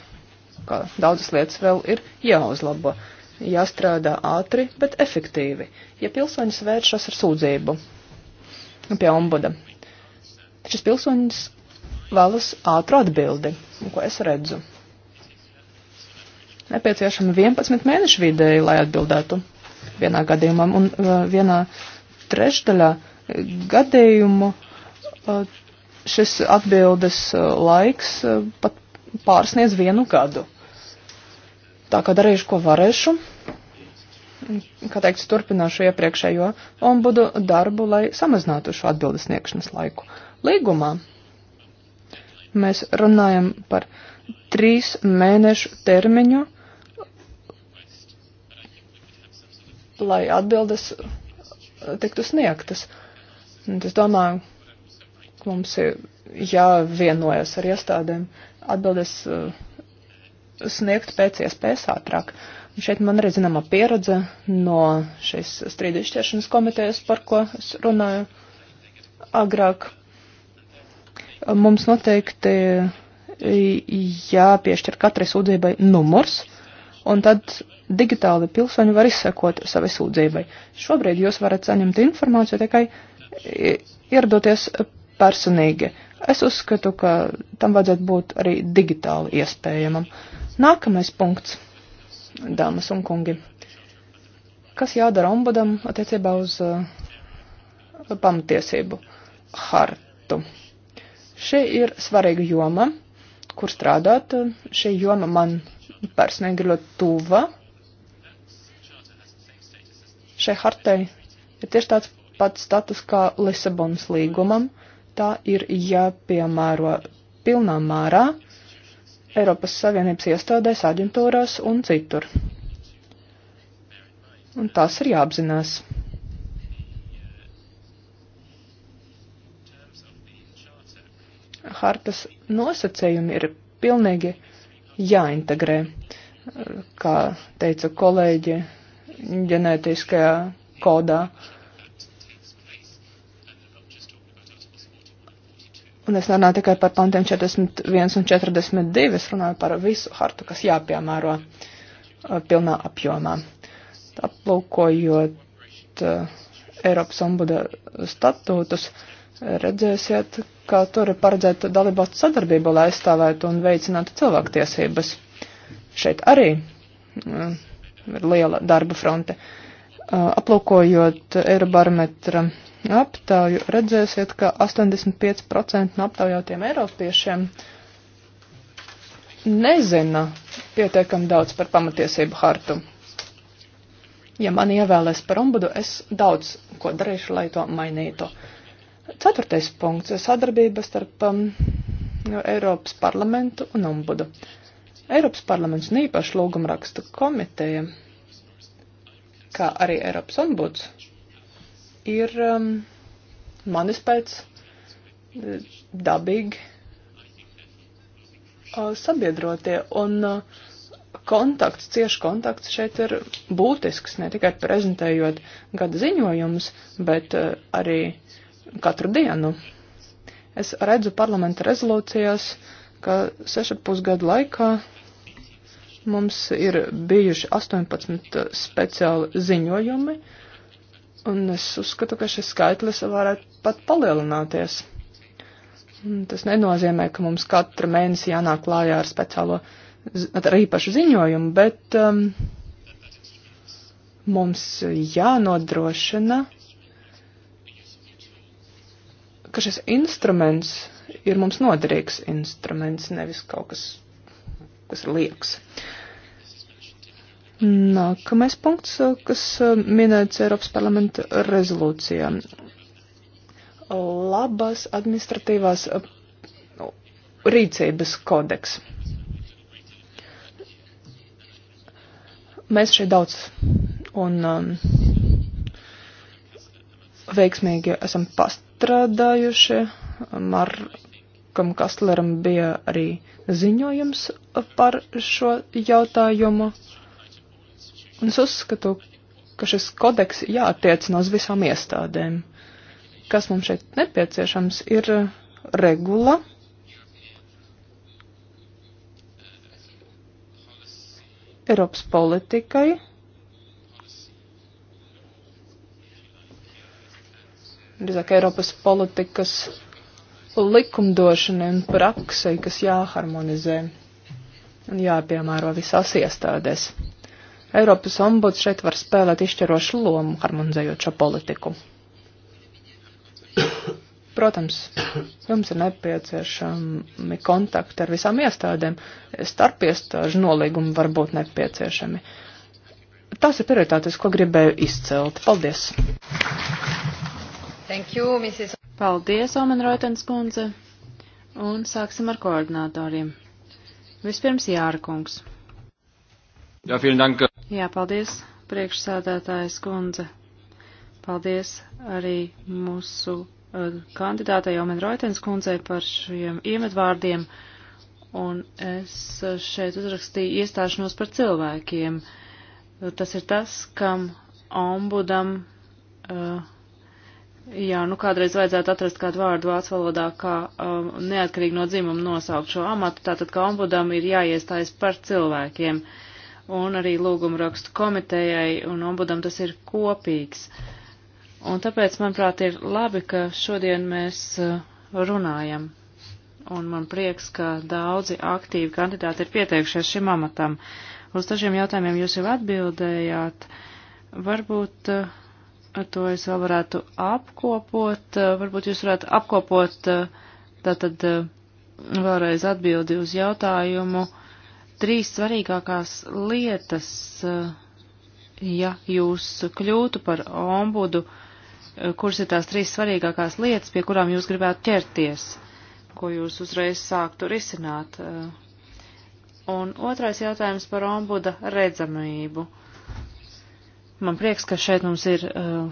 ka daudzas lietas vēl ir jāuzlabo, jāstrādā ātri, bet efektīvi, ja pilsoņas vēršas ar sūdzību pie ombuda. Šis pilsoņas vēlas ātru atbildi, ko es redzu. Nepieciešami 11 mēneši vidēji, lai atbildētu vienā gadījumā, un uh, vienā trešdaļā gadījumu uh, šis atbildes uh, laiks pat pārsniedz vienu gadu. Tā kā darīšu, ko varēšu. Kā teikts, turpināšu iepriekšējo ombudu darbu, lai samazinātu šo atbildes sniegšanas laiku. Līgumā mēs runājam par trīs mēnešu termiņu, lai atbildes tiktu sniegtas. Un es domāju, ka mums ir jāvienojas ar iestādēm atbildes. Uh, sniegt pēc iespējas ātrāk. Un šeit man arī zināma pieredze no šīs strīdu izšķiršanas komitejas, par ko es runāju agrāk. Mums noteikti jāpiešķir katrai sūdzībai numurs, un tad digitāli pilsoņi var izsekot savai sūdzībai. Šobrīd jūs varat saņemt informāciju tikai ieradoties personīgi. Es uzskatu, ka tam vajadzētu būt arī digitāli iespējamam. Uh, Nākamais punkts, dāmas un kungi. Kas jādara ombudam attiecībā uz uh, pamatiesību hartu? Šī ir svarīga joma, kur strādāt. Šī joma man personīgi ir ļoti tuva. Šai hartai ir tieši tāds pats status kā Lisabonas līgumam. Tā ir jāpiemēro pilnā mērā. Uh, Eiropas Savienības iestādēs, aģentūrās un citur. Un tas ir jāapzinās. Hartas nosacējumi ir pilnīgi jāintegrē, kā teica kolēģi ģenētiskajā kodā. Uh, Un es runāju tikai par pantiem 41 un 42, es runāju par visu hartu, kas jāpiemēro uh, pilnā apjomā. Aplūkojot uh, Eiropas ombuda statūtus, redzēsiet, ka tur ir paredzēta dalībvalstu sadarbība, lai aizstāvētu un veicinātu cilvēktiesības. Šeit arī uh, ir liela darba fronte. Uh, aplūkojot Eirobarometra aptauju, redzēsiet, ka 85% no aptaujātiem Eiropiešiem nezina pietiekam daudz par pamatiesību hartu. Ja mani ievēlēs par ombudu, es daudz ko darīšu, lai to mainītu. Ceturtais punkts - sadarbība starp um, Eiropas parlamentu un ombudu. Eiropas parlaments un īpaši lūgumrakstu komiteja kā arī Eiropas ombuds, ir um, manis pēc dabīgi uh, sabiedrotie. Un uh, kontakts, cieši kontakts šeit ir būtisks, ne tikai prezentējot gada ziņojumus, bet uh, arī katru dienu. Es redzu parlamenta rezolūcijās, ka 6,5 gadu laikā Mums ir bijuši 18 speciāli ziņojumi, un es uzskatu, ka šis skaitlis varētu pat palielināties. Un tas nenozīmē, ka mums katru mēnesi jānāk klājā ar speciālo, ar īpašu ziņojumu, bet um, mums jānodrošina, ka šis instruments ir mums noderīgs instruments, nevis kaut kas kas ir liekas. Nākamais punkts, kas uh, minēts Eiropas parlamenta rezolūcijā. Labas administratīvās uh, rīcības kodeks. Mēs šeit daudz un um, veiksmīgi esam pastrādājuši. Mar kam Kastleram bija arī ziņojums par šo jautājumu. Un es uzskatu, ka šis kodeks jāattiecina uz visām iestādēm. Kas mums šeit nepieciešams, ir regula. Eiropas politikai. Drīzāk Eiropas politikas likumdošanai un praksei, kas jāharmonizē un jāpiemēro visās iestādēs. Eiropas ombuds šeit var spēlēt izšķirošu lomu, harmonizējot šo politiku. Protams, jums ir nepieciešami kontakti ar visām iestādēm, starp iestāžu nolīgumi var būt nepieciešami. Tās ir prioritātes, ko gribēju izcelt. Paldies! Thank you, Mrs. Paldies, Omen Roitens kundze, un sāksim ar koordinātoriem. Vispirms Jāra kungs. Jā, dank. Jā, paldies, priekšsādātājas kundze. Paldies arī mūsu uh, kandidātei Omen Roitens kundzei par šiem iemetvārdiem, un es eh, šeit uzrakstīju iestāšanos par cilvēkiem. Tas ir tas, kam ombudam. Uh, Jā, nu kādreiz vajadzētu atrast kādu vārdu vācu valodā, kā um, neatkarīgi no dzimuma nosaukt šo amatu, tātad ka ombudam ir jāiestājas par cilvēkiem, un arī lūgumu rakstu komitejai un ombudam tas ir kopīgs. Un tāpēc, manuprāt, ir labi, ka šodien mēs uh, runājam, un man prieks, ka daudzi aktīvi kandidāti ir pieteikušies šim amatam. Uz dažiem jautājumiem jūs jau atbildējāt, varbūt. Uh, Ar to es vēl varētu apkopot. Eh, varbūt jūs varētu apkopot eh, tātad eh, vēlreiz atbildi uz jautājumu. Trīs svarīgākās lietas, ja jūs kļūtu par ombudu, kuras ir tās trīs svarīgākās lietas, pie kurām jūs gribētu ķerties, ko jūs uzreiz sāktu risināt. Un otrais jautājums par ombuda redzamību. Man prieks, ka šeit mums ir uh,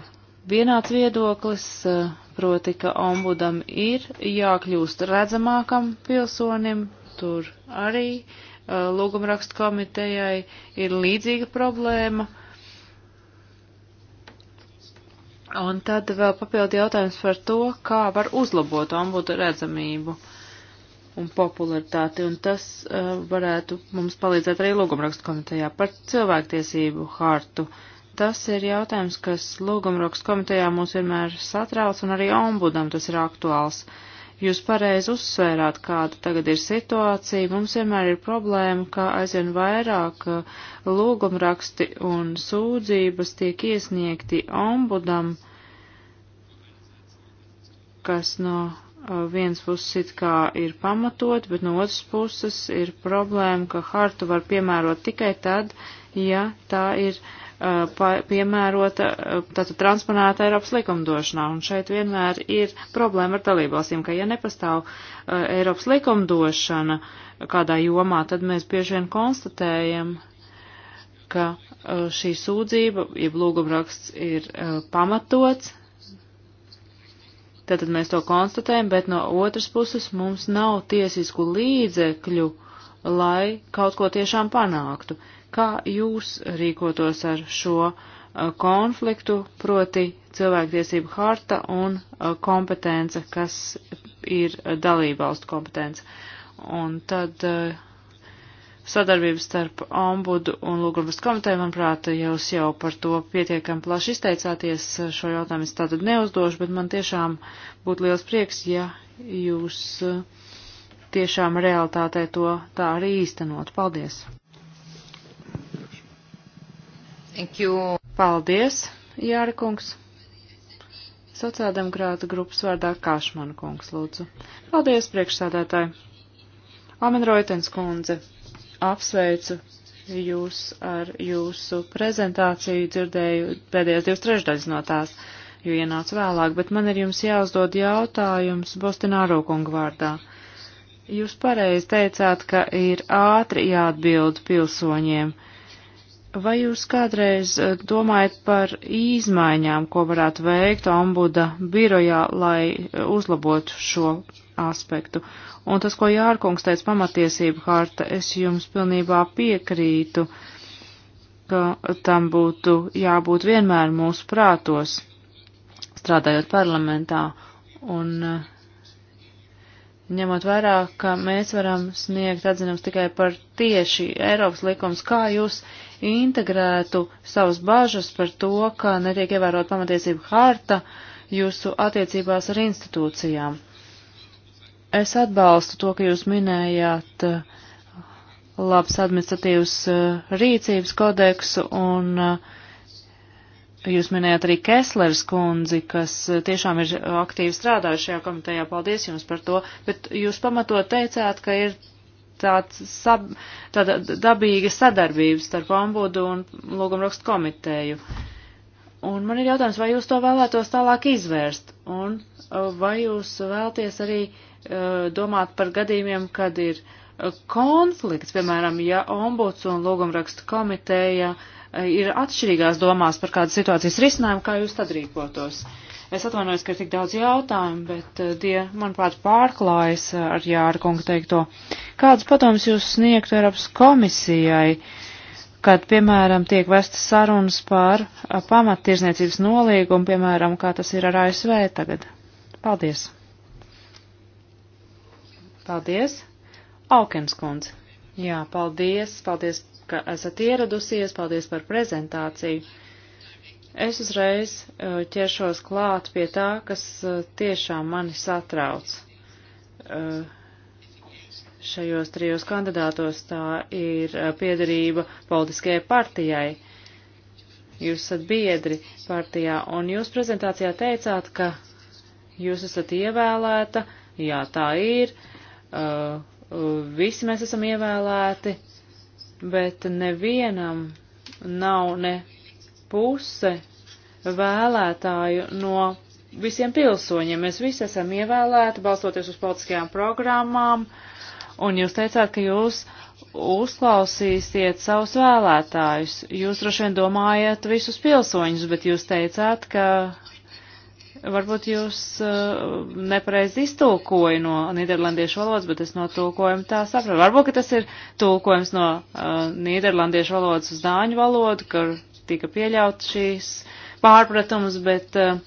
vienāds viedoklis, uh, proti, ka ombudam ir jākļūst redzamākam pilsonim, tur arī uh, lūgumrakstu komitejai ir līdzīga problēma. Un tad vēl papildi jautājums par to, kā var uzlabot ombudu redzamību un popularitāti, un tas uh, varētu mums palīdzēt arī lūgumrakstu komitejā par cilvēktiesību hartu. Uh, Tas ir jautājums, kas lūgumrakstu komitejā mūs vienmēr satrauc, un arī ombudam tas ir aktuāls. Jūs pareizi uzsvērāt, kāda tagad ir situācija. Mums vienmēr ir problēma, ka aizvien vairāk uh, lūgumraksti un sūdzības tiek iesniegti ombudam, kas no uh, viens puses it kā ir pamatot, bet no otras puses ir problēma, ka hartu var piemērot tikai tad, ja tā ir Uh, piemērota, uh, tātad transponēta Eiropas likumdošanā. Un šeit vienmēr ir problēma ar dalībvalstīm, ka ja nepastāv uh, Eiropas likumdošana kādā jomā, tad mēs bieži vien konstatējam, ka šī sūdzība, jeb lūgumraksts ir pamatots. Tātad mēs to konstatējam, bet no otras puses mums nav tiesisku līdzekļu, lai kaut ko tiešām panāktu. Kā jūs rīkotos ar šo uh, konfliktu, proti cilvēktiesību harta un uh, kompetence, kas ir dalībvalstu kompetence? Un tad uh, sadarbība starp ombudu un lūgumas komiteju, manuprāt, jūs jau par to pietiekam plaši izteicāties. Šo jautājumu es tātad neuzdošu, bet man tiešām būtu liels prieks, ja jūs tiešām realitātē to tā arī īstenot. Paldies! Thank you. Paldies, Jāra kungs. Sociāldemokrāta grupas vārdā Kāšmana kungs, lūdzu. Paldies, priekšsādātāji. Amen Roitens kundze, apsveicu jūs ar jūsu prezentāciju, dzirdēju pēdējās divas trešdaļas no tās, jo ienāca vēlāk, bet man ir jums jāuzdod jautājums Bostināro kungu vārdā. Jūs pareizi teicāt, ka ir ātri jāatbild pilsoņiem. Uh, Vai jūs kādreiz eh, domājat par izmaiņām, ko varētu veikt ombuda birojā, lai eh, uzlabotu šo aspektu? Un tas, ko Jārkungs teica pamatiesību harta, es jums pilnībā piekrītu, ka tam būtu jābūt vienmēr mūsu prātos, strādājot parlamentā. Un eh, ņemot vērā, ka mēs varam sniegt atzinums tikai par tieši Eiropas likums, kā jūs integrētu savas bažas par to, ka netiek ievērot pamatiesību harta jūsu attiecībās ar institūcijām. Es atbalstu to, ka jūs minējāt uh, labs administratīvs uh, rīcības kodeksu un uh, Jūs minējāt arī Keslers kundzi, kas uh, tiešām ir aktīvi strādājuši šajā komitejā. Paldies jums par to. Bet jūs pamatot teicāt, ka ir tāds sab, tāda dabīga sadarbība starp ombudu un lūgumrakstu komiteju. Un man ir jautājums, vai jūs to vēlētos tālāk izvērst? Un uh, vai jūs vēlties arī uh, domāt par gadījumiem, kad ir uh, konflikts, piemēram, ja ombuds un lūgumrakstu komiteja uh, ir atšķirīgās domās par kādu situācijas risinājumu, kā jūs tad rīkotos? Uh, Es atvainojos, ka ir tik daudz jautājumu, bet eh, tie, manuprāt, pārklājas eh, ar Jāra kunga teikto. Kādas padomas jūs sniegtu Eiropas komisijai, kad, piemēram, tiek vestas sarunas par eh, pamattirzniecības nolīgumu, piemēram, kā tas ir ar ASV tagad? Paldies! Paldies! Aukens kundze! Jā, paldies! Paldies, ka esat ieradusies! Paldies par prezentāciju! Es uzreiz e, ķeršos klāt pie tā, kas e, tiešām mani satrauc. E, šajos trijos kandidātos tā ir piedarība politiskajai partijai jūs esat biedri partijā, un jūs prezentācijā teicāt, ka jūs esat ievēlēta, jā, tā ir, uh, visi mēs esam ievēlēti, bet nevienam nav ne puse vēlētāju no visiem pilsoņiem. Mēs visi esam ievēlēti, balstoties uz politiskajām programmām, un jūs teicāt, ka jūs uzklausīsiet savus vēlētājus. Jūs droši vien domājat visus pilsoņus, bet jūs teicāt, ka varbūt jūs uh, nepareizi iztulkoju no nīderlandiešu valodas, bet es no tulkojuma tā sapratu. Varbūt, ka tas ir tulkojums no uh, nīderlandiešu valodas uz dāņu valodu, kur tika pieļaut šīs pārpratums, bet eh,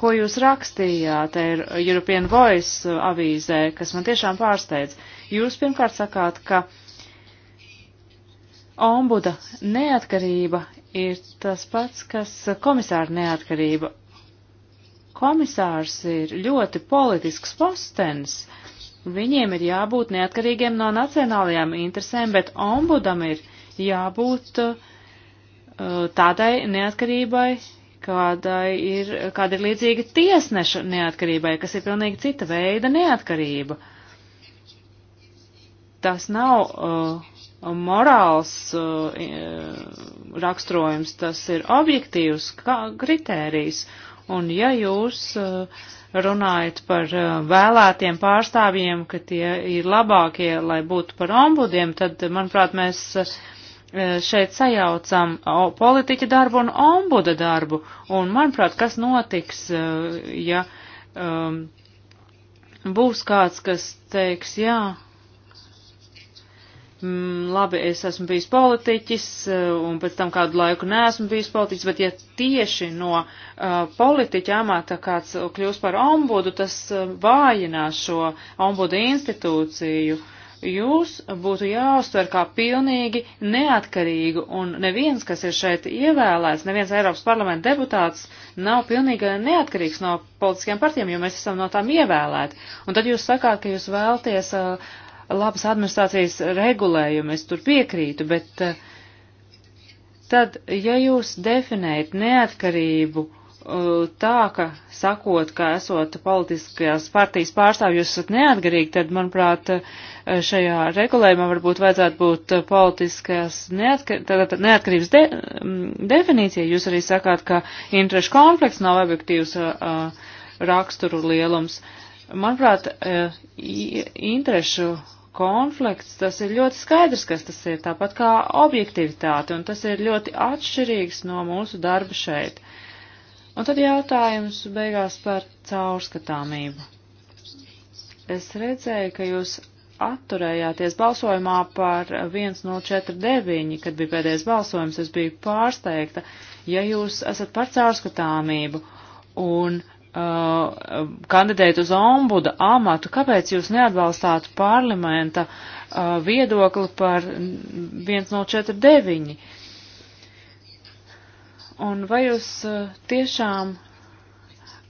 ko jūs rakstījāt European Voice eh, avīzē, kas man tiešām pārsteidz? Jūs pirmkārt sakāt, ka ombuda neatkarība ir tas pats, kas komisāra neatkarība. Komisārs ir ļoti politisks postens. Viņiem ir jābūt neatkarīgiem no nacionālajām interesēm, bet ombudam ir jābūt uh, Eh, tādai neatkarībai, kādai ir, kāda ir līdzīga tiesneša neatkarībai, kas ir pilnīgi cita veida neatkarība. Tas nav uh, morāls uh, raksturojums, tas ir objektīvs kritērijs. Un ja jūs uh, runājat par uh, vēlētiem pārstāvjiem, ka tie ir labākie, lai būtu par ombudiem, tad, manuprāt, mēs. Uh, E, šeit sajaucam politiķa darbu un ombuda darbu. Un, manuprāt, kas notiks, e, ja um, būs kāds, kas teiks, jā, mm, labi, es esmu bijis politiķis, e, un pēc tam kādu laiku neesmu bijis politiķis, bet ja tieši no uh, politiķa amata kāds kļūs par ombudu, tas uh, vājinās šo ombudu institūciju. Uh, jūs būtu jāuztver kā pilnīgi neatkarīgu, un neviens, kas ir šeit ievēlēts, neviens Eiropas parlamenta deputāts nav pilnīgi neatkarīgs no politiskajām partijām, jo mēs esam no tām ievēlēti. Un tad jūs sakāt, ka jūs vēlties uh, labas administrācijas regulējumu, es tur piekrītu, bet uh, tad, ja jūs definējat neatkarību, uh, Eh, tā, ka sakot, ka esot politiskajās partijas pārstāvju, jūs esat neatkarīgi, tad, manuprāt, eh, šajā regulējumā varbūt vajadzētu būt eh, politiskajās neatkar neatkarības de mm, definīcija. Jūs arī sakāt, ka interešu konflikts nav objektīvs raksturu lielums. Manuprāt, interešu konflikts, tas ir ļoti skaidrs, kas tas ir, tāpat kā objektivitāte, un tas ir ļoti atšķirīgs no mūsu darba šeit. Uh, Un tad jautājums beigās par caurskatāmību. Es redzēju, ka jūs atturējāties balsojumā par 1049, kad bija pēdējais balsojums, es biju pārsteigta, ja jūs esat par caurskatāmību un uh, kandidēt uz ombuda amatu, kāpēc jūs neatbalstāt parlamenta uh, viedokli par 1049? Un vai jūs tiešām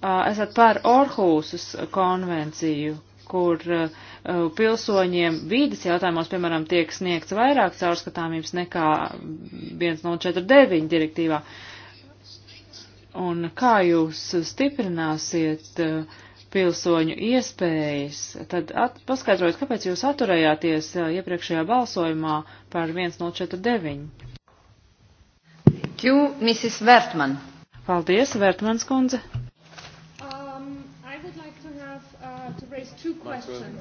esat par Orhūsas konvenciju, kur pilsoņiem vīdes jautājumos, piemēram, tiek sniegts vairāk caurskatāmības nekā 1049 direktīvā? Un kā jūs stiprināsiet pilsoņu iespējas, tad at, paskaidrojiet, kāpēc jūs atturējāties iepriekšējā balsojumā par 1049? Thank you, Mrs. Vertman. Paldies, Vertmans kundze. Um, I would like to have uh, to raise two questions.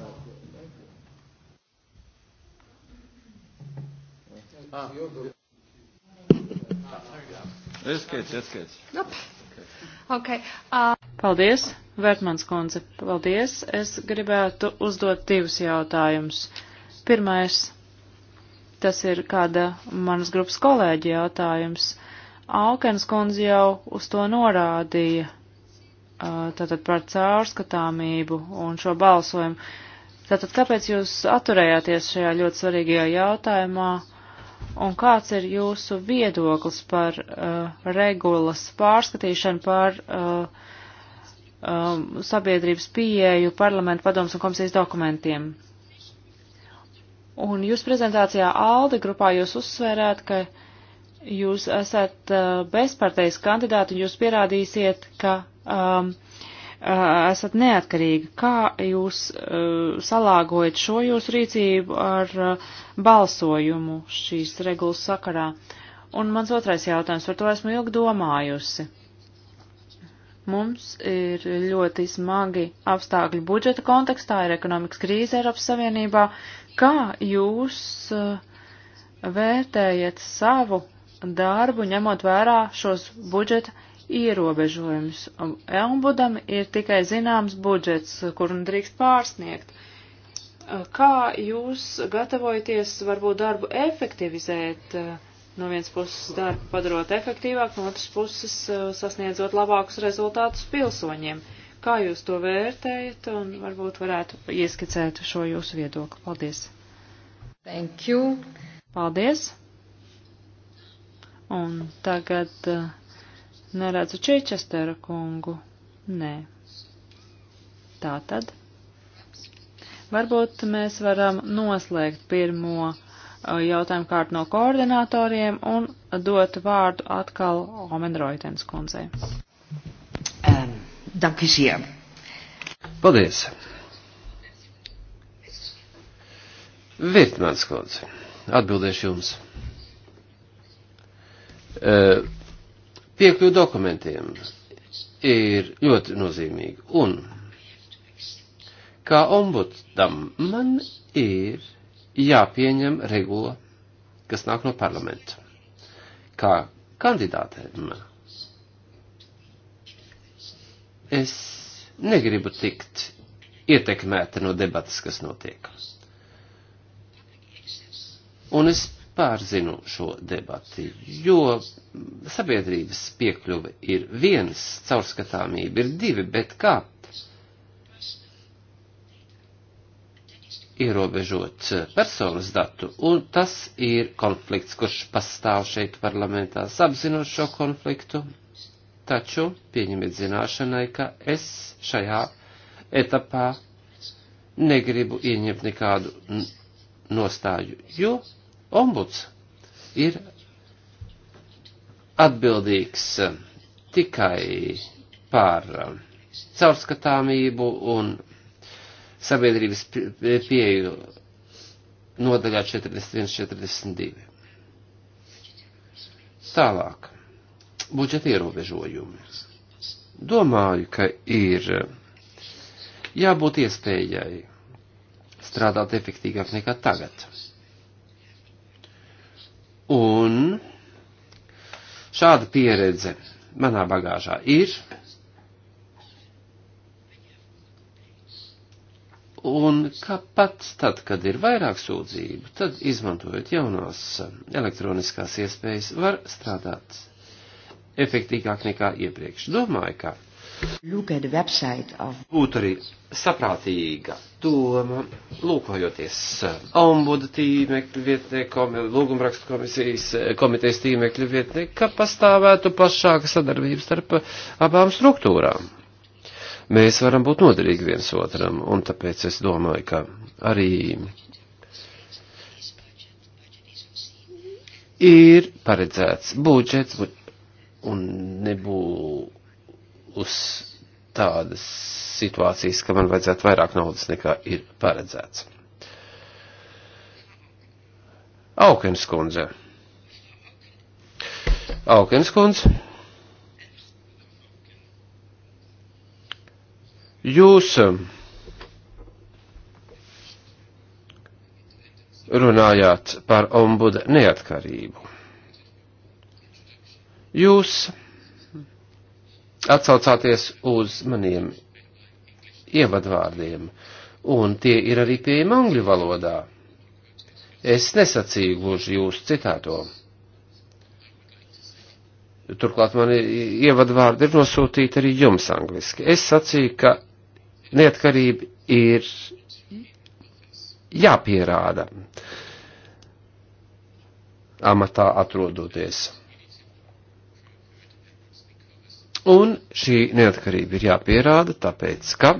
Ah. Es geht, es geht. Okay. Uh, Paldies, Vērtmans kundze. Paldies. Es gribētu uzdot divus jautājumus. Pirmais, tas ir kāda manas grupas kolēģi jautājums. Uh, Alkens kundze jau uz to norādīja, tātad par caurskatāmību un šo balsojumu. Tātad kāpēc jūs atturējāties šajā ļoti svarīgajā jautājumā un kāds ir jūsu viedoklis par uh, regulas pārskatīšanu par uh, um, sabiedrības pieeju parlamentu padomus un komisijas dokumentiem? Un jūs prezentācijā Alde grupā jūs uzsvērāt, ka uh, jūs esat uh, bezpartejas kandidāti un jūs pierādīsiet, ka um, uh, esat neatkarīgi. Kā jūs uh, salāgojat šo jūsu rīcību ar uh, balsojumu šīs regulas sakarā? Un mans otrais jautājums, par to esmu ilgi domājusi. Mums ir ļoti smagi apstākļi budžeta kontekstā, ir ekonomikas krīze Eiropas Savienībā. Kā jūs uh, vērtējat savu darbu, ņemot vērā šos budžeta ierobežojumus. Elmbudam ir tikai zināms budžets, kuru nu drīkst pārsniegt. Kā jūs gatavojaties varbūt darbu efektivizēt, no vienas puses darbu padarot efektīvāk, no otras puses sasniedzot labākus rezultātus pilsoņiem? Kā jūs to vērtējat un varbūt varētu ieskicēt šo jūsu viedokli? Paldies! Thank you! Paldies! Un tagad uh, neredzu Čečestera kungu. Nē. Tā tad. Varbūt mēs varam noslēgt pirmo uh, jautājumu kārtu no koordinatoriem un dot vārdu atkal Omenroitens kundzei. Um, Dankišiem. Paldies. Virtmāns kundze, atbildēšu jums. Eh, piekļuvu dokumentiem ir ļoti nozīmīga. Un kā ombudam man ir jāpieņem regula, kas nāk no parlamenta. Kā kandidātēm es negribu tikt ietekmēta no debatas, kas notiek. Un es pārzinu šo debati, jo sabiedrības piekļuve ir viens, caurskatāmība ir divi, bet kā ierobežot personas datu, un tas ir konflikts, kurš pastāv šeit parlamentā, apzinot šo konfliktu, taču pieņemiet zināšanai, ka es šajā etapā negribu ieņemt nekādu nostāju, jo Ombuds ir atbildīgs eh, tikai par eh, caurskatāmību un sabiedrības pieeju nodaļā 41-42. Tālāk. Budžeta ierobežojumi. Domāju, ka ir eh, jābūt iespējai strādāt efektīgāk nekā tagad. Un šāda pieredze manā bagāžā ir. Un kā pat tad, kad ir vairāk sūdzību, tad izmantojot jaunās um, elektroniskās iespējas, var strādāt efektīgāk nekā iepriekš. Domāju, ka Būtu arī saprātīga doma, lūkojoties eh, ombuda tīmekļa vietnē, komi, lūgumrakstu komisijas, eh, komitejas tīmekļa vietnē, ka pastāvētu plašāka sadarbība starp eh, abām struktūrām. Mēs varam būt noderīgi viens otram, un tāpēc es domāju, ka arī ir paredzēts budžets, un nebūtu uz tādas situācijas, ka man vajadzētu vairāk naudas nekā ir paredzēts. Aukens kundze. Aukens kundze. Jūs um, runājāt par ombuda neatkarību. Jūs atsaucāties uz maniem ievadvārdiem, un tie ir arī pieejami angļu valodā. Es nesacīju gluži jūsu citāto. Turklāt mani ievadvārdi ir nosūtīti arī jums angliski. Es sacīju, ka neatkarība ir jāpierāda amatā atrodoties. Un šī neatkarība ir jāpierāda, tāpēc, ka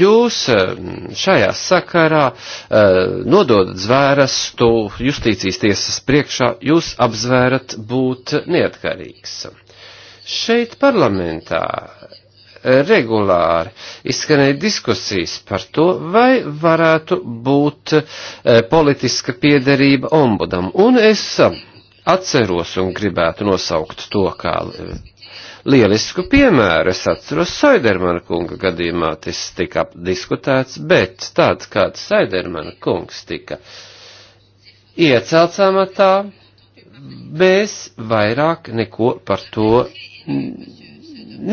jūs um, šajā sakarā uh, nododat zvērstu justīcijas tiesas priekšā, jūs apzvērat būt neatkarīgs. Šeit parlamentā regulāri izskanēja diskusijas par to, vai varētu būt uh, politiska piederība ombudam. Un es um, atceros un gribētu nosaukt to kā eh, lielisku piemēru. Es atceros Saidermana kunga gadījumā tas tika diskutēts, bet tāds kāds Saidermana kungs tika iecelts amatā, mēs vairāk neko par to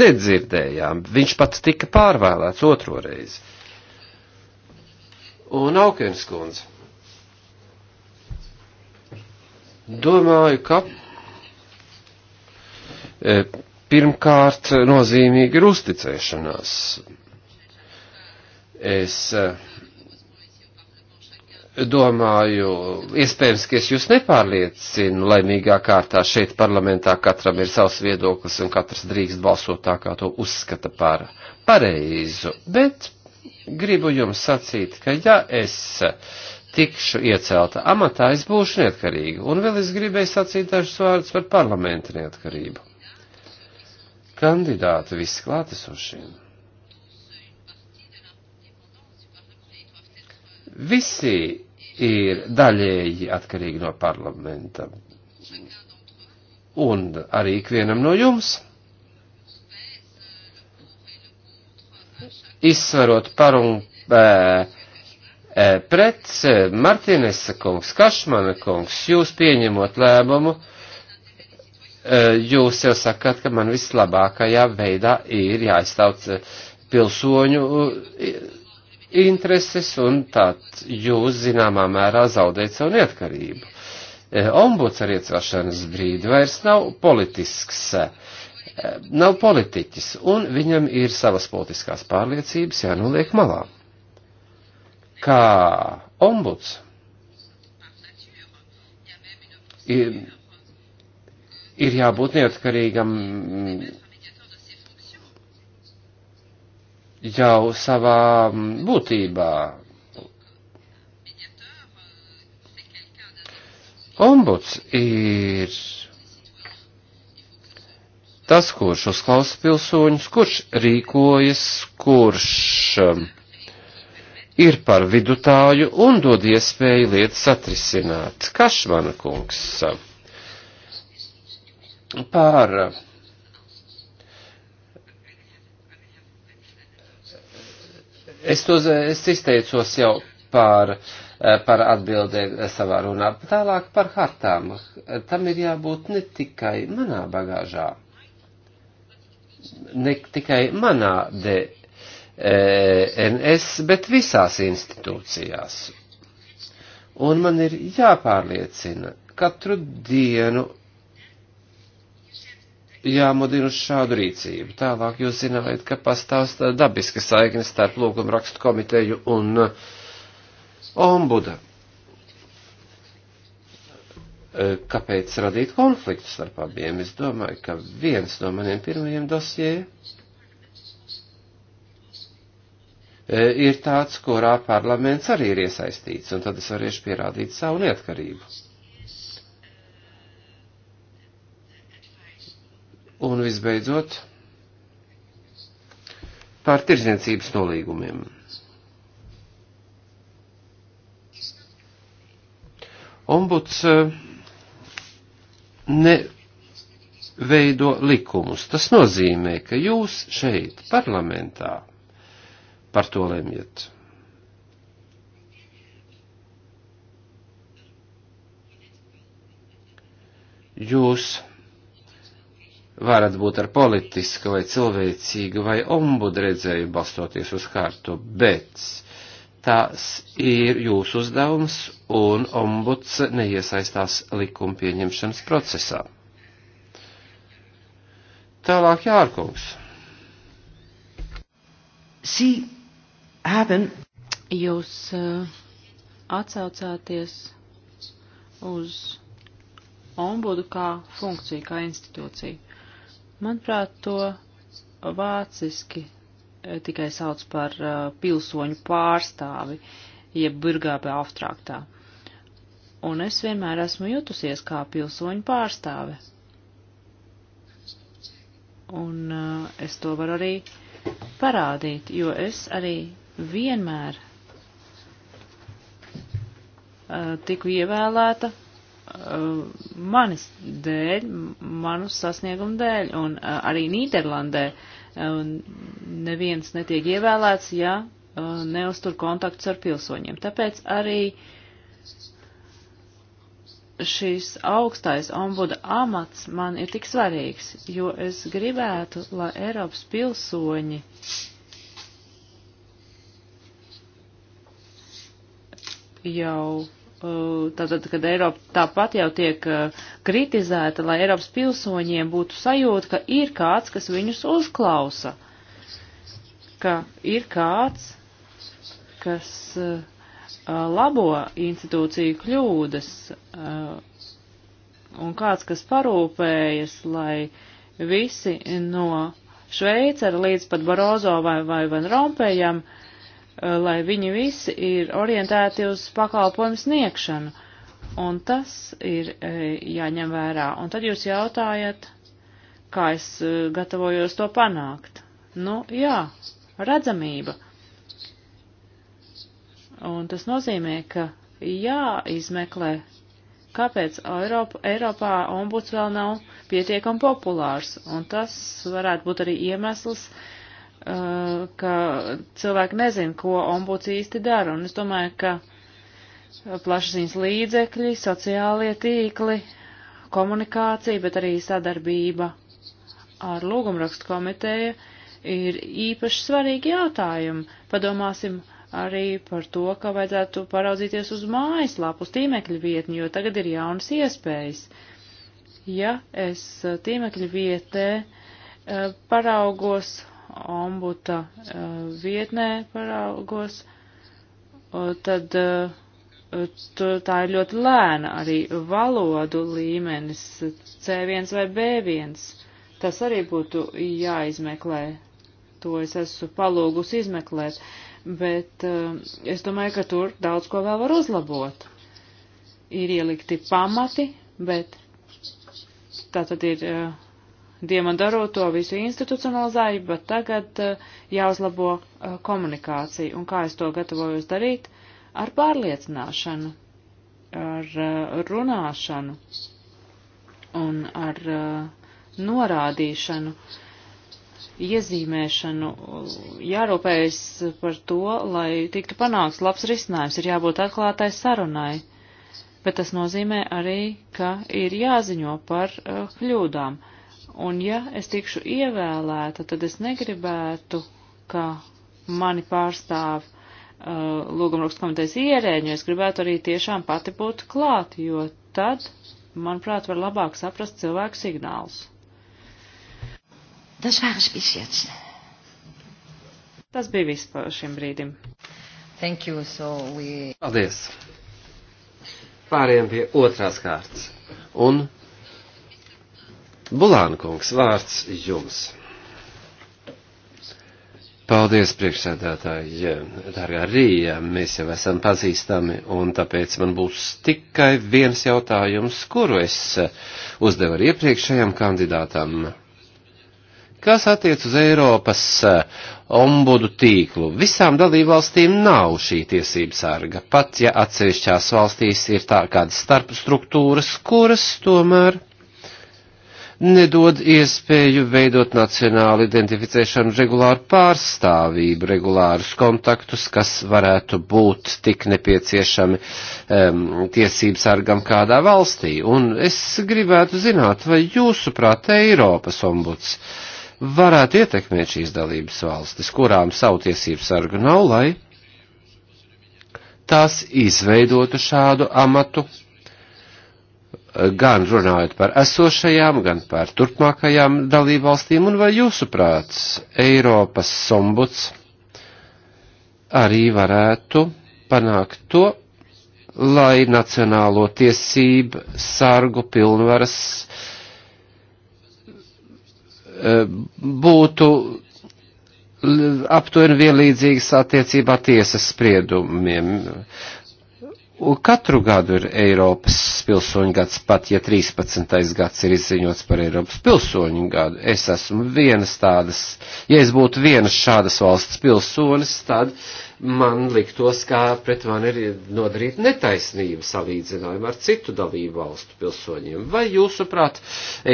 nedzirdējām. Viņš pat tika pārvēlēts otro reizi. Un Aukens kundze. Domāju, ka e, pirmkārt nozīmīgi ir uzticēšanās. Es e, domāju, iespējams, ka es jūs nepārliecinu laimīgā kārtā šeit parlamentā katram ir savs viedoklis un katrs drīkst balsot tā, kā to uzskata par pareizu, bet gribu jums sacīt, ka ja es uh, tikšu iecelta amatā, es būšu neatkarīga. Un vēl es gribēju sacīt dažus vārdus par parlamentu neatkarību. Kandidāti viss klātesošiem. Visi ir daļēji atkarīgi no parlamenta. Un arī ikvienam no jums. Izsverot par un e, Eh, pret eh, Martinesa kungs, Kašmana kungs, jūs pieņemot lēmumu, eh, jūs jau sakat, ka man vislabākajā veidā ir jāizstāv pilsoņu intereses un tad jūs zināmā mērā zaudēt savu neatkarību. Ombuds ar iecelšanas brīdi vairs nav politisks, nav politiķis, un viņam ir savas politiskās pārliecības jānoliek malā kā ombuds ir, ir jābūt neatkarīgam mm, jau savā mm, būtībā. Ombuds ir tas, kurš uzklausa pilsoņus, kurš rīkojas, kurš um, ir par vidutāju un dod iespēju lietas atrisināt. Kašmana kungs par Es, to, es izteicos jau par, par atbildē savā runā, tālāk par hartām. Tam ir jābūt ne tikai manā bagāžā, ne tikai manā de E NS, bet visās institūcijās. Un man ir jāpārliecina katru dienu jāmudina uz šādu rīcību. Tālāk jūs zināt, ka pastāv dabiska saikne starp lūgumu rakstu komiteju un uh, ombuda. Uh, kāpēc radīt konfliktu starp abiem? Es domāju, ka viens no maniem pirmajiem dosjiem E, ir tāds, kurā parlaments arī ir iesaistīts, un tad es varēšu pierādīt savu neatkarību. Un visbeidzot, par tirdzniecības nolīgumiem. Ombuds e, neveido likumus. Tas nozīmē, ka jūs šeit, parlamentā, par to lemiet. Jūs varat būt ar politisku vai cilvēcīgu vai ombudu redzēju balstoties uz kārtu, bet tas ir jūsu uzdevums un ombuds neiesaistās likuma pieņemšanas procesā. Tālāk Jārkungs. Sí, haben. Jūs uh, atsaucāties uz ombudu kā funkciju, kā institūciju. Manuprāt, to vāciski eh, tikai sauc par uh, pilsoņu pārstāvi, jeb burgābe auftraktā. Un es vienmēr esmu jutusies kā pilsoņu pārstāve. Un uh, es to varu arī parādīt, jo es arī vienmēr uh, tiku ievēlēta uh, manis dēļ, manu sasniegumu dēļ, un uh, arī Nīderlandē neviens netiek ievēlēts, ja neuztur kontaktus ar pilsoņiem. Tāpēc arī šīs augstais ombuda amats man ir tik svarīgs, jo es gribētu, lai Eiropas pilsoņi uh, jau uh, tātad, kad Eiropa tāpat jau tiek uh, kritizēta, lai Eiropas pilsoņiem būtu sajūta, ka ir kāds, kas viņus uzklausa, ka ir kāds, kas uh, labo institūciju kļūdas un kāds, kas parūpējas, lai visi no Šveicera līdz pat Barozo vai, vai Van Rompējam uh, Uh, lai viņi visi ir orientēti uz pakalpojumu sniegšanu. Un tas ir uh, jāņem vērā. Un tad jūs jautājat, kā es uh, gatavojos to panākt. Nu, jā, redzamība. Un tas nozīmē, ka jāizmeklē, kāpēc Eiropa, Eiropā ombuds vēl nav pietiekami populārs. Un tas varētu būt arī iemesls, uh, Uh, ka cilvēki nezina, ko ombuds īsti dara. Un es domāju, ka plašsaziņas līdzekļi, sociālie tīkli, komunikācija, bet arī sadarbība ar lūgumrakstu komiteju ir īpaši svarīgi jautājumi. Padomāsim arī par to, ka vajadzētu paraudzīties uz mājaslapu, uz tīmekļa vietni, jo tagad ir jaunas iespējas. Ja es tīmekļa vietē eh, paraugos ombuta eh, vietnē paraugos, tad eh, tur tā ir ļoti lēna arī valodu līmenis C1 vai B1. Tas arī būtu jāizmeklē. To es esmu palūgus izmeklēt, bet eh, es domāju, ka tur daudz ko vēl var uzlabot. Ir ielikti pamati, bet tā tad ir uh, Diemandaro to visu institucionalizēja, bet tagad eh, jāuzlabo eh, komunikācija. Un kā es to gatavojos darīt? Ar pārliecināšanu, ar eh, runāšanu un ar norādīšanu, iezīmēšanu. Jārūpējas par to, lai tiktu panāks labs risinājums, ir jābūt atklātai sarunai bet tas nozīmē arī, ka ir jāziņo par uh, kļūdām. Un ja es tikšu ievēlēta, tad es negribētu, ka mani pārstāv uh, lūgumrakstu komitejas ierēģi, es gribētu arī tiešām pati būt klāt, jo tad, manuprāt, var labāk saprast cilvēku signālus. Tas vairs bija jetzt. Tas bija viss par šim brīdim. Thank you, so we... Paldies. Pāriem pie otrās kārtas. Un Bulānkungs, vārds jums. Paldies, priekšsēdētāji. Dargā Rīja, mēs jau esam pazīstami, un tāpēc man būs tikai viens jautājums, kuru es eh, uzdevu ar iepriekšējam kandidātam. Kas attiec uz Eiropas eh, ombudu tīklu? Visām dalībvalstīm nav šī tiesības sarga, pat ja atsevišķās valstīs ir tā kādas starpstruktūras, kuras tomēr nedod iespēju veidot nacionālu identificēšanu, regulāru pārstāvību, regulārus kontaktus, kas varētu būt tik nepieciešami um, tiesību sargam kādā valstī. Un es gribētu zināt, vai jūsuprāt Eiropas ombuds varētu ietekmēt šīs dalības valstis, kurām savu tiesību sargu nav, lai tās izveidotu šādu amatu gan runājot par esošajām, gan par turpmākajām dalībvalstīm, un vai jūsuprāt, Eiropas sombuds arī varētu panākt to, lai nacionālo tiesību sargu pilnvaras e, būtu aptuveni vienlīdzīgas attiecībā tiesas spriedumiem. Un katru gadu ir Eiropas pilsoņu gads, pat ja 13. gads ir izziņots par Eiropas pilsoņu gadu. Es esmu vienas tādas, ja es būtu vienas šādas valsts pilsonis, tad man liktos, kā pret mani ir nodarīta netaisnība salīdzinājumā ar citu dalību valstu pilsoņiem. Vai jūsuprāt,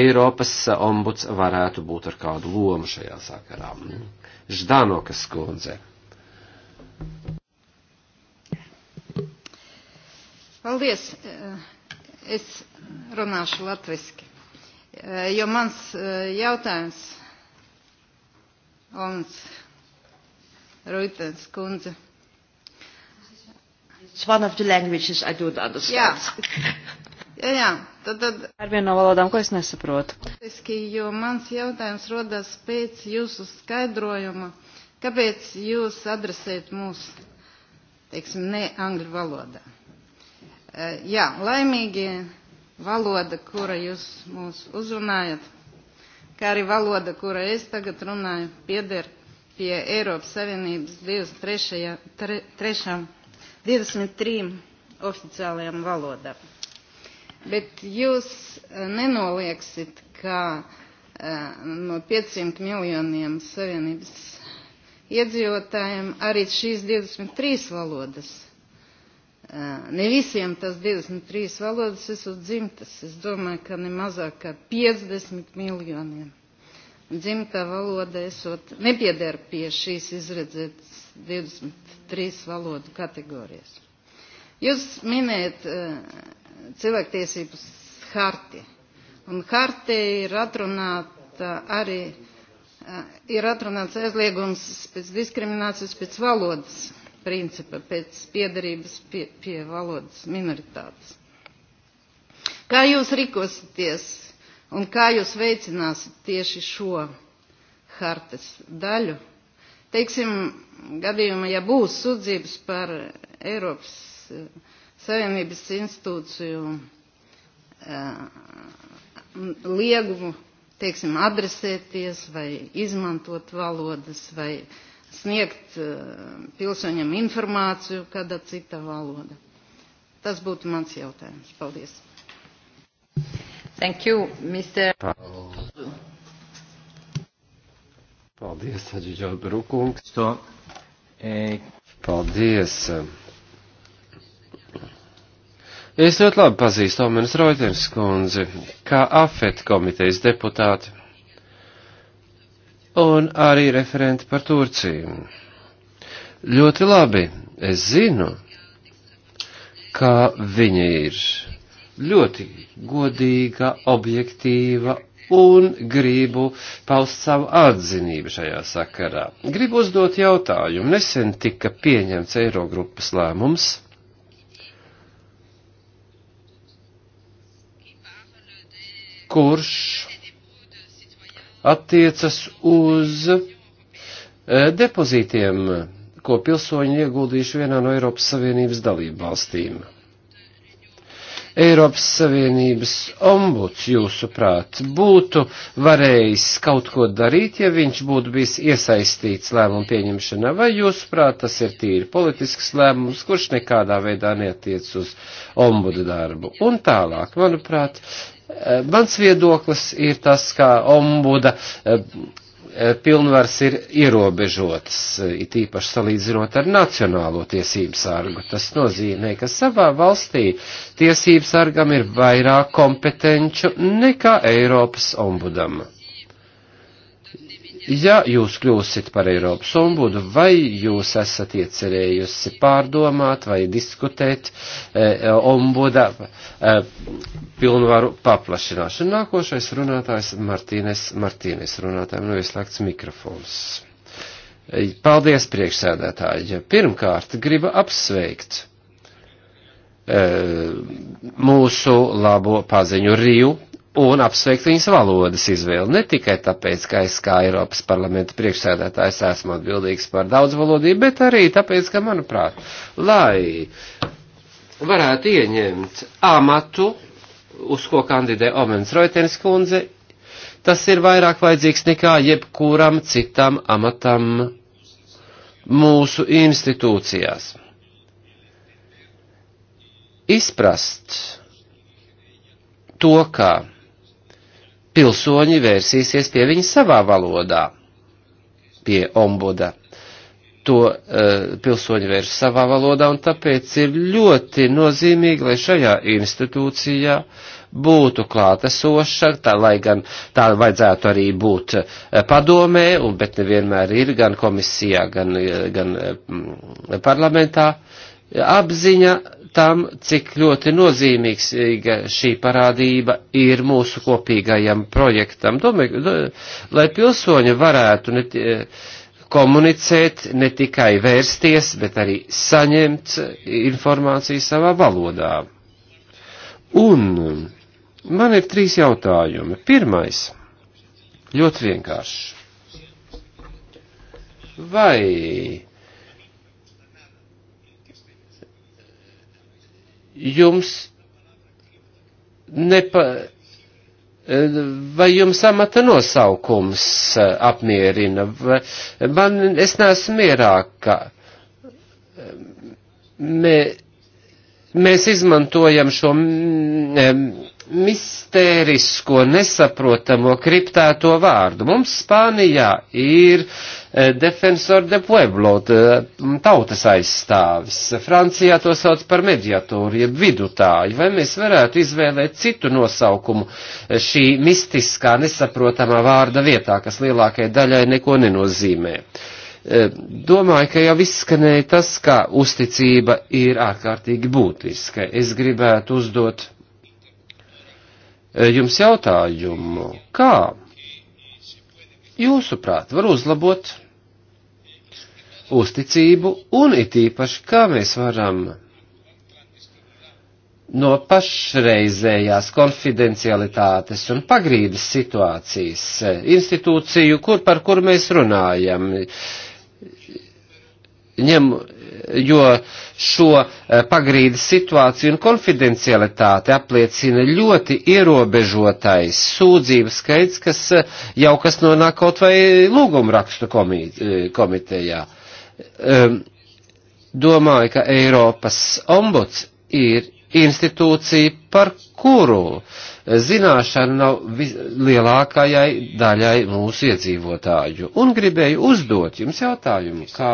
Eiropas ombuds varētu būt ar kādu lomu šajā sakarā? Ždanokas kundze. Paldies! Eh, es runāšu latviski, eh, jo mans eh, jautājums Olns Ruitens kundze. It's one of the languages I don't understand. Jā, jā, jā. Tad, tad. Ar vienu no valodām, ko es nesaprotu. Latviski, jo mans jautājums rodas pēc jūsu skaidrojuma, kāpēc jūs adresējat mūs, teiksim, ne angļu valodā. Jā, laimīgi valoda, kura jūs mūs uzrunājat, kā arī valoda, kura es tagad runāju, pieder pie Eiropas Savienības 23, 23, 23 oficiālajām valodām. Bet jūs nenolieksiet, ka no 500 miljoniem Savienības iedzīvotājiem arī šīs 23 valodas Ne visiem tas 23 valodas esmu dzimtas. Es domāju, ka ne mazāk kā 50 miljoniem. Dzimtā valoda esot nepieder pie šīs izredzētas 23 valodu kategorijas. Jūs minējat cilvēktiesības harti. Un harti ir atrunāta arī, ir atrunāts aizliegums pēc diskriminācijas pēc valodas principa pēc piedarības pie, pie valodas minoritātes. Kā jūs rikosieties un kā jūs veicināsiet tieši šo hartas daļu? Teiksim, gadījumā, ja būs sudzības par Eiropas eh, Savienības institūciju eh, liegumu, teiksim, adresēties vai izmantot valodas vai uh, sniegt eh, pilsoņam informāciju kādā citā valoda. Tas būtu mans jautājums. Paldies. Thank you, Mr. Paldies, Aģiģa Brukungs. To, e... Paldies. Es ļoti labi pazīstu Omenas Roiters kundzi, kā AFET komitejas deputāti un arī referenti par Turciju. Ļoti labi, es zinu, ka viņa ir ļoti godīga, objektīva un gribu paust savu atzinību šajā sakarā. Gribu uzdot jautājumu. Nesen tika pieņemts Eirogrupas lēmums. Kurš attiecas uz e, depozītiem, ko pilsoņi ieguldījuši vienā no Eiropas Savienības dalību valstīm. Eiropas Savienības ombuds, jūsuprāt, būtu varējis kaut ko darīt, ja viņš būtu bijis iesaistīts lēmumu pieņemšanā, vai jūsuprāt, tas ir tīri politisks lēmums, kurš nekādā veidā netiec uz ombuda darbu? Un tālāk, manuprāt, Eh, mans viedoklis ir tas, ka ombuda eh, eh, pilnvars ir ierobežotas, it īpaši salīdzinot ar nacionālo tiesību sargu. Tas nozīmē, ka savā valstī tiesību sargam ir vairāk kompetenču nekā Eiropas ombudam. Ja jūs kļūsit par Eiropas ombudu, vai jūs esat iecerējusi pārdomāt vai diskutēt eh, ombuda eh, pilnvaru paplašināšanu? Nākošais runātājs Martīnes Martīnes runātājiem no ieslēgts mikrofons. Eh, paldies, priekšsēdētāji. Pirmkārt, gribu apsveikt eh, mūsu labo paziņu Riju un apsveikt viņas valodas izvēli. Ne tikai tāpēc, ka es kā Eiropas parlamenta priekšsēdētājs esmu atbildīgs par daudzvalodību, bet arī tāpēc, ka, manuprāt, lai varētu ieņemt amatu, uz ko kandidē Omens Roitens kundze, tas ir vairāk vajadzīgs nekā jebkuram citam amatam mūsu institūcijās. Izprast to, kā pilsoņi vērsīsies pie viņa savā valodā, pie ombuda. To uh, pilsoņi vērš savā valodā, un tāpēc ir ļoti nozīmīgi, lai šajā institūcijā būtu klātesoša, tā lai gan tā vajadzētu arī būt uh, padomē, un, bet nevienmēr ir gan komisijā, gan, eh, gan uh, parlamentā, apziņa tam, cik ļoti nozīmīgs šī parādība ir mūsu kopīgajam projektam. Domāju, do, lai pilsoņi varētu ne, komunicēt, ne tikai vērsties, bet arī saņemt informāciju savā valodā. Un man ir trīs jautājumi. Pirmais, ļoti vienkārši. Vai jums nepa, vai jums amata nosaukums eh, apmierina? Man, es neesmu mierā, ka mē, mēs izmantojam šo mistērisko, nesaprotamo, kriptēto vārdu. Mums Spānijā ir Eh, defensor de pueblo, mm, tautas aizstāvis. Francijā to sauc par mediatoru, jeb vidutāju. Vai mēs varētu izvēlēt citu nosaukumu eh, šī mistiskā, nesaprotamā vārda vietā, kas lielākajai daļai neko nenozīmē? Eh, domāju, ka jau izskanēja tas, ka uzticība ir ārkārtīgi būtiska. Es gribētu uzdot jums jautājumu, kā jūsuprāt, var uzlabot uzticību un it īpaši, kā mēs varam no pašreizējās konfidencialitātes un pagrīdes situācijas eh, institūciju, kur par kur mēs runājam, ņem, jo šo eh, pagrīdes situāciju un konfidencialitāti apliecina ļoti ierobežotais sūdzības skaits, kas eh, jau kas nonāk kaut vai lūgumrakstu eh, komitejā. Ehm, domāju, ka Eiropas ombuds ir institūcija, par kuru zināšana nav lielākajai daļai mūsu iedzīvotāju. Un gribēju uzdot jums jautājumu, kā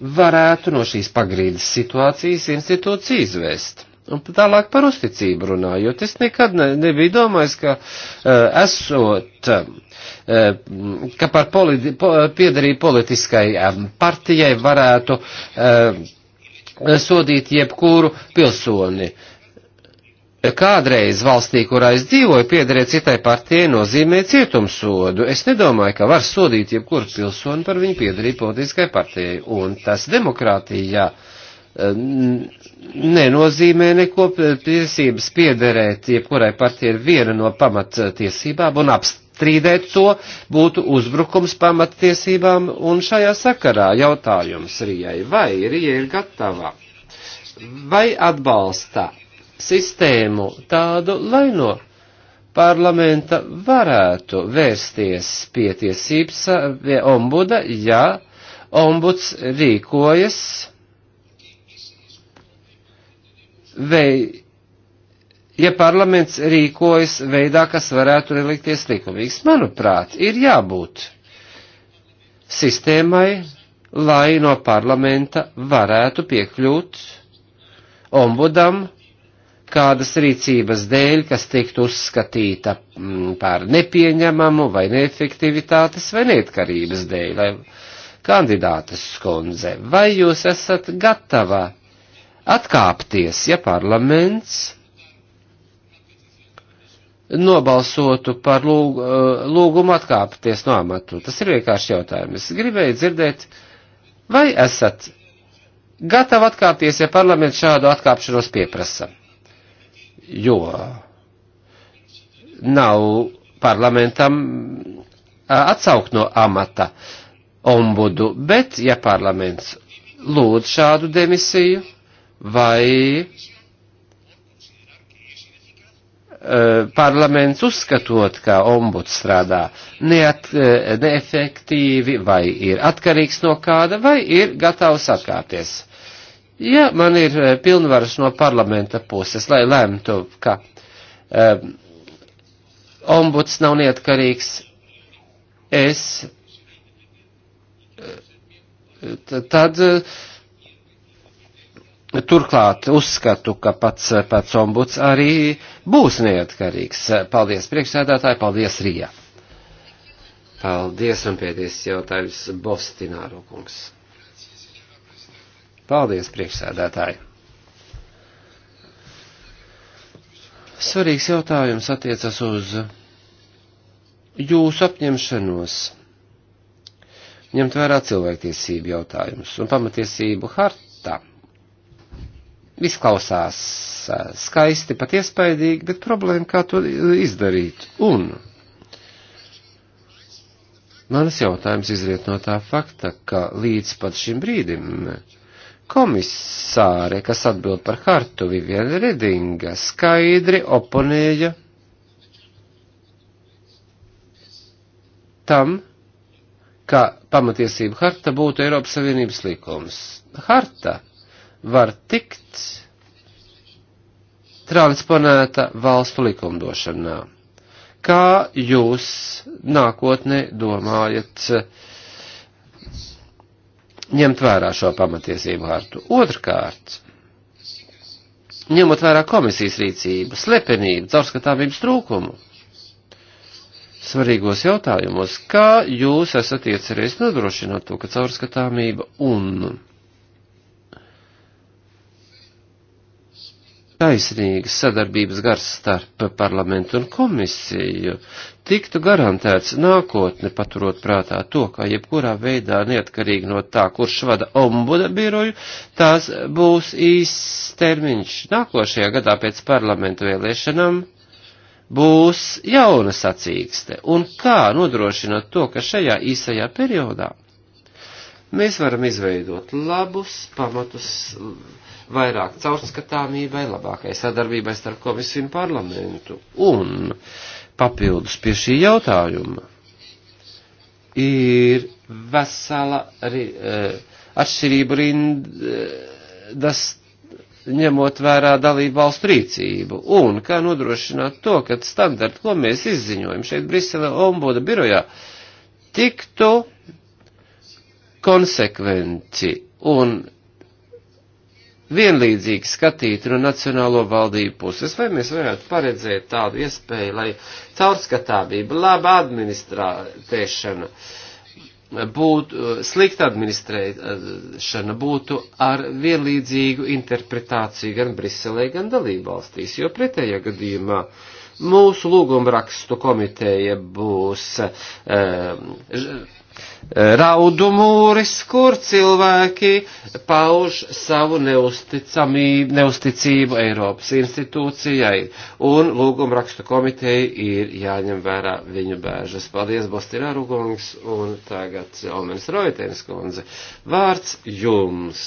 varētu no šīs pagrīdes situācijas institūcija izvest. Un tālāk par uzticību runājot, es nekad ne, nebiju domājis, ka uh, esot, uh, ka par politi, po, piedarību politiskai um, partijai varētu uh, sodīt jebkuru pilsoni. Uh, kādreiz valstī, kurā es dzīvoju, piederēt citai partijai nozīmē cietumsodu. Es nedomāju, ka var sodīt jebkuru pilsoni par viņu piedarību politiskai partijai, un tas demokrātijā nenozīmē neko tiesības piederēt, jebkurai partijai ir viena no pamattiesībām, un apstrīdēt to būtu uzbrukums pamattiesībām, un šajā sakarā jautājums Rijai, vai Rija ir gatava, vai atbalsta sistēmu tādu, lai no parlamenta varētu vērsties pie tiesības eh, pie ombuda, ja ombuds rīkojas vei, ja parlaments rīkojas veidā, kas varētu relikties likumīgs. Manuprāt, ir jābūt sistēmai, lai no parlamenta varētu piekļūt ombudam, kādas rīcības dēļ, kas tiktu uzskatīta mm, par nepieņemamu vai neefektivitātes vai neatkarības dēļ. Kandidātes skundze, vai jūs esat gatava atkāpties, ja parlaments nobalsotu par lūg, eh, lūgumu atkāpties no amatu? Tas ir vienkārši jautājums. Gribēju dzirdēt, vai esat gatavi atkāpties, ja parlaments šādu atkāpšanos pieprasa? jo nav parlamentam atsaukt no amata ombudu, bet ja parlaments lūdz šādu demisiju vai parlaments uzskatot, ka ombuds strādā neat, neefektīvi, vai ir atkarīgs no kāda, vai ir gatavs atkāpties. Ja man ir eh, pilnvaras no parlamenta puses, lai lemtu, ka um, ombuds nav neatkarīgs, es eh, tad turklāt uzskatu, ka pats, pats ombuds arī būs neatkarīgs. Paldies priekšsēdētāji, paldies Rija. Paldies un pēdējais jautājums Bostināro kungs. Paldies, priekšsēdētāji! Svarīgs jautājums attiecas uz jūsu apņemšanos ņemt vērā cilvēktiesību jautājumus un pamatiesību harta. Viss klausās eh, skaisti, pat iespaidīgi, bet problēma, kā to izdarīt. Un manas jautājums izriet no tā fakta, ka līdz pat šim brīdim Komisāre, kas atbild par hartu Viviana Redinga, skaidri oponēja tam, ka pamatiesība harta būtu Eiropas Savienības likums. Harta var tikt transponēta valstu likumdošanā. Kā jūs nākotnē domājat? Uh, ņemt vērā šo pamatiesību hartu. Otrkārt, ņemot vērā komisijas rīcību, slepenību, caurskatāmības trūkumu, svarīgos jautājumos, kā jūs esat iecerējis nodrošināt to, ka caurskatāmība un taisnīgas sadarbības gars starp parlamentu un komisiju tiktu garantēts nākotne, paturot prātā to, ka jebkurā veidā, neatkarīgi no tā, kurš vada ombuda biroju, tās būs īsts termiņš. Nākošajā gadā pēc parlamentu vēlēšanām būs jauna sacīkste. Un kā nodrošināt to, ka šajā īsajā periodā mēs varam izveidot labus pamatus vairāk caurskatāmībai, labākai sadarbībai starp komisiju un parlamentu. Un uh, papildus pie šī jautājuma ir vesela e, atšķirība rindas ņemot vērā dalību valstu rīcību un kā nodrošināt to, ka standarti, ko mēs izziņojam šeit Brisele ombuda birojā, tiktu konsekvenci un vienlīdzīgi skatīt no nacionālo valdību puses, vai mēs varētu paredzēt tādu iespēju, lai caurskatāvība, laba administrēšana, būtu, slikta administrēšana būtu ar vienlīdzīgu interpretāciju gan Briselē, gan dalībvalstīs, jo pretējā gadījumā mūsu lūgumrakstu komiteja būs. Um, raudu mūris, kur cilvēki pauž savu neusticību Eiropas institūcijai, un lūguma rakstu komiteja ir jāņem vērā viņu bēžas. Paldies, Bostinā Rūgungs, un tagad Omenis Roitēns kundze. Vārds jums.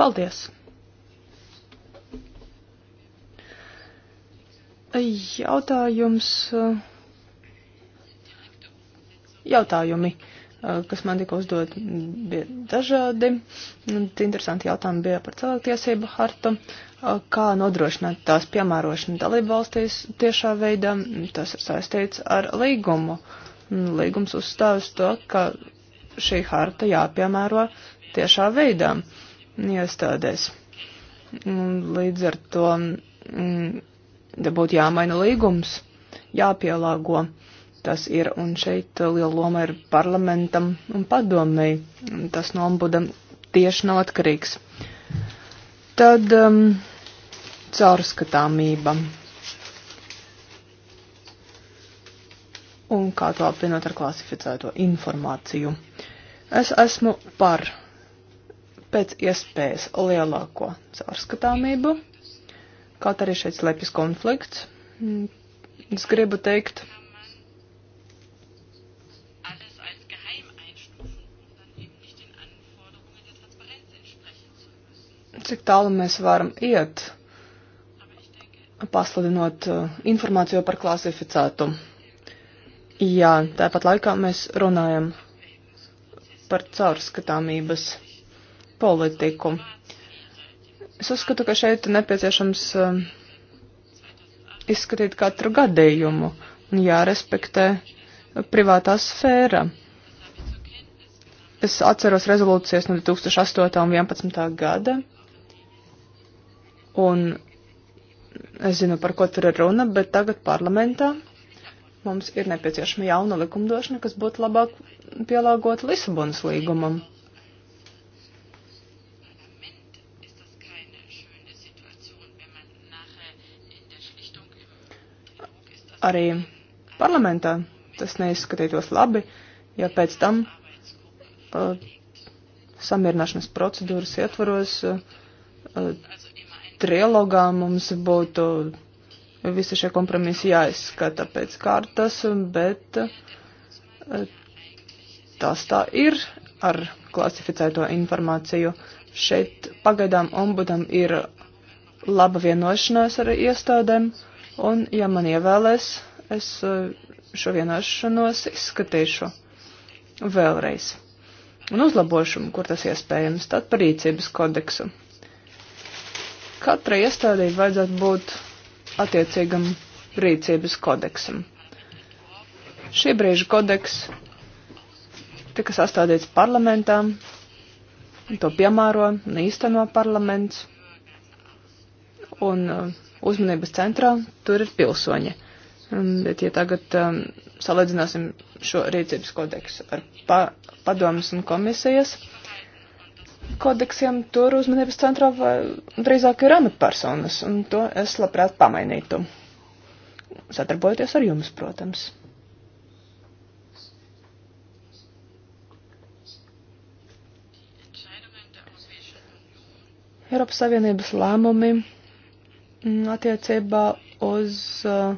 Paldies! Jautājums. Eh, jautājumi, eh, kas man tika uzdot, bija dažādi. Interesanti jautājumi bija par cilvēktiesību hartu, eh, kā nodrošināt tās piemērošanu dalību valstīs tiešā veidā. Tas ir saistīts ar līgumu. Līgums uzstāvis to, ka šī harta jāpiemēro tiešā veidā iestādēs. Līdz ar to m, mm, Te būtu jāmaina līgums, jāpielāgo tas ir, un šeit liela loma ir parlamentam un padomēji. Tas no ombuda tieši nav atkarīgs. Tad um, caurskatāmība. Un kā to apvienot ar klasificēto informāciju. Es esmu par pēc iespējas lielāko caurskatāmību Kaut arī šeit slēpjas konflikts. Mm, es gribu teikt. Cik tālu mēs varam iet, pasludinot eh, informāciju par klasificētu. Jā, tāpat laikā mēs runājam par caurskatāmības politiku. Es uzskatu, ka šeit nepieciešams um, izskatīt katru gadījumu un jārespektē privātā sfēra. Es atceros rezolūcijas no 2008. un 2011. gada, un es zinu, par ko tur ir runa, bet tagad parlamentā mums ir nepieciešama jauna likumdošana, kas būtu labāk pielāgota Lisabonas līgumam. Arī parlamentā tas neizskatītos labi, ja pēc tam uh, samierināšanas procedūras ietvaros uh, uh, trilogā mums būtu visi šie kompromisi jāizskata pēc kārtas, bet uh, tas tā ir ar klasificēto informāciju. Šeit pagaidām ombudam ir laba vienošanās ar iestādēm. Uh, Un, ja man ievēlēs, es eh, šo vienošanos izskatīšu vēlreiz un uzlabošu, kur tas iespējams, tad par rīcības kodeksu. Katrai iestādēji vajadzētu būt attiecīgam rīcības kodeksam. Šī brīža kodeks tika sastādīts parlamentā, to piemēro un īsteno parlaments, un uh, uzmanības centrā tur ir pilsoņi. Bet, ja tagad um, salīdzināsim šo rīcības kodeksu ar pa, padomas un komisijas kodeksiem, tur uzmanības centrā vai, drīzāk ir amatpersonas, un to es labprāt pamainītu. Sadarbojoties ar jums, protams. Eiropas Savienības lēmumi attiecībā uz uh,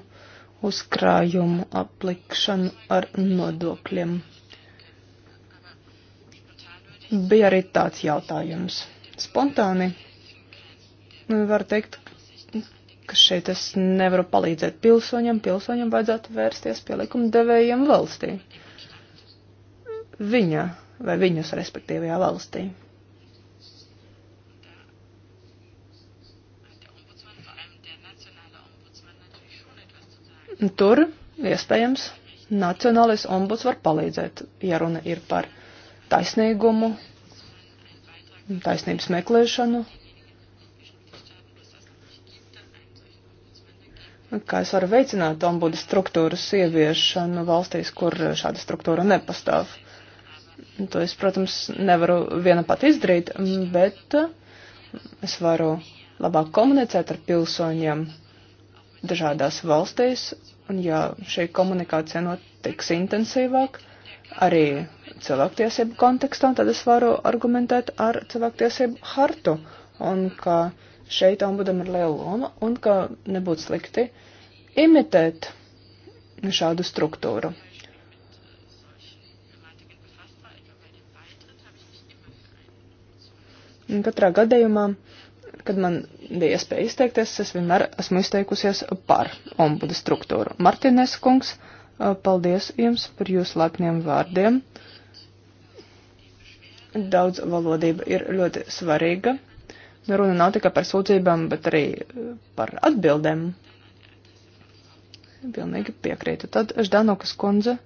uzkrājumu aplikšanu ar nodokļiem. Bija arī tāds jautājums. Spontāni var teikt, ka šeit es nevaru palīdzēt pilsoņam. Pilsoņam vajadzētu vērsties pie likumdevējiem valstī. Viņa vai viņus respektīvajā valstī. Tur iespējams nacionālais ombuds var palīdzēt, ja runa ir par taisnīgumu, taisnības meklēšanu. Kā es varu veicināt ombuda struktūras ieviešanu valstīs, kur šāda struktūra nepastāv? To es, protams, nevaru viena pat izdarīt, bet es varu labāk komunicēt ar pilsoņiem dažādās valstīs Un ja šī komunikācija notiks intensīvāk, arī cilvēktiesību kontekstā, tad es varu argumentēt ar cilvēktiesību hartu. Un ka šeit ombudam ir liela loma un ka nebūtu slikti imitēt šādu struktūru. Katrā gadījumā Kad man bija iespēja izteikties, es vienmēr esmu izteikusies par ombuda struktūru. Martīnes kungs, paldies jums par jūsu laipniem vārdiem. Daudz valodība ir ļoti svarīga. Nu, runa nav tikai par sūdzībām, bet arī par atbildēm. Pilnīgi piekrītu. Tad Ždanokas kundze.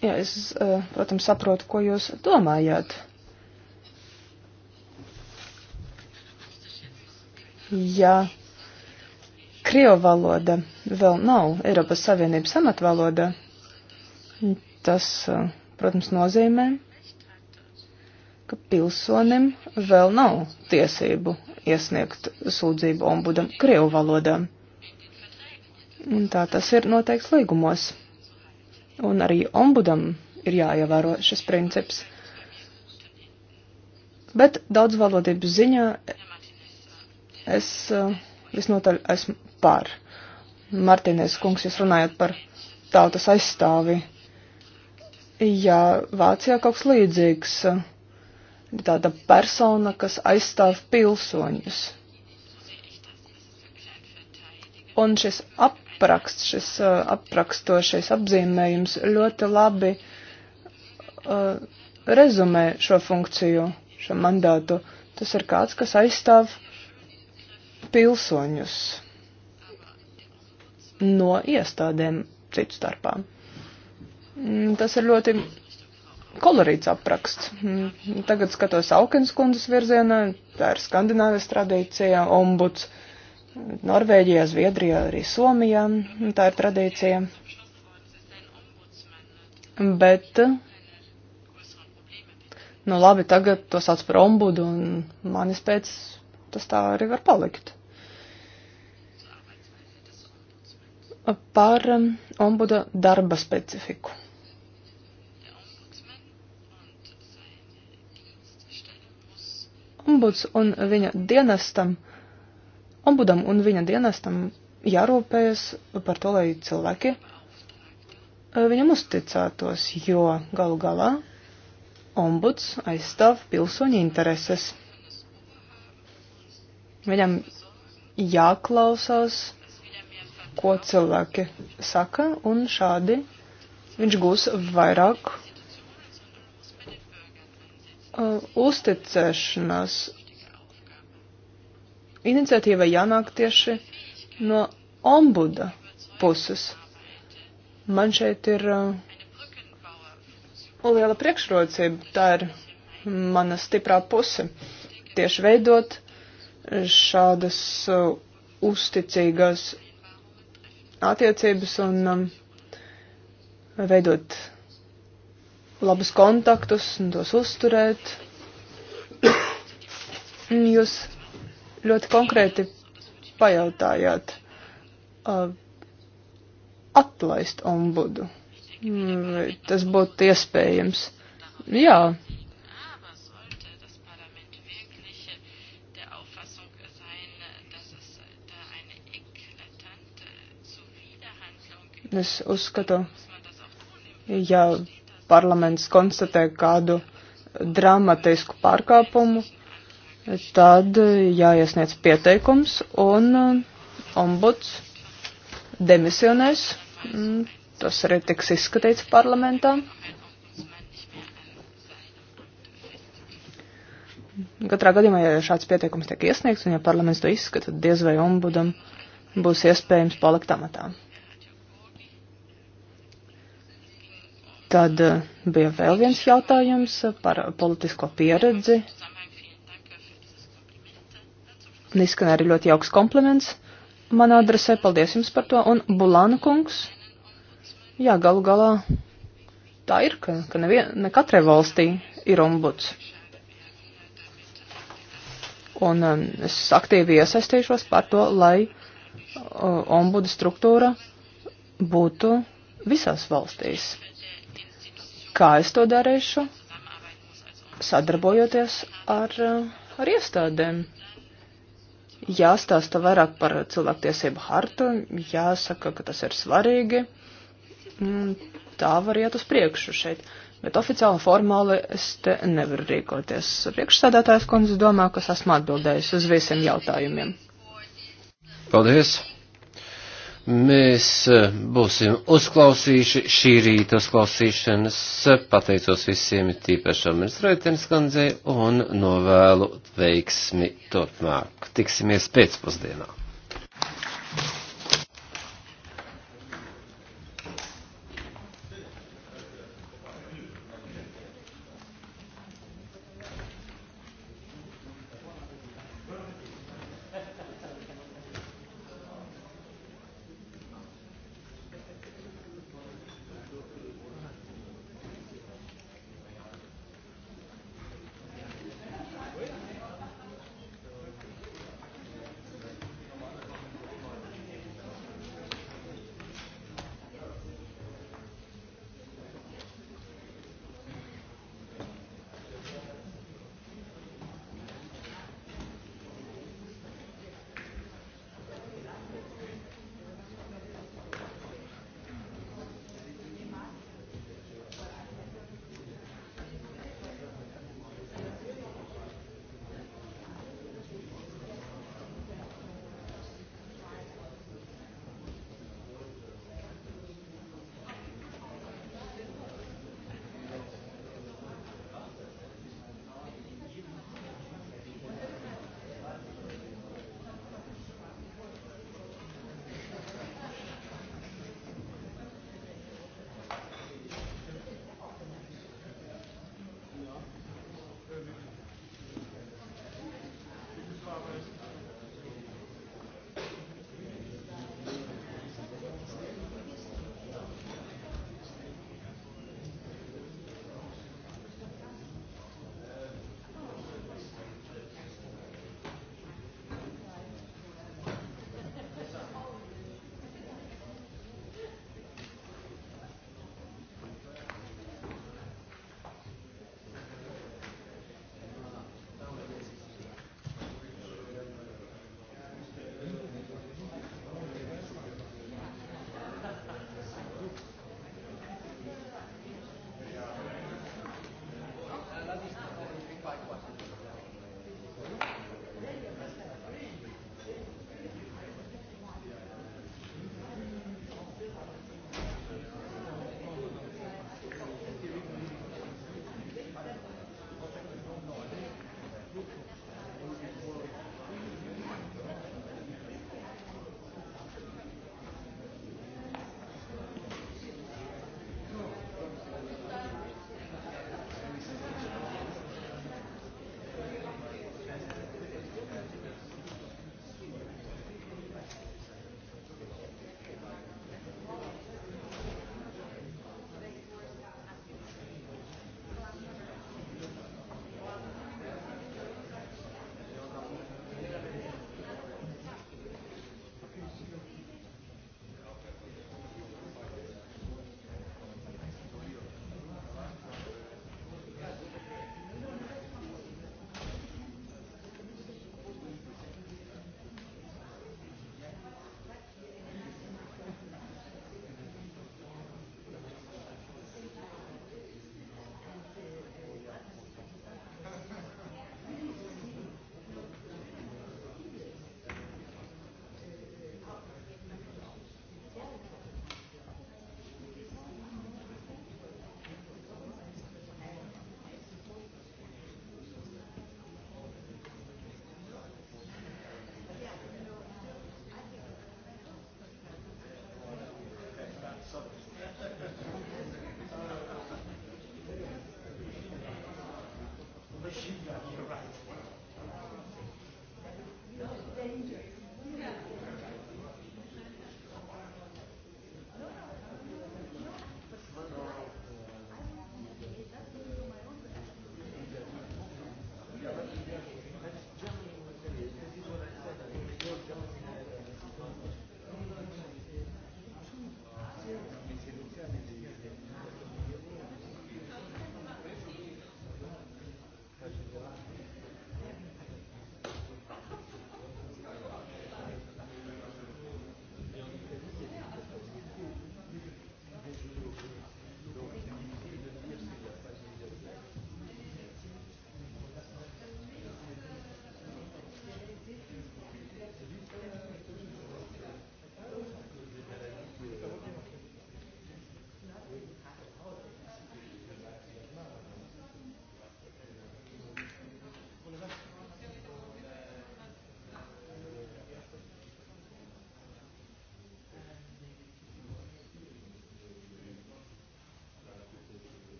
Jā, es, protams, saprotu, ko jūs domājāt. ja Krievu valoda vēl nav Eiropas Savienības amatvaloda, tas, eh, protams, nozīmē, ka pilsonim vēl nav tiesību iesniegt sūdzību ombudam Krievu valodā. Un tā tas ir noteikts līgumos. Un arī ombudam ir jāievēro šis princips. Bet daudzvalodības ziņā Es eh, visnotaļ esmu par. Martīnēs kungs, jūs runājat par tautas aizstāvi. Jā, Vācijā kaut kas līdzīgs. Eh, tāda persona, kas aizstāv pilsoņus. Un šis apraksts, šis eh, aprakstošais apzīmējums ļoti labi uh, rezumē šo funkciju, šo mandātu. Tas ir kāds, kas aizstāv uh, pilsoņus no iestādēm citu starpā. Mm, tas ir ļoti kolorīts apraksts. Mm, tagad skatos Aukens kundzes virzienā, tā ir Skandināvijas tradīcija, ombuds Norvēģijā, Zviedrijā, arī Somijā, mm, tā ir tradīcija. Bet, nu labi, tagad to sauc par ombudu un manis pēc tas tā arī var palikt. par um, ombuda darba specifiku. Ombuds un viņa dienestam, ombudam un viņa dienestam jārūpējas par to, lai cilvēki uh, viņam uzticētos, jo galu galā ombuds aizstāv pilsoņu intereses. Viņam jāklausās ko cilvēki saka, un šādi viņš gūs vairāk uh, uzticēšanās. Iniciatīva jānāk tieši no ombuda puses. Man šeit ir uh, liela priekšrocība, tā ir mana stiprā puse. Tieši veidot šādas uh, uzticīgas attiecības un um, veidot labus kontaktus un tos uzturēt. Jūs ļoti konkrēti pajautājāt uh, atlaist ombudu. Mm, vai tas būtu iespējams? Jā, Es uzskatu, ja parlaments konstatē kādu dramatisku pārkāpumu, tad jāiesniedz pieteikums un uh, ombuds demisionēs. Mm, tas arī tiks izskatīts parlamentā. Katrā gadījumā, ja šāds pieteikums tiek iesniegts un ja parlaments to izskata, diez vai ombudam būs iespējams palikt amatā. Tad eh, bija vēl viens jautājums par politisko pieredzi. Niskan arī ļoti jauks kompliments manā adresē. Paldies jums par to. Un Bulāna kungs. Jā, galu galā tā ir, ka, ka nevien, ne katrai valstī ir ombuds. Un um, es aktīvi iesaistīšos par to, lai uh, ombuda struktūra būtu visās valstīs. Kā es to darīšu? Sadarbojoties ar, ar iestādēm. Jāstāsta vairāk par cilvēktiesību hartu, jāsaka, ka tas ir svarīgi. Tā var iet uz priekšu šeit. Bet oficiāli formāli es te nevaru rīkoties. Priekšsēdētājs kundze domā, ka esmu atbildējis uz visiem jautājumiem. Paldies! Mēs eh, būsim uzklausījuši šī rīta uzklausīšanas, pateicos visiem tīpaši administrētienes kandzei un novēlu veiksmi turpmāk. Tiksimies pēcpusdienā.